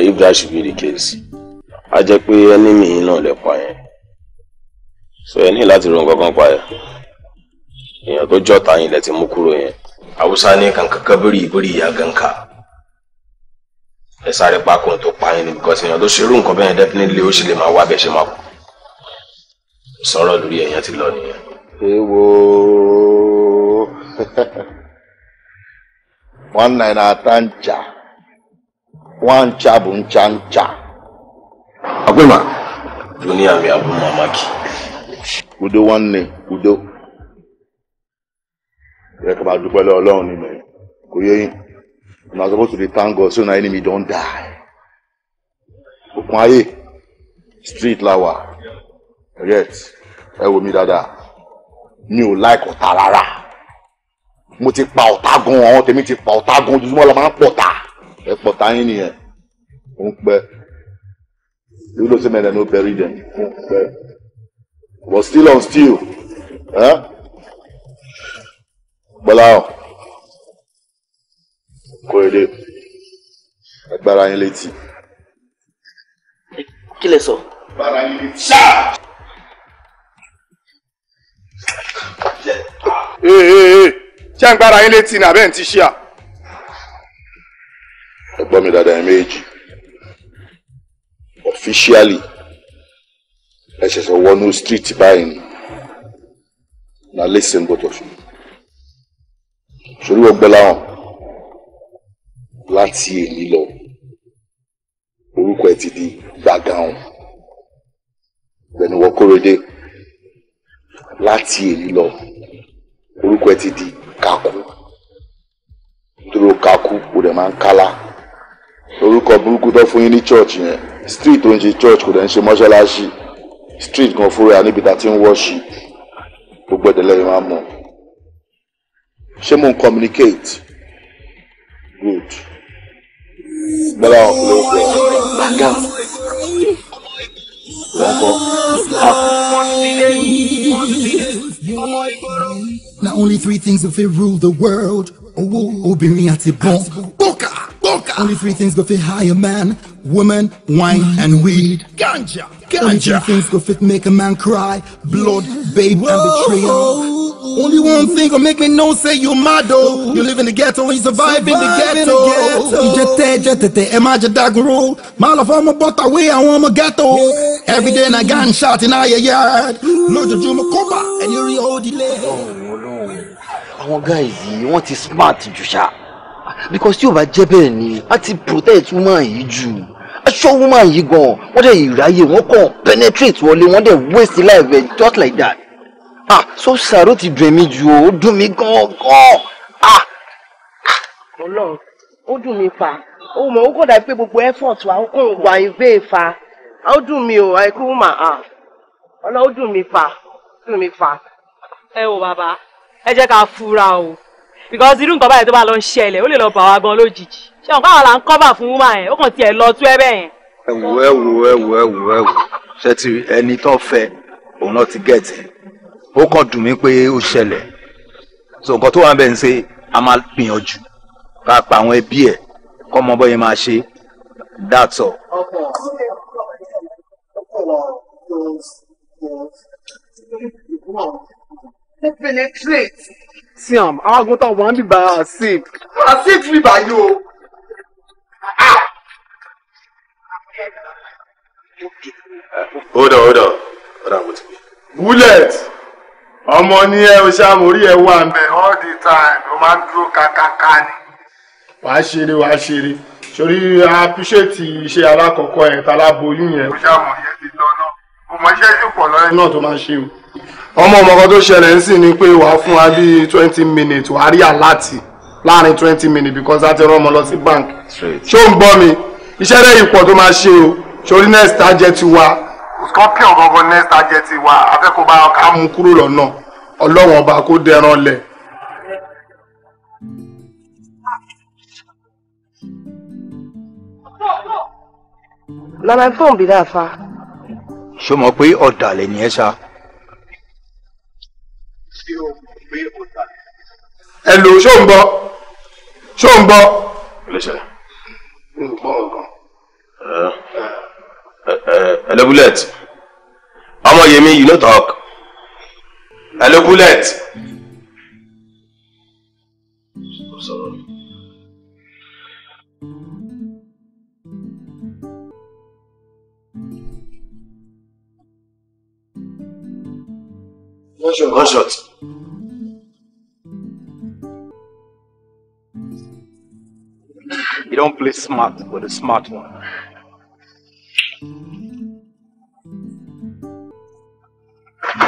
if that should be the case a jẹ́ pé ẹnìmí yín náà lè pa yẹn so ẹ ní láti ro nǹkan kan pa yẹn èèyàn tó jọta yín lẹ ti mú kúrò yẹn haúsá ní kankan kábírì ìgbérí ìyá ganka ẹ sáré pa kóun tó pa yín ni because èèyàn tó ṣerú nǹkan bẹ́ẹ̀ definitely ó sì lè máa wá bẹ́ẹ̀ ṣe máa kú. sọ̀rọ̀ lórí ẹ̀yàn ti lọ nìyẹn. one nine ata ncha nwa bụ ncha ncha. agbema. dunia mi abụ udo nwanne udo. ẹ kaba dúpẹ́ lọ́wọ́ ọlọ́run nínú ẹ̀ kò yẹ yín suppose to be thank so na enemy don die. òkun street lawa. yet ẹ wò mí dáadáa mi ò like ọ̀tá rárá mo ti pa ọ̀tá gan àwọn tèmi ti pa ọ̀tá gan ojoojúmọ́ la máa ń pọ̀tá ẹ pọ̀tá yín nìyẹn ó ń pẹ́ ìlú ló ṣe mẹ́rin ló bẹ̀rù dẹ̀ ó ń pẹ́ but still on still bọ́lá ọ̀ kó èdè agbára yín létí. kí lè sọ. agbára yín létí. Eh, eh, eh. ṣé ń gbára yín létí ní abẹ́ ń ti ṣíà. ẹ gbọ́ mi dáadáa ẹ méjì officially ẹ ṣẹ̀ṣẹ̀ wọnú street báyìí ni na listen both of you sórí wọ́n gbọ́ láwọn láti èmi lọ orúkọ ẹ ti di gbàgàn ọ̀gbẹ́ni wọ́kọ́rẹ́dẹ́ láti èyí lọ orúkọ ẹ ti di kakú nítorí ó kakú kò dẹ̀ máa ń kálá orúkọ burúkú tó fún yín ní church yẹn street tó ń ṣe church kò dẹ̀ ń ṣe mọ́ṣáláṣí street gan fúnra níbi tá a ti ń wọ́ọ̀ṣì gbogbo ẹ̀dẹ̀ lẹ́yìn máa mọ̀ ṣé mò ń communicate good gbọ́dọ̀ ló ń bẹ̀rẹ̀ gbàgà wọ́n only three things go fit rule the world. Owó oh, oh, obìnrin àti bọ́n. Bọ́kà bọ́kà. Only three things go fit hire man, woman, wine and weed. Ganja ganja. Only three things go fit make a man cry, blood, babe and betrayal. Only one thing will make me know say you mad oh. You live in the ghetto and you survive, survive in the ghetto. Ìjẹtẹ ìjẹtẹtẹ ẹ má jẹ dagoro. Má lọ fọ́ ọmọ bọ́tà wé ghetto. Yeah every day na gunshot in our yard lójoojúmọ́ kọ́bà ẹni orí òdìlé. àwọn guys yìí wọ́n ti smart jù ṣá because tí ò bá jẹ́ bẹ́ẹ̀ ni a ti protect woman yìí jù aṣọ woman yìí gan wọ́n dẹ̀ ìráyè wọ́n kàn penetrate wọlé wọ́n dẹ̀ waste life ẹ̀ just like that ah so sàrò ti dùn mí jù ó dùn mí gan gan ah. ọlọ́run ó dùn mí pa ó mọ ó kọ dà pé gbogbo effort wa ó kàn wà ìwé ìfa ó dùn mí o àìkú mà á ọlọ́ ó dùn mí fà dùn mí fà. ẹ wo bàbá ẹ jẹ́ ká fura o because irú nǹkan báyìí tó bá lọ ń ṣẹlẹ̀ ó lè lọ bà wá gan lójijì ṣé ọ̀gá àwọn là ń kọ́bà fún wúmà yẹn ó kàn tiẹ̀ lọ tú ẹ bẹ́ẹ̀ ẹ wò ẹ wò ẹ wò ẹ wò ẹ wò ṣé ti ẹni tó fẹ́ òun náà ti gẹ̀ẹ́tì ó kàn dùn mí pé ó ṣẹlẹ̀ so nǹkan tó wà ń bẹ̀ ń ṣe a máa gbìyànjú ká pa àwọn ẹbí ẹ̀ kọ́ mọ bọ́ máa ṣe that's all color was was brown. Ó penetrate. Sí àm, àwọn agbóntàn wọn bíbá àṣìp. Àṣìp bíbá Hold on, hold on, hold on, mo ti gbé. Bullet ọmọ ní ẹ o ṣáà mo rí ẹ wà all the time o máa ń dúró kákáká ni. wàá ṣeré wàá ṣeré sórí appreciate iṣẹ́ alákọ̀ọ́kọ́ ẹ̀ tá a láboyún yẹn ti lọ́nà kò mọ iṣẹ́ yóò pọ̀ lọ́rẹ́ náà tó máa ṣe o. ọmọ ọmọ kan tó ṣẹlẹ̀ ń sìn ni pé wàá fún wa bíi twenty minutes wàá rí àláàtì láàrin twenty minutes because a ti rán ọmọ lọ sí bank. ṣé o ń gbọ́ mi iṣẹ́ rẹ̀ ìpọ̀ tó máa ṣe o sórí next target wa. scorpion gangan next target wa afẹ́kọ̀ọ́bá ọkà mú kúrò lọ́nà ọlọ́wọ́n ọba kó dẹran lẹ̀. na my phone be that far ṣó mọ̀ pé ọ̀dàlẹ̀ ni ẹ sá. ẹ lò ṣó ń gbọ́ ṣó ń gbọ́. ẹlẹ́sẹ̀. ń gbọ́ nǹkan. ọmọ yèmí you no talk hello bullet. Gunshot. Gunshot. You don't play smart with a smart one.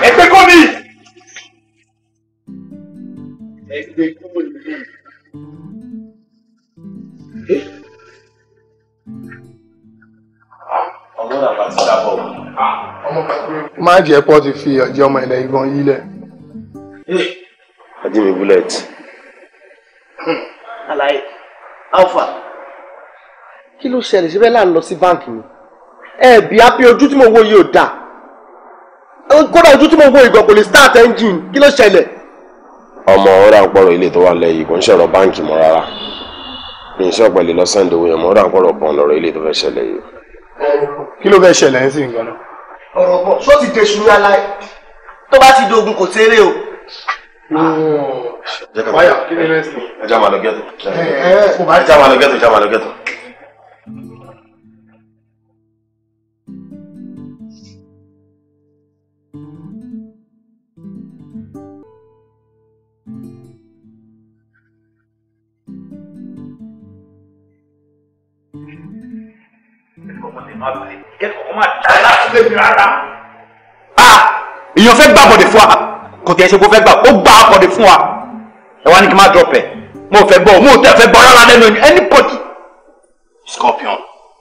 Ẹgbẹ́ kọ́ mi! Ẹgbẹ́ kọ́ mi. Eh? má jẹ́ pọ́ ti fi ọjọ́ ọmọ ilẹ̀ ìbọn yí lẹ̀. mi bullet. Hmm. alaye alpha kí ló ṣẹlẹ̀ ṣe bẹ́ẹ̀ lọ sí báǹkì mi ẹ bí abẹ́ ojú tí mo wo yìí ò dà kódà ojú tí mo wo ìgbọ̀n kò lè start engine kí ló ṣẹlẹ̀. ọmọ ọ̀rá ń ilé tó wà lẹ́yìn kò ń báǹkì mọ́ rárá mi lọ́sàn-án ìdòwò lọ́rọ̀ ilé kí ló fẹ́ ṣẹlẹ̀ ẹ́ sì nǹkan náà. ọ̀rọ̀ bọ̀ sọ ti dé ṣùgbọ́n aláì tó bá ti dogun kò tẹ́lẹ̀ o. Hmm. jẹ́ ká máa lọ gẹ́tò. ẹ ẹ kò bá jẹ́ ká máa lọ gẹ́tò. mo lè máa bẹ̀rẹ̀ ìkẹ́ kọ̀ọ̀kan máa dá láti lè mi rárá. a èèyàn fẹ́ gbà bọ̀dẹ̀ fún wa kò tiẹ̀ ṣe kó fẹ́ gbà ó gbà bọ̀dẹ̀ fún wa ẹ wá ní kí n má drop ẹ̀ mo fẹ́ gbọ́ mo tẹ̀ fẹ́ gbọ́ rárá lẹ́nu anybody. scorpion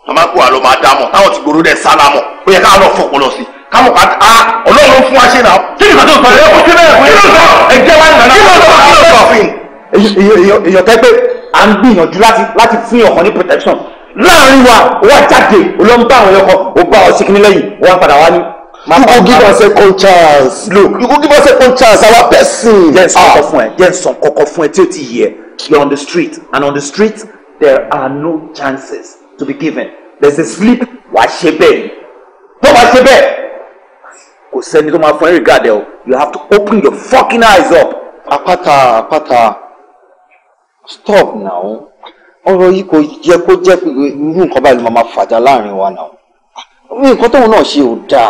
màmá kó wa ló máa dá mọ̀ táwọn ti gbòòrò dẹ̀ sálámọ̀ ó yẹ ká lọ fọpọlọ sí i káwọn kan a ah, ọlọ́run ló fún wa ṣe náà. kí ni kàtó sọ yẹn kò sí bẹ́ẹ̀ kí ló sọ ẹ̀jẹ̀ wa nana kí ló sọ kí ló sọ fún yìí. èyàn tẹ́ pé à ń gbìyànjú láti fún yàn kan ní protection láàrin wa wá jáde ló àwọn ẹ̀kọ́ ó bá ọ síkìní lẹ́yìn wọ́n padà wá ní. you go give us a chance. look you go give us a chance our person. yẹn sọ ah. kọkọ fún ẹ yẹn sọ kọkọ fún ẹ tí o ti yẹ you are on the street and on the street there are no chances to be given there is a sleep. wàá ṣe bẹ́ẹ̀ ni tó bá ṣe bẹ́ẹ̀ kò sẹ́ni tó máa fún ẹ regard ẹ o you have to open your fucking eyes up. apata apata stop now ọ̀rọ̀ yìí kò yẹ kó jẹ́ pé irú nǹkan báyìí ló máa fàjà láàrin wa náà nǹkan tóun náà ṣe ò dáa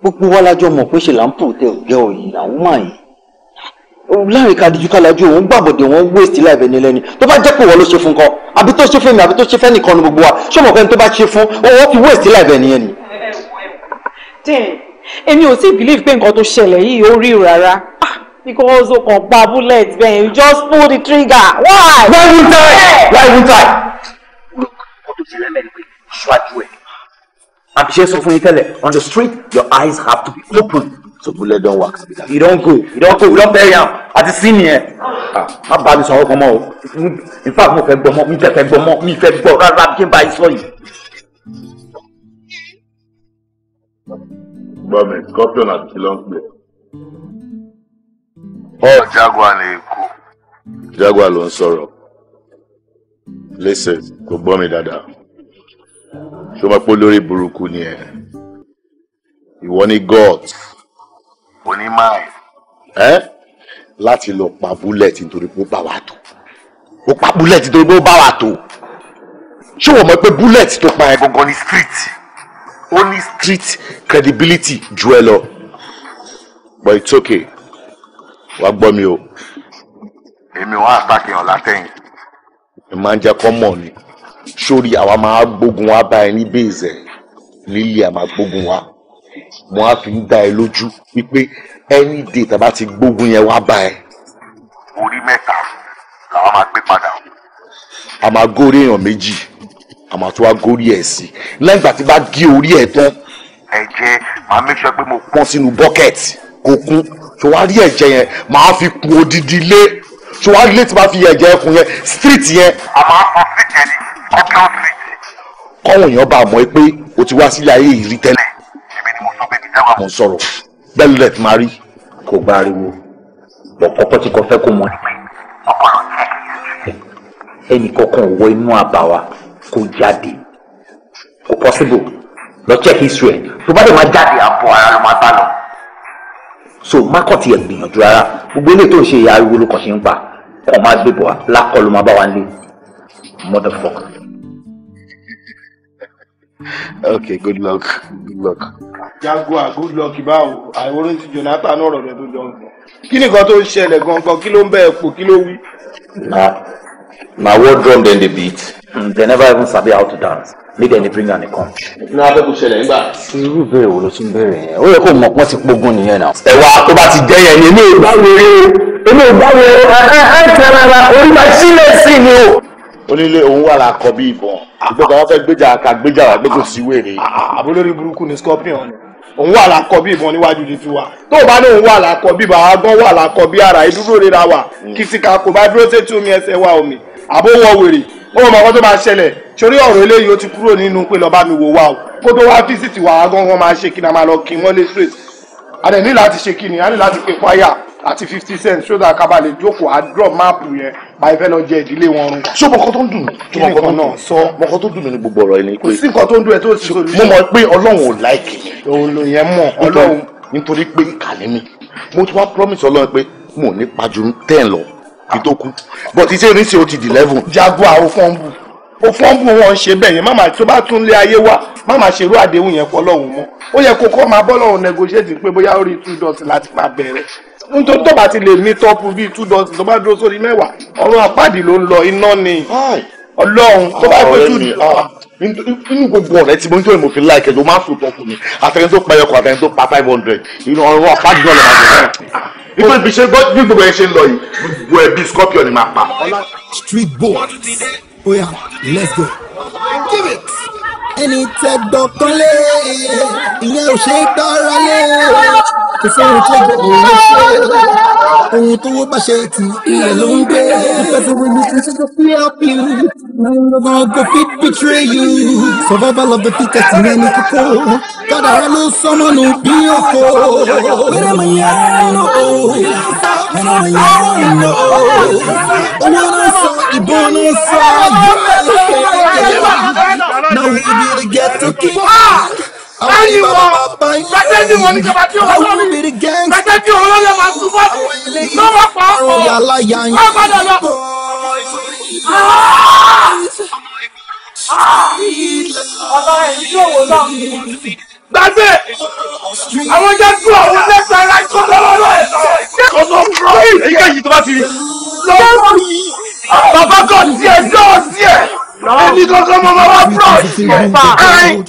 gbogbo wa lájọ mọ̀ pé ṣe là ń pòtẹ́ òjọ́ yìí làwọn máa yìí láàrin kadiju kálájú òun gbàbọ̀dẹ̀ wọn wéèsì láìbẹ̀ nílẹ̀ ni tó bá jẹ́ pé wọ́n ló ṣe fún kọ́ àbí tó ṣe fẹ́mi àbí tó ṣe fẹ́nìkan ní gbogbo wa ṣé ọmọ kan tó bá ṣe fún owó fi wéèsì láìbẹ̀ nìyẹn ni. dín èmi ò tí ì bìlíìfù pé nǹkan tó ṣẹlẹ̀ yìí ó rí rárá ah, because o kàn bullet bẹ́ẹ̀ you just pull the trigger why. why would I why won't I. olùkọ́ tó ti lẹ́mẹ̀ẹ́ pé ṣáájú ẹ̀ àbíṣe sọ on the street your eyes have to be open. so bullet don't work. You don't go You don't go You don't bury him at the yẹn. Ah, má bá mi sọ ọkọ mọ o in fact going. mo fẹ́ gbọ́ mọ mi fẹ́ going. mọ mi fẹ́ gbọ́ rárá kí n bá yín sọ yìí. gbọ́dọ̀ scorpion àti long play. Oh, Jaguar ni ikú. Jaguar ló ń sọ̀rọ̀. Listen, kò gbọ́ mi dada. Ṣé o máa pé olórí burúkú ni ẹ? Ìwọ ni God. Oní mind. Ẹ́ láti lọ pa búlẹ̀tì nítorí pé ó bá wa tó. Ó pa búlẹ̀tì nítorí pé ó bá wa tó. Ṣé o mọ̀ pé búlẹ̀tì tó pa ẹ̀ gangan ni street? Ó ní street credibility jù ẹ lọ. But it's okay wàá gbọ́ mi o. èmi wọn àtàkìyàn látẹ̀yìn. ẹ máa ń jẹ́ kọ́ mọ̀ ni sórí àwa máa gbógun wa bá ẹ ní bèèzẹ̀ lílì àmà gbógun wa mo á fi ń dá ẹ lójú wípé ẹni dè tàbá ti gbógun yẹn wá bá ẹ. orí mẹ́ta làwọn máa gbé padà. a máa górí èèyàn méjì a máa tún wá górí ẹ̀ sí lẹ́yìn tí bá gé orí ẹ̀ tán. ẹ jẹ́ màá make sure pé mo pọ́n sínú bọ́kẹ̀tì kó kún So ṣòwárí ẹ̀jẹ̀ yẹn máa fi kun odidi ilé ṣòwárí ilé tí máa fi ẹ̀jẹ̀ ẹkùn yẹn street yẹn a máa fọ street yẹn ní ọkàn street. kọ́wọ̀n èèyàn bá mọ̀ pé o ti wá sílé ayé yìí rí tẹ́lẹ̀ ṣèbí ni mo sọ pé mi dáwà mo sọ̀rọ̀ bẹ́lẹ̀ tí máa rí kò gba ariwo lọ́kọ́kọ́ tí kò fẹ́ kó mọ̀ ní pé ọpọlọ ẹnì kankan ò wọ inú àbá wa kó jáde kò possible lọ check history tó bá dé máa jáde àbọ̀ ara ló máa bá lọ so má kàn tiẹ̀ gbìyànjú rárá gbogbo ilé tó ń ṣe ariwo ló kàn ṣe ń pa kàn má gbé bọ̀ wá lákọ̀ ló má bá wa ń lé motherfuck. okay good luck good luck. jaguar good luck báwo àìwọ́n ti jonathan ọ̀rọ̀ rẹ̀ tó jọ ń sọ kí nìkan tó ń ṣẹlẹ̀ gangan kí ló ń bẹ̀ ẹ̀ pò kí ló wí. na na drum dem dey beat. Hmm, they never even sabi how to dance make dem dey bring am dey come. ní abẹ́ kò ṣẹlẹ̀ nígbà. irú ìbéèrè wo ló tún béèrè yẹn ó yẹ kó mọ̀ pọ́n ti pogun nìyẹn náà. ẹ̀wà tó bá ti jẹ́ yẹn ni èmi ò bá wèrè o èmi ò bá wèrè o ẹ ẹ tẹ̀ra ra orí ma sílẹ̀ sí ni o. onílé òun wà láà kọ bí ìbọn ìgbọ́ka wọn fẹ́ gbéjà ká gbéjà wà gbé kò sí wèrè. àbúlórí ah, ah, ah, burúkú ni scorpion òun wà lákọ bí ìbọn níwájú di tiwa tó o bá ní òun wà lákọ bí bàbá gan wà lákọ bí ara ìdúró rira wà kìsìkà kò bá dúró sétí omi ẹsẹ̀ wa omi àbó wọn wèrè ó mọ ọkọ tó máa ṣẹlẹ̀ sórí ọ̀rọ̀ eléyìí ó ti kúrò nínú pé lọ́ọ́ bá mi wò wá o kó tó wá fíṣítì wá gangan máa ṣe kí ni a máa lọ kí wọ́n lé straight a dẹ̀ ní láti ṣe kí ni a ní láti pe kwaya àti fifty cent so that kaba lè jókòó a drop map yẹn bá ifẹ́ lọ jẹ ìdílé wọn run. ṣé mọ̀kọ́ tó ń dùn kí ni nǹkan náà sọ mọ̀kọ́ tó dùn mí ní gbogbo ọ̀rọ̀ yìí ni pé kò sí nǹkan tó ń dùn ẹ̀ tó ti sọ̀rọ̀. mo mọ̀ pé ọlọ́run ò láìkì. òòlù yẹn mọ̀ ọlọ́run. nítorí pé ìkànnì mi mo ti wá promise ọlọ́run pé mo ní pàjù ten lọ kí tó kú but iṣẹ́ oníṣẹ́ o ti di eleven. jaguar o fọ́nbù o fọ́nbù wọn ṣe bẹ́ẹ̀ yẹn má máa tó bá tún lé ayé wá má máa ṣerú àdéhùn yẹn fọ́ lọ́hùn mọ́ ó yẹ kó kọ́ máa bọ́ lọ́hùn negotiate pé bóyá ó rí two dot láti máa bẹ̀rẹ̀ nítorí tó bá ti lè mí tọ́pù bíi two dot tó bá dúró sórí mẹ́wàá ọ̀run àpáàdì ló ń lọ iná ni ọlọ́run tó bá pẹ́ two dot. Ah nínú gbogbo ọ̀rẹ́ tí mo ń tọ́ ìmọ̀ láìkẹ́ ló máa ń sòtọ́ fún mi àtẹni tó pẹyọ kan àtẹni tó pa five hundred inú ọ̀rọ̀ ọ̀pá jùlọ lè máa jẹ náà ìfẹ́ ibi bí gbogbo ẹ ṣe ń lọ yìí gbogbo ẹbí scorpion ni máa pa. street boys oya let's go give it ẹni tẹ́gbọ́n kan lé ìyẹn ò ṣe é gbọ́ra lé kò fóun tó gbọ́ òun ṣe ohun tó wó bá ṣe tì ilẹ̀ ló ń gbé everyone is just to help you no go fit betray you survival of the fittest ní ẹni kókó kádàrá ló sọmọ nù bí oko wẹ́rẹ́ mi yá nù o wẹ́rẹ́ mi yá nù o owó náà sọ ìbọn náà sọ ayé ẹ̀ṣẹ̀ ẹ̀ṣẹ̀ wà now we be the get to keep. Báyìí wọ, bàtẹ́ tí wọ́n ní kaba tí wọ́n lórí, bàtẹ́ tí wọ́n lọ́lọ́ máa tún bọ́ sí, lọ́wọ́ pa ọ̀, ọ̀ gbọ́dọ̀ lọ. Ọ̀gá ẹ̀ ní òwò náà. Gbàgbé, àwọn jẹ́ tú àwọn lẹ́sẹ̀ ara ìkọ́ lọ́wọ́ lọ́wọ́ ẹ̀. Kò sọ fúrọ́, èyíkéyìí tó bá ti rí. Lọ́wọ́ yìí, bàbá kan tiẹ̀ dọ́ọ̀ tiẹ̀ èmi kankan mo máa wá brush mo fa ayin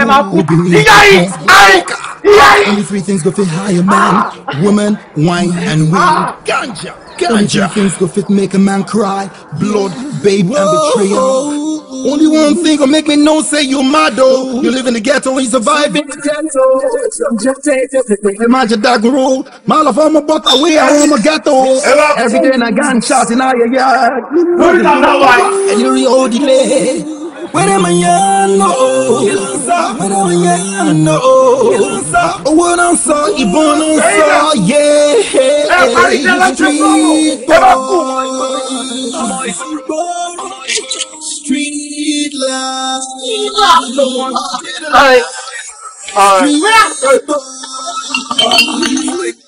ẹ máa kú ìyá yìí ayin. Only three things go for higher man, woman, wine, and wind. Ah. Ganja. Ganja. things go fit make a man cry. Blood, babe, and betrayal. Only one thing will make me know, say you mad though. You live in the ghetto you survive in the ghetto. Imagine that road. Man, if I'm about away, I am a ghetto. Every day in a shots in our yard. Put it on the white. And you're the old delay. wẹ́rẹ́ mà yẹ nọ o wẹ́rẹ́ mà yẹ nọ o owó náà sọ ìbọn náà sọ yé street boy street boy street last street last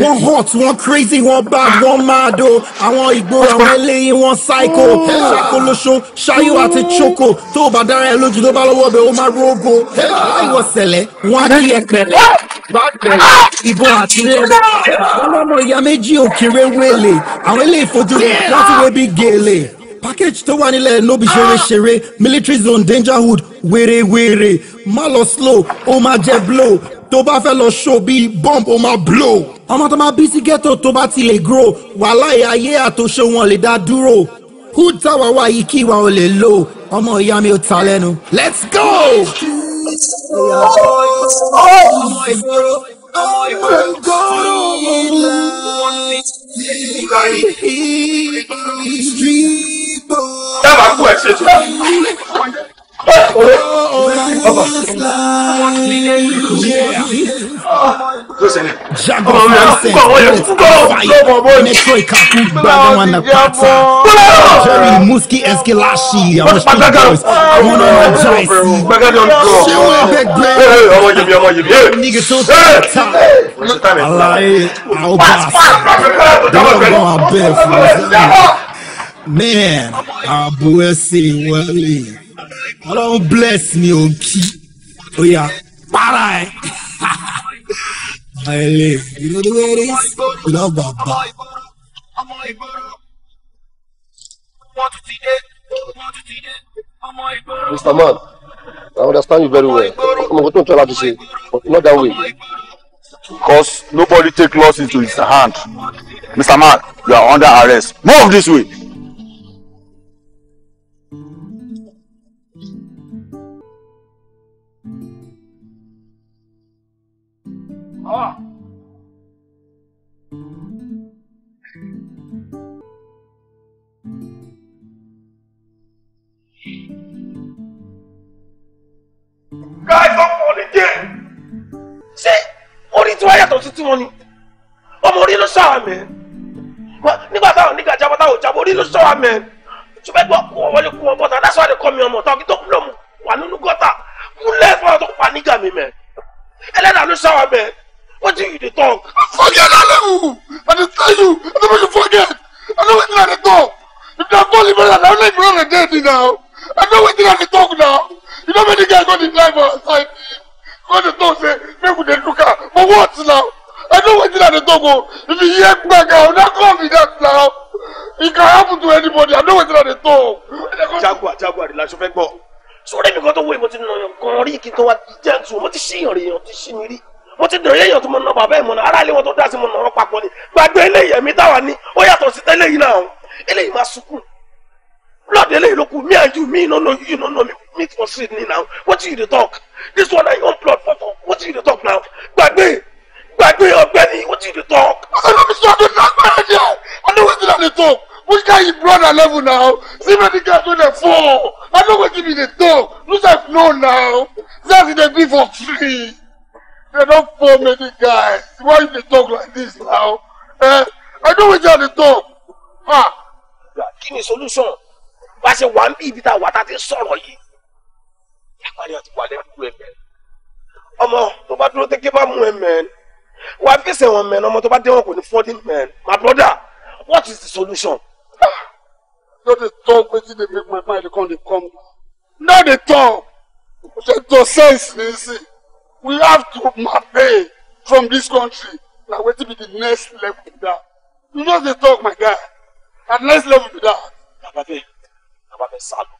wọ́n hot wọ́n crazy wọ́n bad wọ́n mad o àwọn ìgboro àwọn eléyìí wọ́n psycho ṣàkólóṣó ṣáyò àti choco tó o bá dára ẹ lójú tó bá lọ́wọ́ ọbẹ̀ ó máa rógo láìwọ̀ sẹ̀lẹ̀ wọ́n á kí ẹ pẹ̀lẹ́ ìbọn àti rẹ́rẹ́ wọ́n lọ́mọ ìyá méjì òkèrè wẹ̀lẹ̀ àwọn eléyìí fojú láti wé bí gèlè package tó wà nílẹ̀ no be ṣeré ah! ṣeré military zone danger dangerhood wèrèwèrè má lọ slow ó máa jẹ blow tó bá fẹ́ lọ ṣó bíi bomb ó máa blow. ọmọ tó máa bí sí ghetto tó bá ti lè grow wàhálà ayé àtòṣe wọn lè dá dúró hood táwa wá yìí kí wa ò lè lò ọmọ ìyá mi ò ta lẹ́nu let's go. ọmọ ìgboro ọmọ ìgboro. Street dábàá kú ẹ ṣètò. ọba Jerry Muski Eskilashi, I wish to boys. I want to energize you. She went back back. Nigga so top. I lie. I'll pass. Don't go out there for man ààbò ẹsẹ̀ ìwọlé bless ni ò ń kí ó yà para ẹ. I live, you know the way it is, you Mr. Man, I understand you very well. I'm going to tell her to say, but not that way. Because nobody take laws into his hand. Mr. Man, you are under arrest. Move this way. Ó! Guys, ọmọ orí jẹ́! Ṣé orí tiwa yàtọ̀ sí tiwọn ni? Ọmọ orí ló sọ àmì. Nígbà táwọn nígbà jábọ́ táwọn jábọ́ orí only sọ show Ṣùgbọ́n You make wọlé kú wọn bọ́ta, that's why they call me ọmọ Don't tó kúlọ̀ wà nínú gọ́tà. Kúlẹ̀ fún ọ tó pa nígà mi mẹ́. Ẹlẹ́dàá ló show àmì wetin you dey talk. forget all of you. i dey tell you i no make you forget i know wetin i dey talk if na call liberal na only liberal dey dey now i know wetin i dey talk now you know many guys go dey drive for outside go dey talk say make we dey look am but what now i know wetin i dey talk o oh. if you hear gbege not come be that now It can happen to anybody i know wetin i dey talk. jaguar jaguar relax o fẹ gbọ sórí mi kan tó wọ ìmọ̀ tí nìyàn kan rí kí n tó wá jẹ́ àtúwò mo ti ṣíyàn rí yàn ti ṣí mi rí mo ti dòye èèyàn tó mọ nà bàbá ìmọ̀nà ara ilé wọn tó dá sí mọ̀ nà ọ̀rọ̀ papọ̀ ni gbàgbé eléyìí ẹ̀mí táwa ní ó yàtọ̀ sí tẹ́lẹ̀ yìí náà eléyìí máa sunkún blood eléyìí ló kù me and you me no know you no know me meet for street ni now wetin you dey talk this one na your own blood for talk wetin you dey talk now gbàgbé gbàgbé ọ̀gbẹ́ni wetin you dey talk. ọ̀sán mi sọ ọdún náà gbọ́dọ̀ jẹ́ i know wetin i dey talk which guy you brother level now see many guys wey dey fall i know wetin be dey talk you sef know now that's the dey be for free. They don't form any guys. Why you talk like this now? Eh? I know which are the talk. Ah. Kí ni solution? Bá ṣe wà ń bí ibi tá a wà tá a ti sọ̀rọ̀ yìí. Àpárí ọtí wà lẹ́kú ẹ̀mẹ́. Ọmọ tó bá dúró tẹ́kẹ́ bá mú ẹ̀mẹ́. Wà á fèsì ẹ̀wọ̀n mẹ́rin ọmọ tó bá dé wọn kò ní fọ́dí mẹ́rin. My brother, what is the solution? No dey talk wetin dey make my mind come dey come. No dey talk. Ṣé to sense ní sí? we have to pay from this country na wetin be the next level be dat you just dey talk my guy na next level be that. ababe ababe salo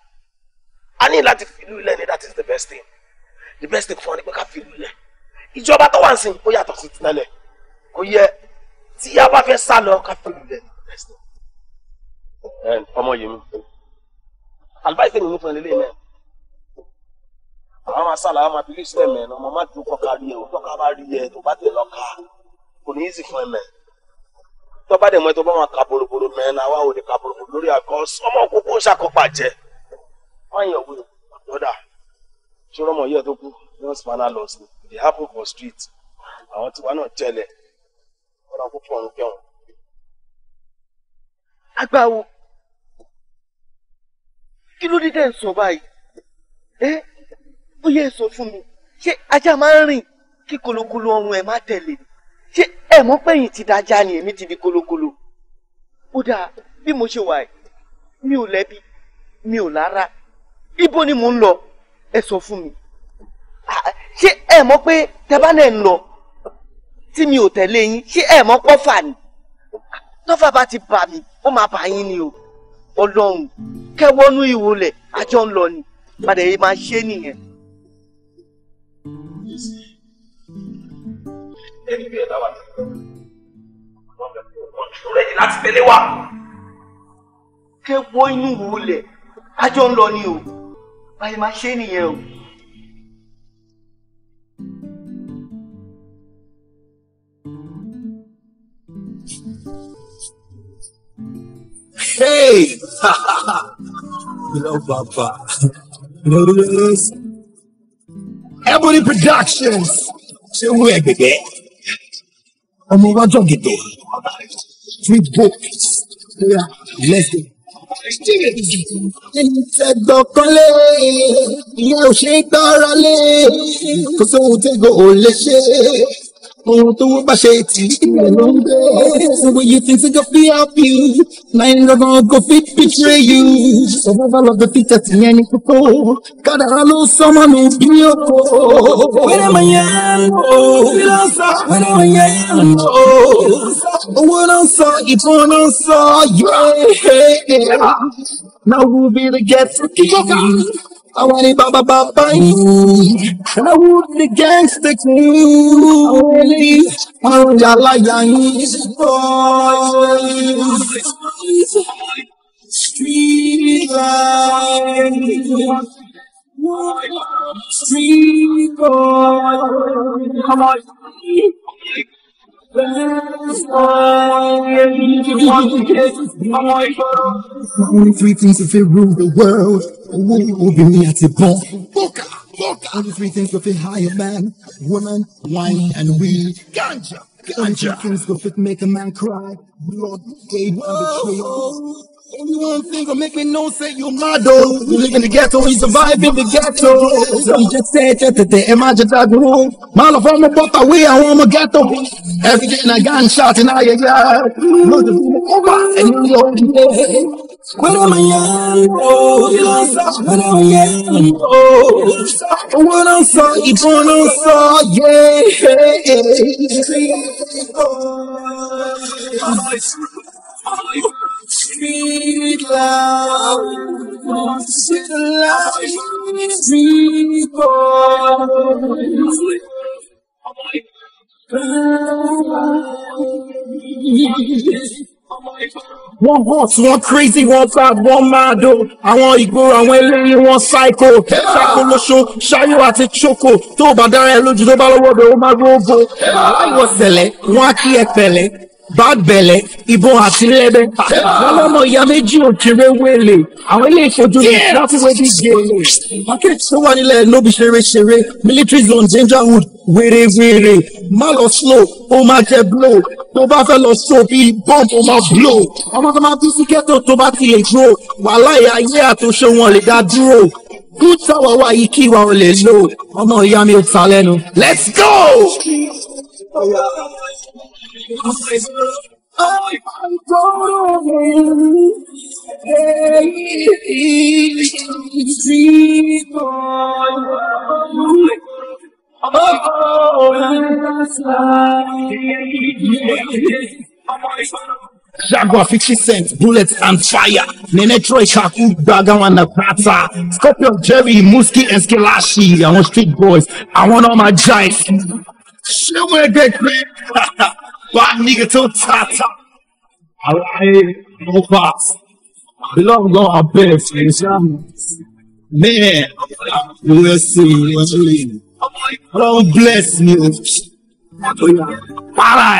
a ní láti fìlú ilẹ̀ ni that is the best thing the best thing fún ọ ni pé ká fìlú ilẹ̀ ìjọba tó wà sí ó yàtọ̀ sí ti tẹ́lẹ̀ yẹ tí a bá fẹ́ sá ká fìlú ilẹ̀ ni best thing. ọmọ yìí mi advice mi ní fún ẹ lélẹ́yìn náà àwọn máa sálà àwọn máa fi lísì ẹ̀mẹ̀ ẹ̀nà ọmọ má dùn kọ́ka rí ẹ o tọ́ka bá rí ẹ tó bá tẹ̀ lọ́ka kò ní í sì fún ẹ̀mẹ̀ tó bá dẹ̀ mọ́ ẹ tó bá wọn kà boroboro mẹ́rin náà wà ó lè kà boroboro lórí àgọ́ ọmọ kókó ṣàkópa jẹ wọ́n yàn wí ọ̀dọ́dà ṣé ọmọ yìí tó kú ní ọ̀sùnmọ́nà lọ sí they happen for street àwọn tiwa náà jẹlẹ̀ ọ̀dà púpọ̀ ń kẹ́wọ̀n. agbáwo kí ló dé dẹ́ ń sọ báyìí ó yẹ sọ fún mi ṣé ajá máa ń rìn kí kolokolo ọrùn ẹ má tẹ̀lé ni ṣé ẹ mọ̀ pẹ́yìn ti dájá ni èmi ti di kolokolo ó dáa bí mo ṣe wà ẹ mi ò lẹ́bi mi ò lára ibo ni mò ń lọ ẹ sọ fún mi ṣé ẹ mọ̀ pé tẹ́bánẹ̀ ń lọ tí mi ò tẹ̀lé yín ṣé ẹ mọ̀ pọ́fà ni tọ́fà bá ti bà mí ó máa bà yín ni o ọlọ́run kẹwọ́nú ìwòlẹ̀ àjọ ń lọ ni padà yìí máa ṣe nìyẹn ẹni inú wo lẹ̀ ajọ́ ń lọ ni o báyìí máa ṣe nìyẹn o. Hey! Hello, Papa. Hello, Money Productions ṣé ń rẹ gbẹgbẹ ọmọ wájọ gèdè free books lóra lẹsẹ. Ìtẹ̀gbọ̀n kan lé, ìyá ò ṣe é gbọ́rọ̀ lé, kò sóhun tẹ́gbọ̀n ò lè ṣe é. Go through my shady. When you think of the of you, nine of all go fit betray you. So all of the feet at the end of the God, I know someone who be your When am I young? When am I young? When I saw it, when I saw you. Now who will be the get I want it baba baba I want the gangsta crew I want it I want y'all like Street life Street boy Come on only three things if it rule the world. Woman will be me at a ball. Booker, booker. Only three things if it hire man, woman, wine, and weed. Ganja, ganja. Only three things if it make a man cry. Blood, aid, and betrayal. Only one thing or make me know, say you mad though. You live in the ghetto, you survive in the ghetto. So you just say that they imagine that room. Man, if I'm about to way, I want a ghetto. Every day in a gunshot in our yard. Over and you know the When I'm a young, oh, I don't stop. When I'm young, oh, when I'm so, Yeah, don't stop, yeah. Oh, Speak loud, consider life before. One horse, one crazy, one bad, one mad o. Àwọn ìgboro, àwọn eléyìí, wọ́n psycho. Psycho lóṣo, ṣayó àti choco. Tó o bá dára ẹ lójú tó bá lọ́wọ́ bẹ̀, ó máa gbó bo. Aláìwọ̀ sẹ̀lẹ̀, wọ́n á kí ẹ pẹ̀lẹ́ bá bẹ̀lẹ̀ ìbọn àti lẹ́bẹ̀. lọ́lọ́mọ ìyá méjì òkèrè wẹ̀lẹ̀ àwọn ilé ìfojú rẹ̀ láfiwé bí gèlè. market tó wà nílẹ̀ ló bí ṣeré ṣeré military zone gingerwood wèrè wèrè má lọ slow ó máa jẹ blow tó bá fẹ́ lọ slow bí bump ó máa blow ọmọ tó máa bí sí ghetto tó bá ti lè dúró wàhálà ìyá ayé àtúnṣe wọn lè dá dúró good sáwọ́ wá yìí kí wọn ò lè lò ọmọ ìyá mi ò ta lẹ́nu. let's go. Oh, yeah. Jaguar 50 cents, Bullets and Fire, Nene Nenetro Shaku, Bagawan Nakata, Scorpio Jerry, Muski and Skelashi. I want Street Boys, I want all my jive. Show me a 把你个臭叉叉！啊，哎，我怕，老公阿伯分享，man, you will see, you will see. Lord bless you. Para!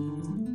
Mm-hmm.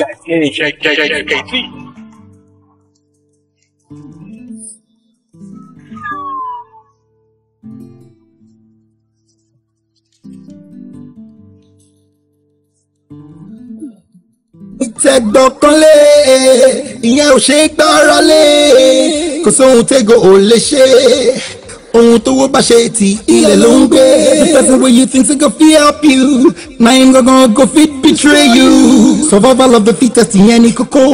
que, que, que, que sí. ìtẹ̀gbọ́n kan lé ìyẹn ò ṣe é gbọ́rọ̀ lé kò sóhun tẹ́gò ò lè ṣe é ohun tówó bá ṣe ti ilẹ̀ ló ń gbé. the person wey you think say go fit help you na I'm gangan go fit betray you. survival of the fittest ìyẹn ni kókó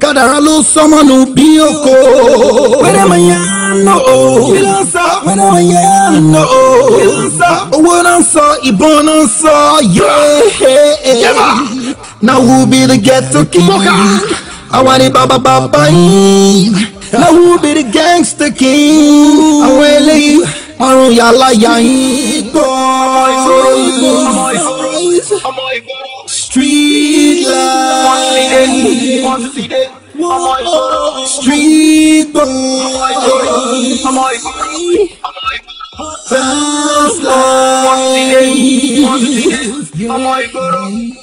kádàrá ló sọmọnù bí oko. wẹ́rẹ́ mọ̀ yẹn nọ o. kí ló ń sọ. wẹ́rẹ́ mọ̀ yẹn nọ o. kí ló ń sọ. owó náà ń sọ ìbọn náà ń sọ yéé. now who be the ghetto king. àwa ni bàbá bàbá yìí láwùbẹ̀rẹ̀ gangster king àwọn eléyìí ọrùn yàrá yàyìn gbọ́. street life street boy fast life.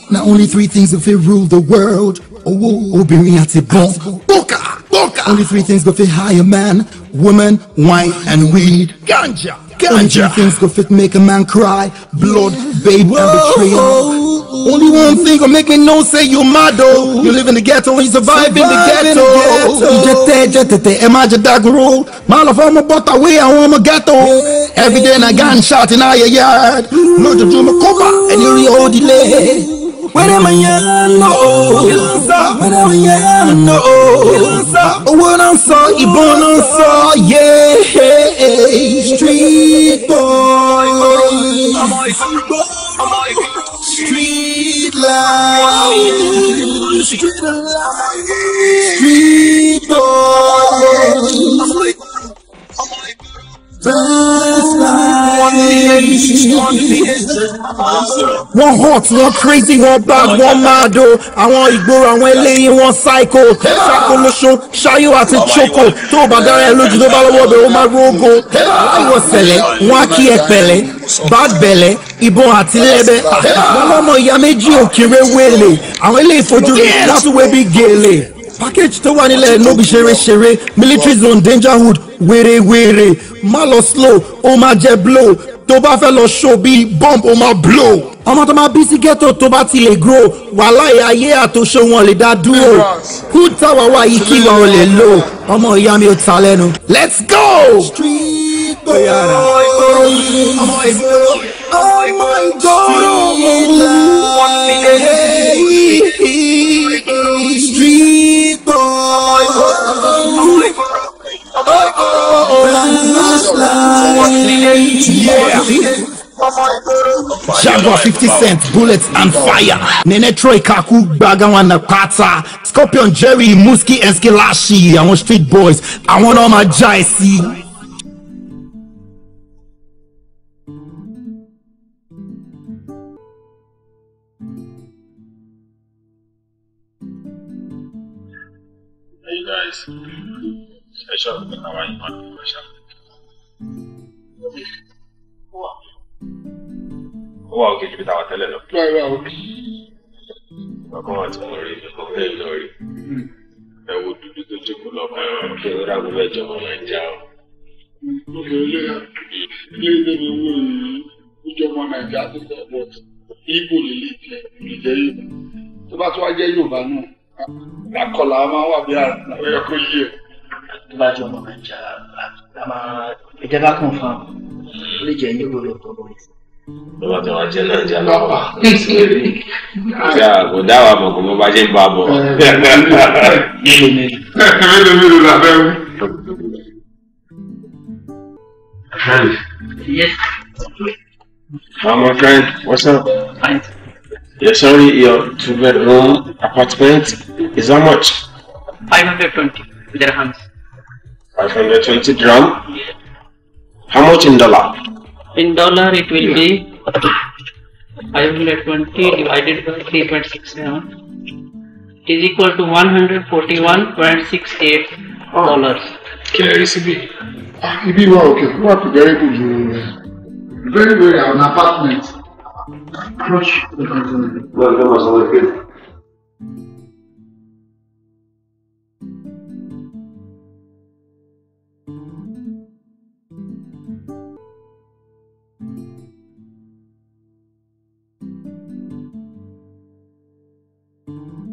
na only three things that fit rule the world owó obìnrin àti bọ́n. Only three things go fit higher man, woman, wine, and weed. Ganja. Ganja. Only three things go fit make a man cry, blood, babe, Whoa. and betrayal. Only one thing will make me know say you mad oh. You live in the ghetto and you survive, survive in the ghetto. Jete jete am I jadagro? Mala for my butt away I want a ghetto. Every day I gunshot in our yard. Not to do my cover and you hold delay. Where am I yan no? Where am I yan no? Owó náà sọ, ìbọn náà sọ, yeah. Street boy. Street life. Street life. Street boy. wọ́n hot wọ́n crazy wọ́n bad wọ́n mad o àwọn ìgboro àwọn eléyìí wọ́n psycho ṣàkólóṣó ṣáyò àti choco tó bá dára ẹ lójú tó bá lọ́wọ́ bẹ̀ ó máa rógo láìwọ̀ sẹ̀lẹ̀ wọ́n á kí ẹ pẹ̀lẹ́ bá bẹ̀lẹ̀ ìbọn àti lẹ́bẹ̀ wọ́n lọ́mọ ìyá méjì òkèrè wẹ̀lẹ̀ àwọn eléyìí fojú rẹ̀ láti wẹ̀ bí gèlè package tó wà nílẹ̀ no be ṣeréṣeré military zone dangerhood wèrèwèrè má lọ slow ó máa jẹ blow tó bá fẹ́ lọ show bí bump ó máa blow ọmọ tó máa bí sí ghetto tó bá ti lè grow wàhálà ayé àtòṣe wọn lè dá dúró kú táwa wá yìí kí wọn ò lò ọmọ ìyá mi ò ta lẹ́nu let's go. street boy ọmọ ìgboro ọmọ ìgboro ọmọ ìgboro. Jaguar 50 Cent, Bullets and Fire, Nene Troy, Kaku, Bagawan, Nakata, Scorpion, Jerry, Muski, and Skilashi. I want Street Boys. I want all my JC. guys. pressure of the power in one pressure. Ó wà òkè jù bí tàwa tẹ́lẹ̀ lọ. Báyọ̀ àwọn. Ọkọ wa ti mú rí ọkọ bẹ́ẹ̀ lọ rí. Ẹ wo dúdú tó jókòó lọ́kàn ẹ̀rọ kí hmm. ó rágbó bẹ́ẹ̀ jọmọ máa ń já o. Ọkọ ilé ilé ilé mi wú ìrìn ìjọba Nàìjíríà tó fẹ́ bọ̀. Ibo lè lè jẹ́ ìjẹ́ Yorùbá. Tó bá tún wá jẹ́ Yorùbá náà, làkọlà máa wà bí àrùn àwọn ẹ̀kọ́ yìí ẹ̀ tó bá jẹ́ ọmọ nàìjà a máa ìjọba kan fún àwọn ó lè jẹ́ yín gbọ́dọ̀ gbọ́dọ̀ yìí. lọ́wọ́ tí wọ́n jẹ́ nàìjà náà wà àti àgọ́ dáwà mọ̀ kó mo bá jẹ́ ń bá bọ̀. la fẹ́ Yes. I'm a friend. What's up? Fine. Yeah, sorry, your two bedroom apartment is how much? 520 dirhams. 520 gram. How much in dollar? In dollar it will be 520 divided by 3.67 is equal to 141.68 ah. dollars. Ah, okay, ECB. ECB, wow, okay. What very good. Very, very, an apartment. Approach the Welcome, Assalamu alaikum. thank you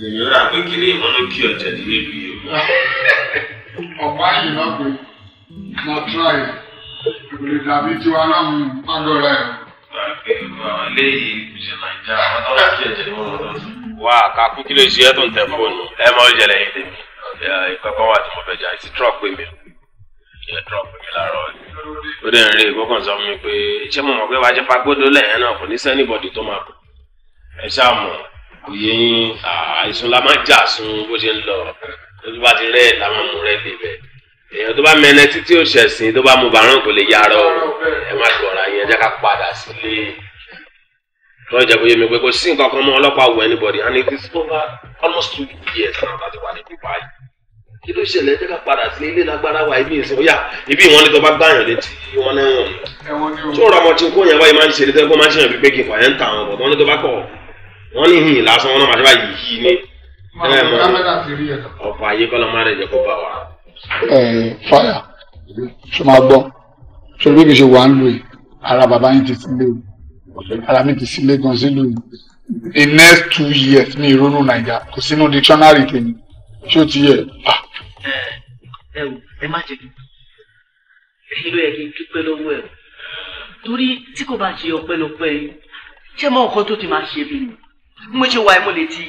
yóò rà pé kiri ìmọ̀nà kí ọjà ní ìlú yìí. ọ̀pá yìí lọ pé mo try ìpele tàbí tiwa náà mú pàgọ́ rẹ̀. Wa kakú kí ló ṣe ẹ́ tó ń tẹ fóònù ẹ máa ń jẹlẹ̀ yín tèmi ìkọ̀kọ̀ wà tí mo fẹ́ jà sí truck pé mi ilẹ̀ truck pé mi láàárọ̀ ó dẹ̀ ń rí ìkọ̀kọ̀ sọ fún mi pé ṣé mo mọ̀ pé wàá jẹ́ pagódó lẹ́yìn náà kò ní sẹ́nìbọ̀dì tó máa kù ẹ ṣáà mọ̀ òye yín àìsùn la máa jà sun bó ṣe ń lọ tó bá ti rẹ làwọn mú rẹ níbẹ̀ èèyàn tó bá mẹnẹ títí ò ṣẹ̀sìn tó bá mu bàrán kò lè yára o ẹ má dọ̀ra yẹn ẹ jẹ́ ká padà sílé lọ́wọ́ ìjẹ́bú yé pé kò sí nǹkan kan mọ́ ọlọ́pàá wọ anybody and it is over almost two years now láti wà ní dubai kí ló ṣẹlẹ̀ ẹ jẹ́ ká padà sílé ilé lágbára wa ibi ìsìn óyà ibi ìwọ́n ní tó bá gbàyàn létí wọn náà tó rọmọ tí kò yẹn wáyé máa ń ṣe ní tẹ́lẹ̀ kó máa ń ṣèyàn bí pé kí n fà yẹn ń ta àwọn ọ̀bọ̀ tó ní wọ́n ní hìn lásán wọn náà màá sábà yìí hìn ní. ọ̀pọ̀ ayé kọ́ ló máa rẹ̀ jẹ́ kó bá wa. ẹ fàyà ṣe máa gbọ́ ṣe bí kì í ṣe wà ń lò yìí ara bàbá yín ti sílé o ara mi ti sílé gan sílùú the next two years ní ìrònú nàìjà kò sínú dictionary tèmi ṣé o ti yẹ. ẹ ẹ ẹ má jẹ kí èyí ló yẹ kí n dúpẹ́ lọ́wọ́ ẹ̀ torí tí kò bá ṣe ọpẹ́lọpẹ́ yìí ṣé mọ nǹkan tó ti máa ṣe bí mi mo ṣe wà mo lè ti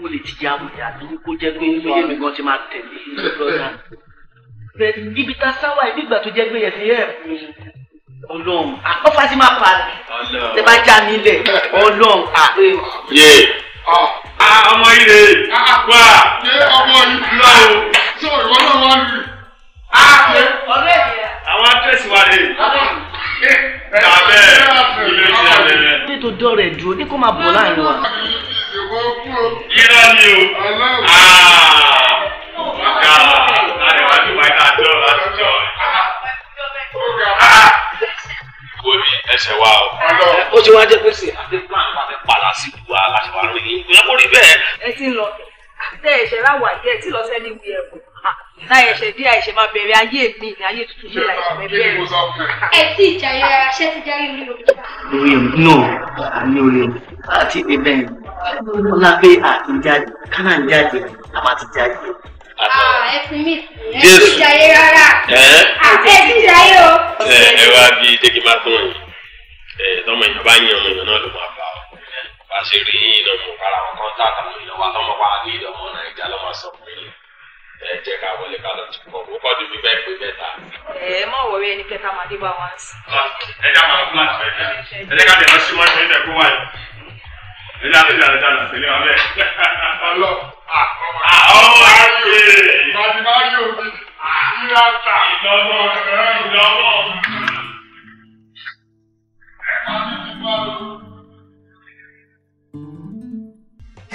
mo lè ti ya àwòyà mi kó jẹ́ pé bóyá mi gan ti máa tẹ̀lé lọ́dà ibi ta sáwà ibi ìgbà tó jẹ́ pé yẹn ti yẹ ọlọ́run ọfà ah, ti máa pa ṣe bá já mi lẹ̀ ọlọ́run ah, ah. ọmọ yìí rè wá ọmọ yìí lọ o ṣé ìwọ náà wá lù. àwọn akẹ́sì wa rè abẹ́ ilé ti abẹ́ rẹ̀. ilé tó dọ́ rẹ̀ dúró ní kó máa bọ̀ láàrin wa. irọ́ ni o ah, ọ̀gá àdéhùn àti wáyé àjọ àtijọ́ kó ní ẹsẹ̀ wa o. ó ti wá jẹ́ pé sí àdéhùn àti pàlásì wa láti wá lóye ìgbìyànjú rí bẹ́ẹ̀. ẹ ti ń lọ tẹ ẹ̀ṣẹ̀ láwọ̀ tí lọ sẹ́ni wí ẹ̀kọ́ láyé ah, bí àìṣẹ̀ máa bẹ̀rẹ̀ ayé mi ní ayé tuntun bí àìṣẹ̀ bẹ̀rẹ̀ ẹ tí ìjà yẹ aṣẹ́ ti jáyé orí omi. orí omi no àní orí omi àti ẹbẹ kánà ń jáde àmà ti jáde. Ah, ẹ fi mí ẹ ti jayé rárá àti ah, ẹ ti jayé o. ẹ wá bí dèkì máa tún ọyàn ẹ tọmọ èèyàn bá ọmọ èèyàn náà ló máa f bá ṣe rí ìdọ̀mọ̀ para wọn kan táàkàtọ̀ ìyàwó àtọmọ wa ní ìdọ̀mọ̀ nàìjà ló máa sọ fún mi ẹ jẹ́ ká wọlé ká lọ tún bọ̀ wọ́pọ̀ dùn mí bẹ́ẹ̀ pé mẹ́ta. ẹ mọ wọrí ẹni kẹta máa dé bá wa sí. ẹ jẹ́ àwọn fúlà tó ẹja ẹ jẹ́ ká lè lọ sí wọn ṣe é bẹ́ẹ̀ kó wáyé ẹ jẹ́ àlejò àlejò àlejò àtẹlé wọn bẹ́ẹ̀. ọlọ àwọn àgbè màdìmáyò ìlànà ìlànà ìlànà ẹ máa ní ti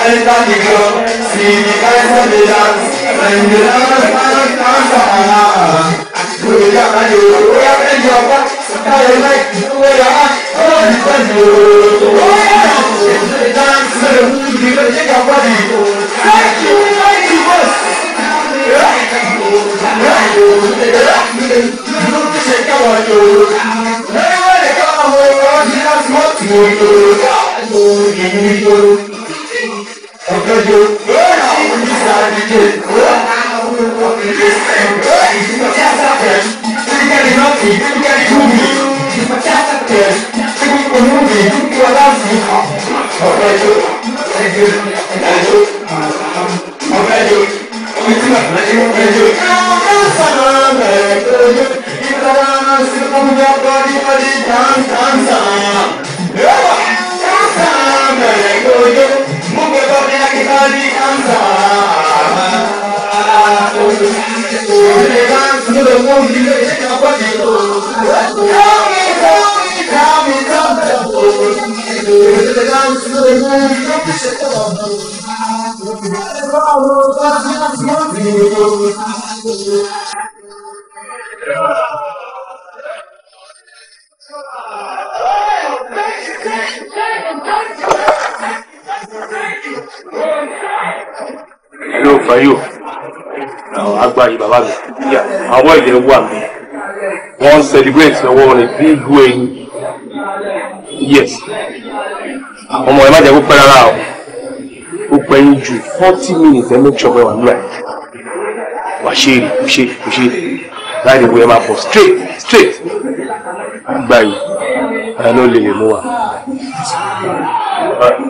enter the club, see the guys on the dance, and the dance Do you got you new way you like the I act? Oh, you said you. Oh yeah. you the dance, you the mood you gonna shake your body. Thank you, thank you, boss. Yeah. Yeah. You don't shake Thank you gba yìí bàbá mi àwọn ilẹ̀ wà mí wọ́n ń celebrate lọ́wọ́ wọn big way yes ọmọ ẹ má jẹ́ kó pẹ́ rárá o ó pẹ́ yín ju forty minutes ẹ make sure pé wà nílẹ̀ wà ṣe èrè kò ṣe kò ṣe láì wo ẹ máa bọ̀ straight straight gba yìí ẹ ló lè mú wa. All right.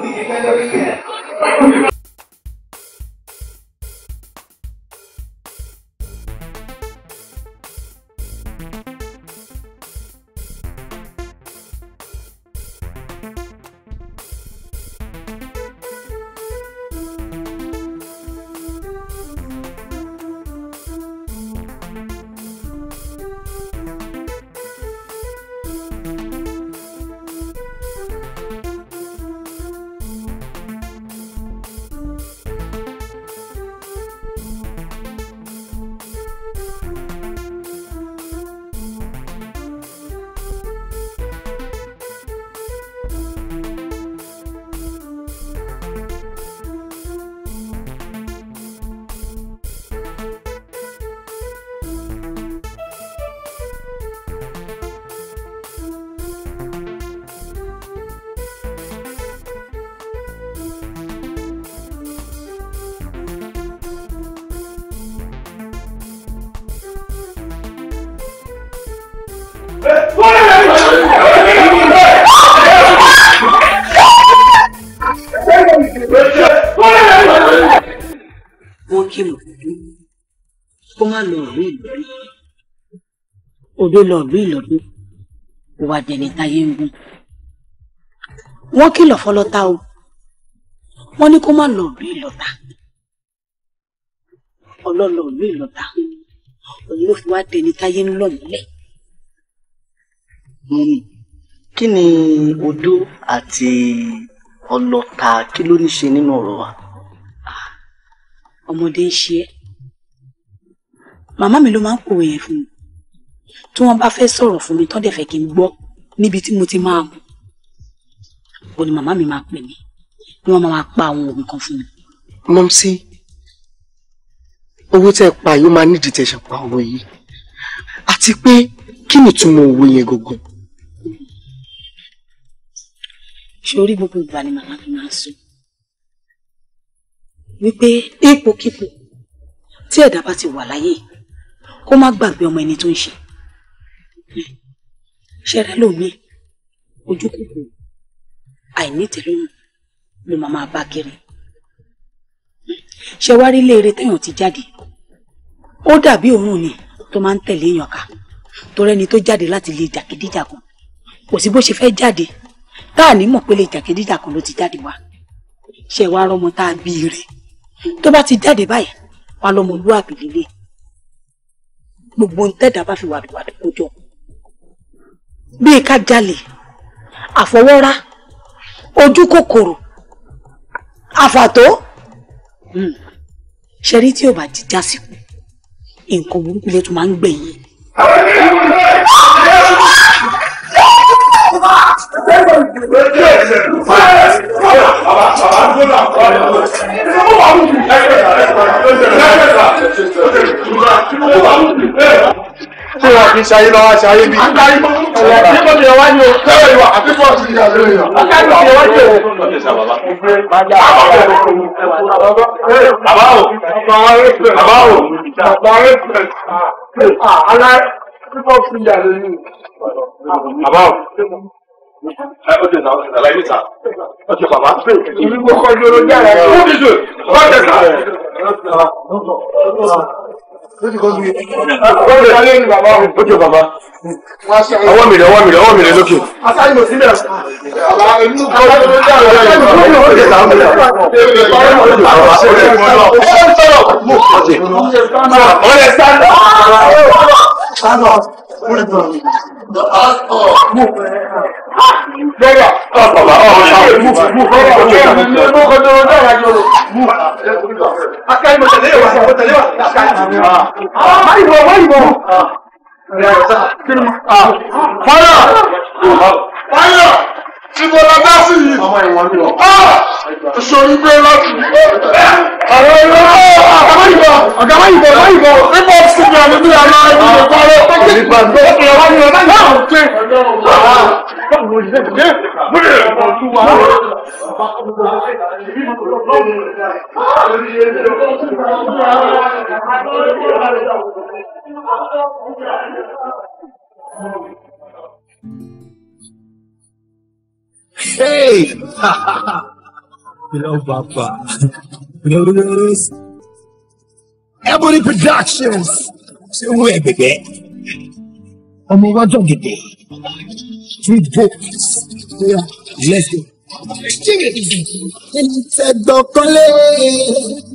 kó má lọ ìlú ìlọdún odó lọ ìlú ìlọdún kó wá dẹni táyé ń gún wọ́n kìlọ̀ fọlọ́ta o wọ́n ní kó má lọ ìlú ìlọta ọlọlọ ìlú ìlọta òun ló fi wá dẹni táyé ń lọ mọ́lẹ̀ mọ mi kí ni odó àti ọlọ́ta kí ló ní ṣe nínú ọ̀rọ̀ wa. Ah, ọmọdé ń ṣe é màmá mi ló máa ń pòwe yẹn fún mi tí wọ́n bá fẹ́ sọ̀rọ̀ fún mi tán dẹ̀ fẹ́ kí n gbọ́ níbi tí mo ti máa mú òun ni màmá mi máa pè mí ni wọ́n máa pa àwọn oògùn kan fún mi. mọ́mísí owó tẹ́ ẹ pa yóò máa nídìí tẹ́ ẹ ṣàpá owó yìí àti pé kí ni ìtumọ̀ owó yẹn gangan. sórí gbogbo ìgbà ni màmá mi máa ń sùn wípé ipòkípò tí ẹ̀dá bá ti wà láyé yìí kó má gbàgbé ọmọ ẹni tó ń ṣe ṣẹrẹ lómii ojú kòkòrò àìnítẹ́lọ́rùn ló máa máa bá kiri ṣe wá rí léèrè téèyàn ti jáde ó dàbí òórùn ni tó máa ń tẹ̀lé èèyàn ká torí ẹni tó jáde láti lè jàkídíjàkan kò sí bó ṣe fẹ́ jáde tá à ní mọ̀ pé lè jàkídíjàkan ló ti jáde wá ṣe wá rọmọ tá a bí rẹ̀ tó bá ti jáde báyìí wà lọmọlúwàbí lélẹ̀ gbogbo ń tẹ́dá bá fi wà wà kó jọ bíi ká jalè àfọwọ́rá ojú kòkòrò àfàtó hmm. ṣẹ̀rí tí ò bá ti jásìkò nǹkan burúkú ló tún máa ń gbẹ̀yìn tí wọn kì ṣayé lọ́wọ́ ṣayé bí. àgbáyé mọ́ àgbáyé mọ́ ìyẹn wá ní o. tẹ́lẹ̀ ìwà àti fún ọ̀sìn ìyá lórí àgbáyé mọ́ ìyẹn wá ní o. bàbá o bàbá o bàbá ó jẹ náà ọ̀sẹ̀ àlàyé níta ó jẹ bàbá ìlú kọkọ ìlú ní ara ẹ̀ ó dìde ó jẹ ká. ó jẹ bàbá ọwọ́ mi rẹ̀ ọwọ́ mi rẹ̀ ọwọ́ mi rẹ̀ lókè. ó jẹ ká. ó jẹ ká. Fulton, Fire! Fire! tí mo lọ dá sí yìí. ọmọ ìwọ ni ọ. sori gbé láti. àwọn ìwọ ọgá ìbọn ọgá ìbọn ọgá ìbọn nípa ọsùn mi àmì mi àná ẹni lè parọ. nípa ìbọn ọkùnrin wa ni Thank you. Hey! Hello, Papa. Glorious. Ebony Productions. Ṣé owó ẹ̀ gbẹ̀gbẹ́? Ọmọ wájọ́ gidi. Three books. Let's go. Tẹ̀gbọ́n kan lé,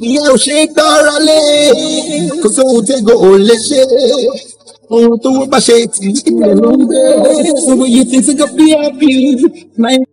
ìyẹn ò ṣe é gbọ́rọ̀ lé, kò sóhun tẹ́gbọ́n ò lè ṣe ohun tó wọ́n bá ṣe tì í ló ń gbé. Gbogbo yìí ti ti gbé bí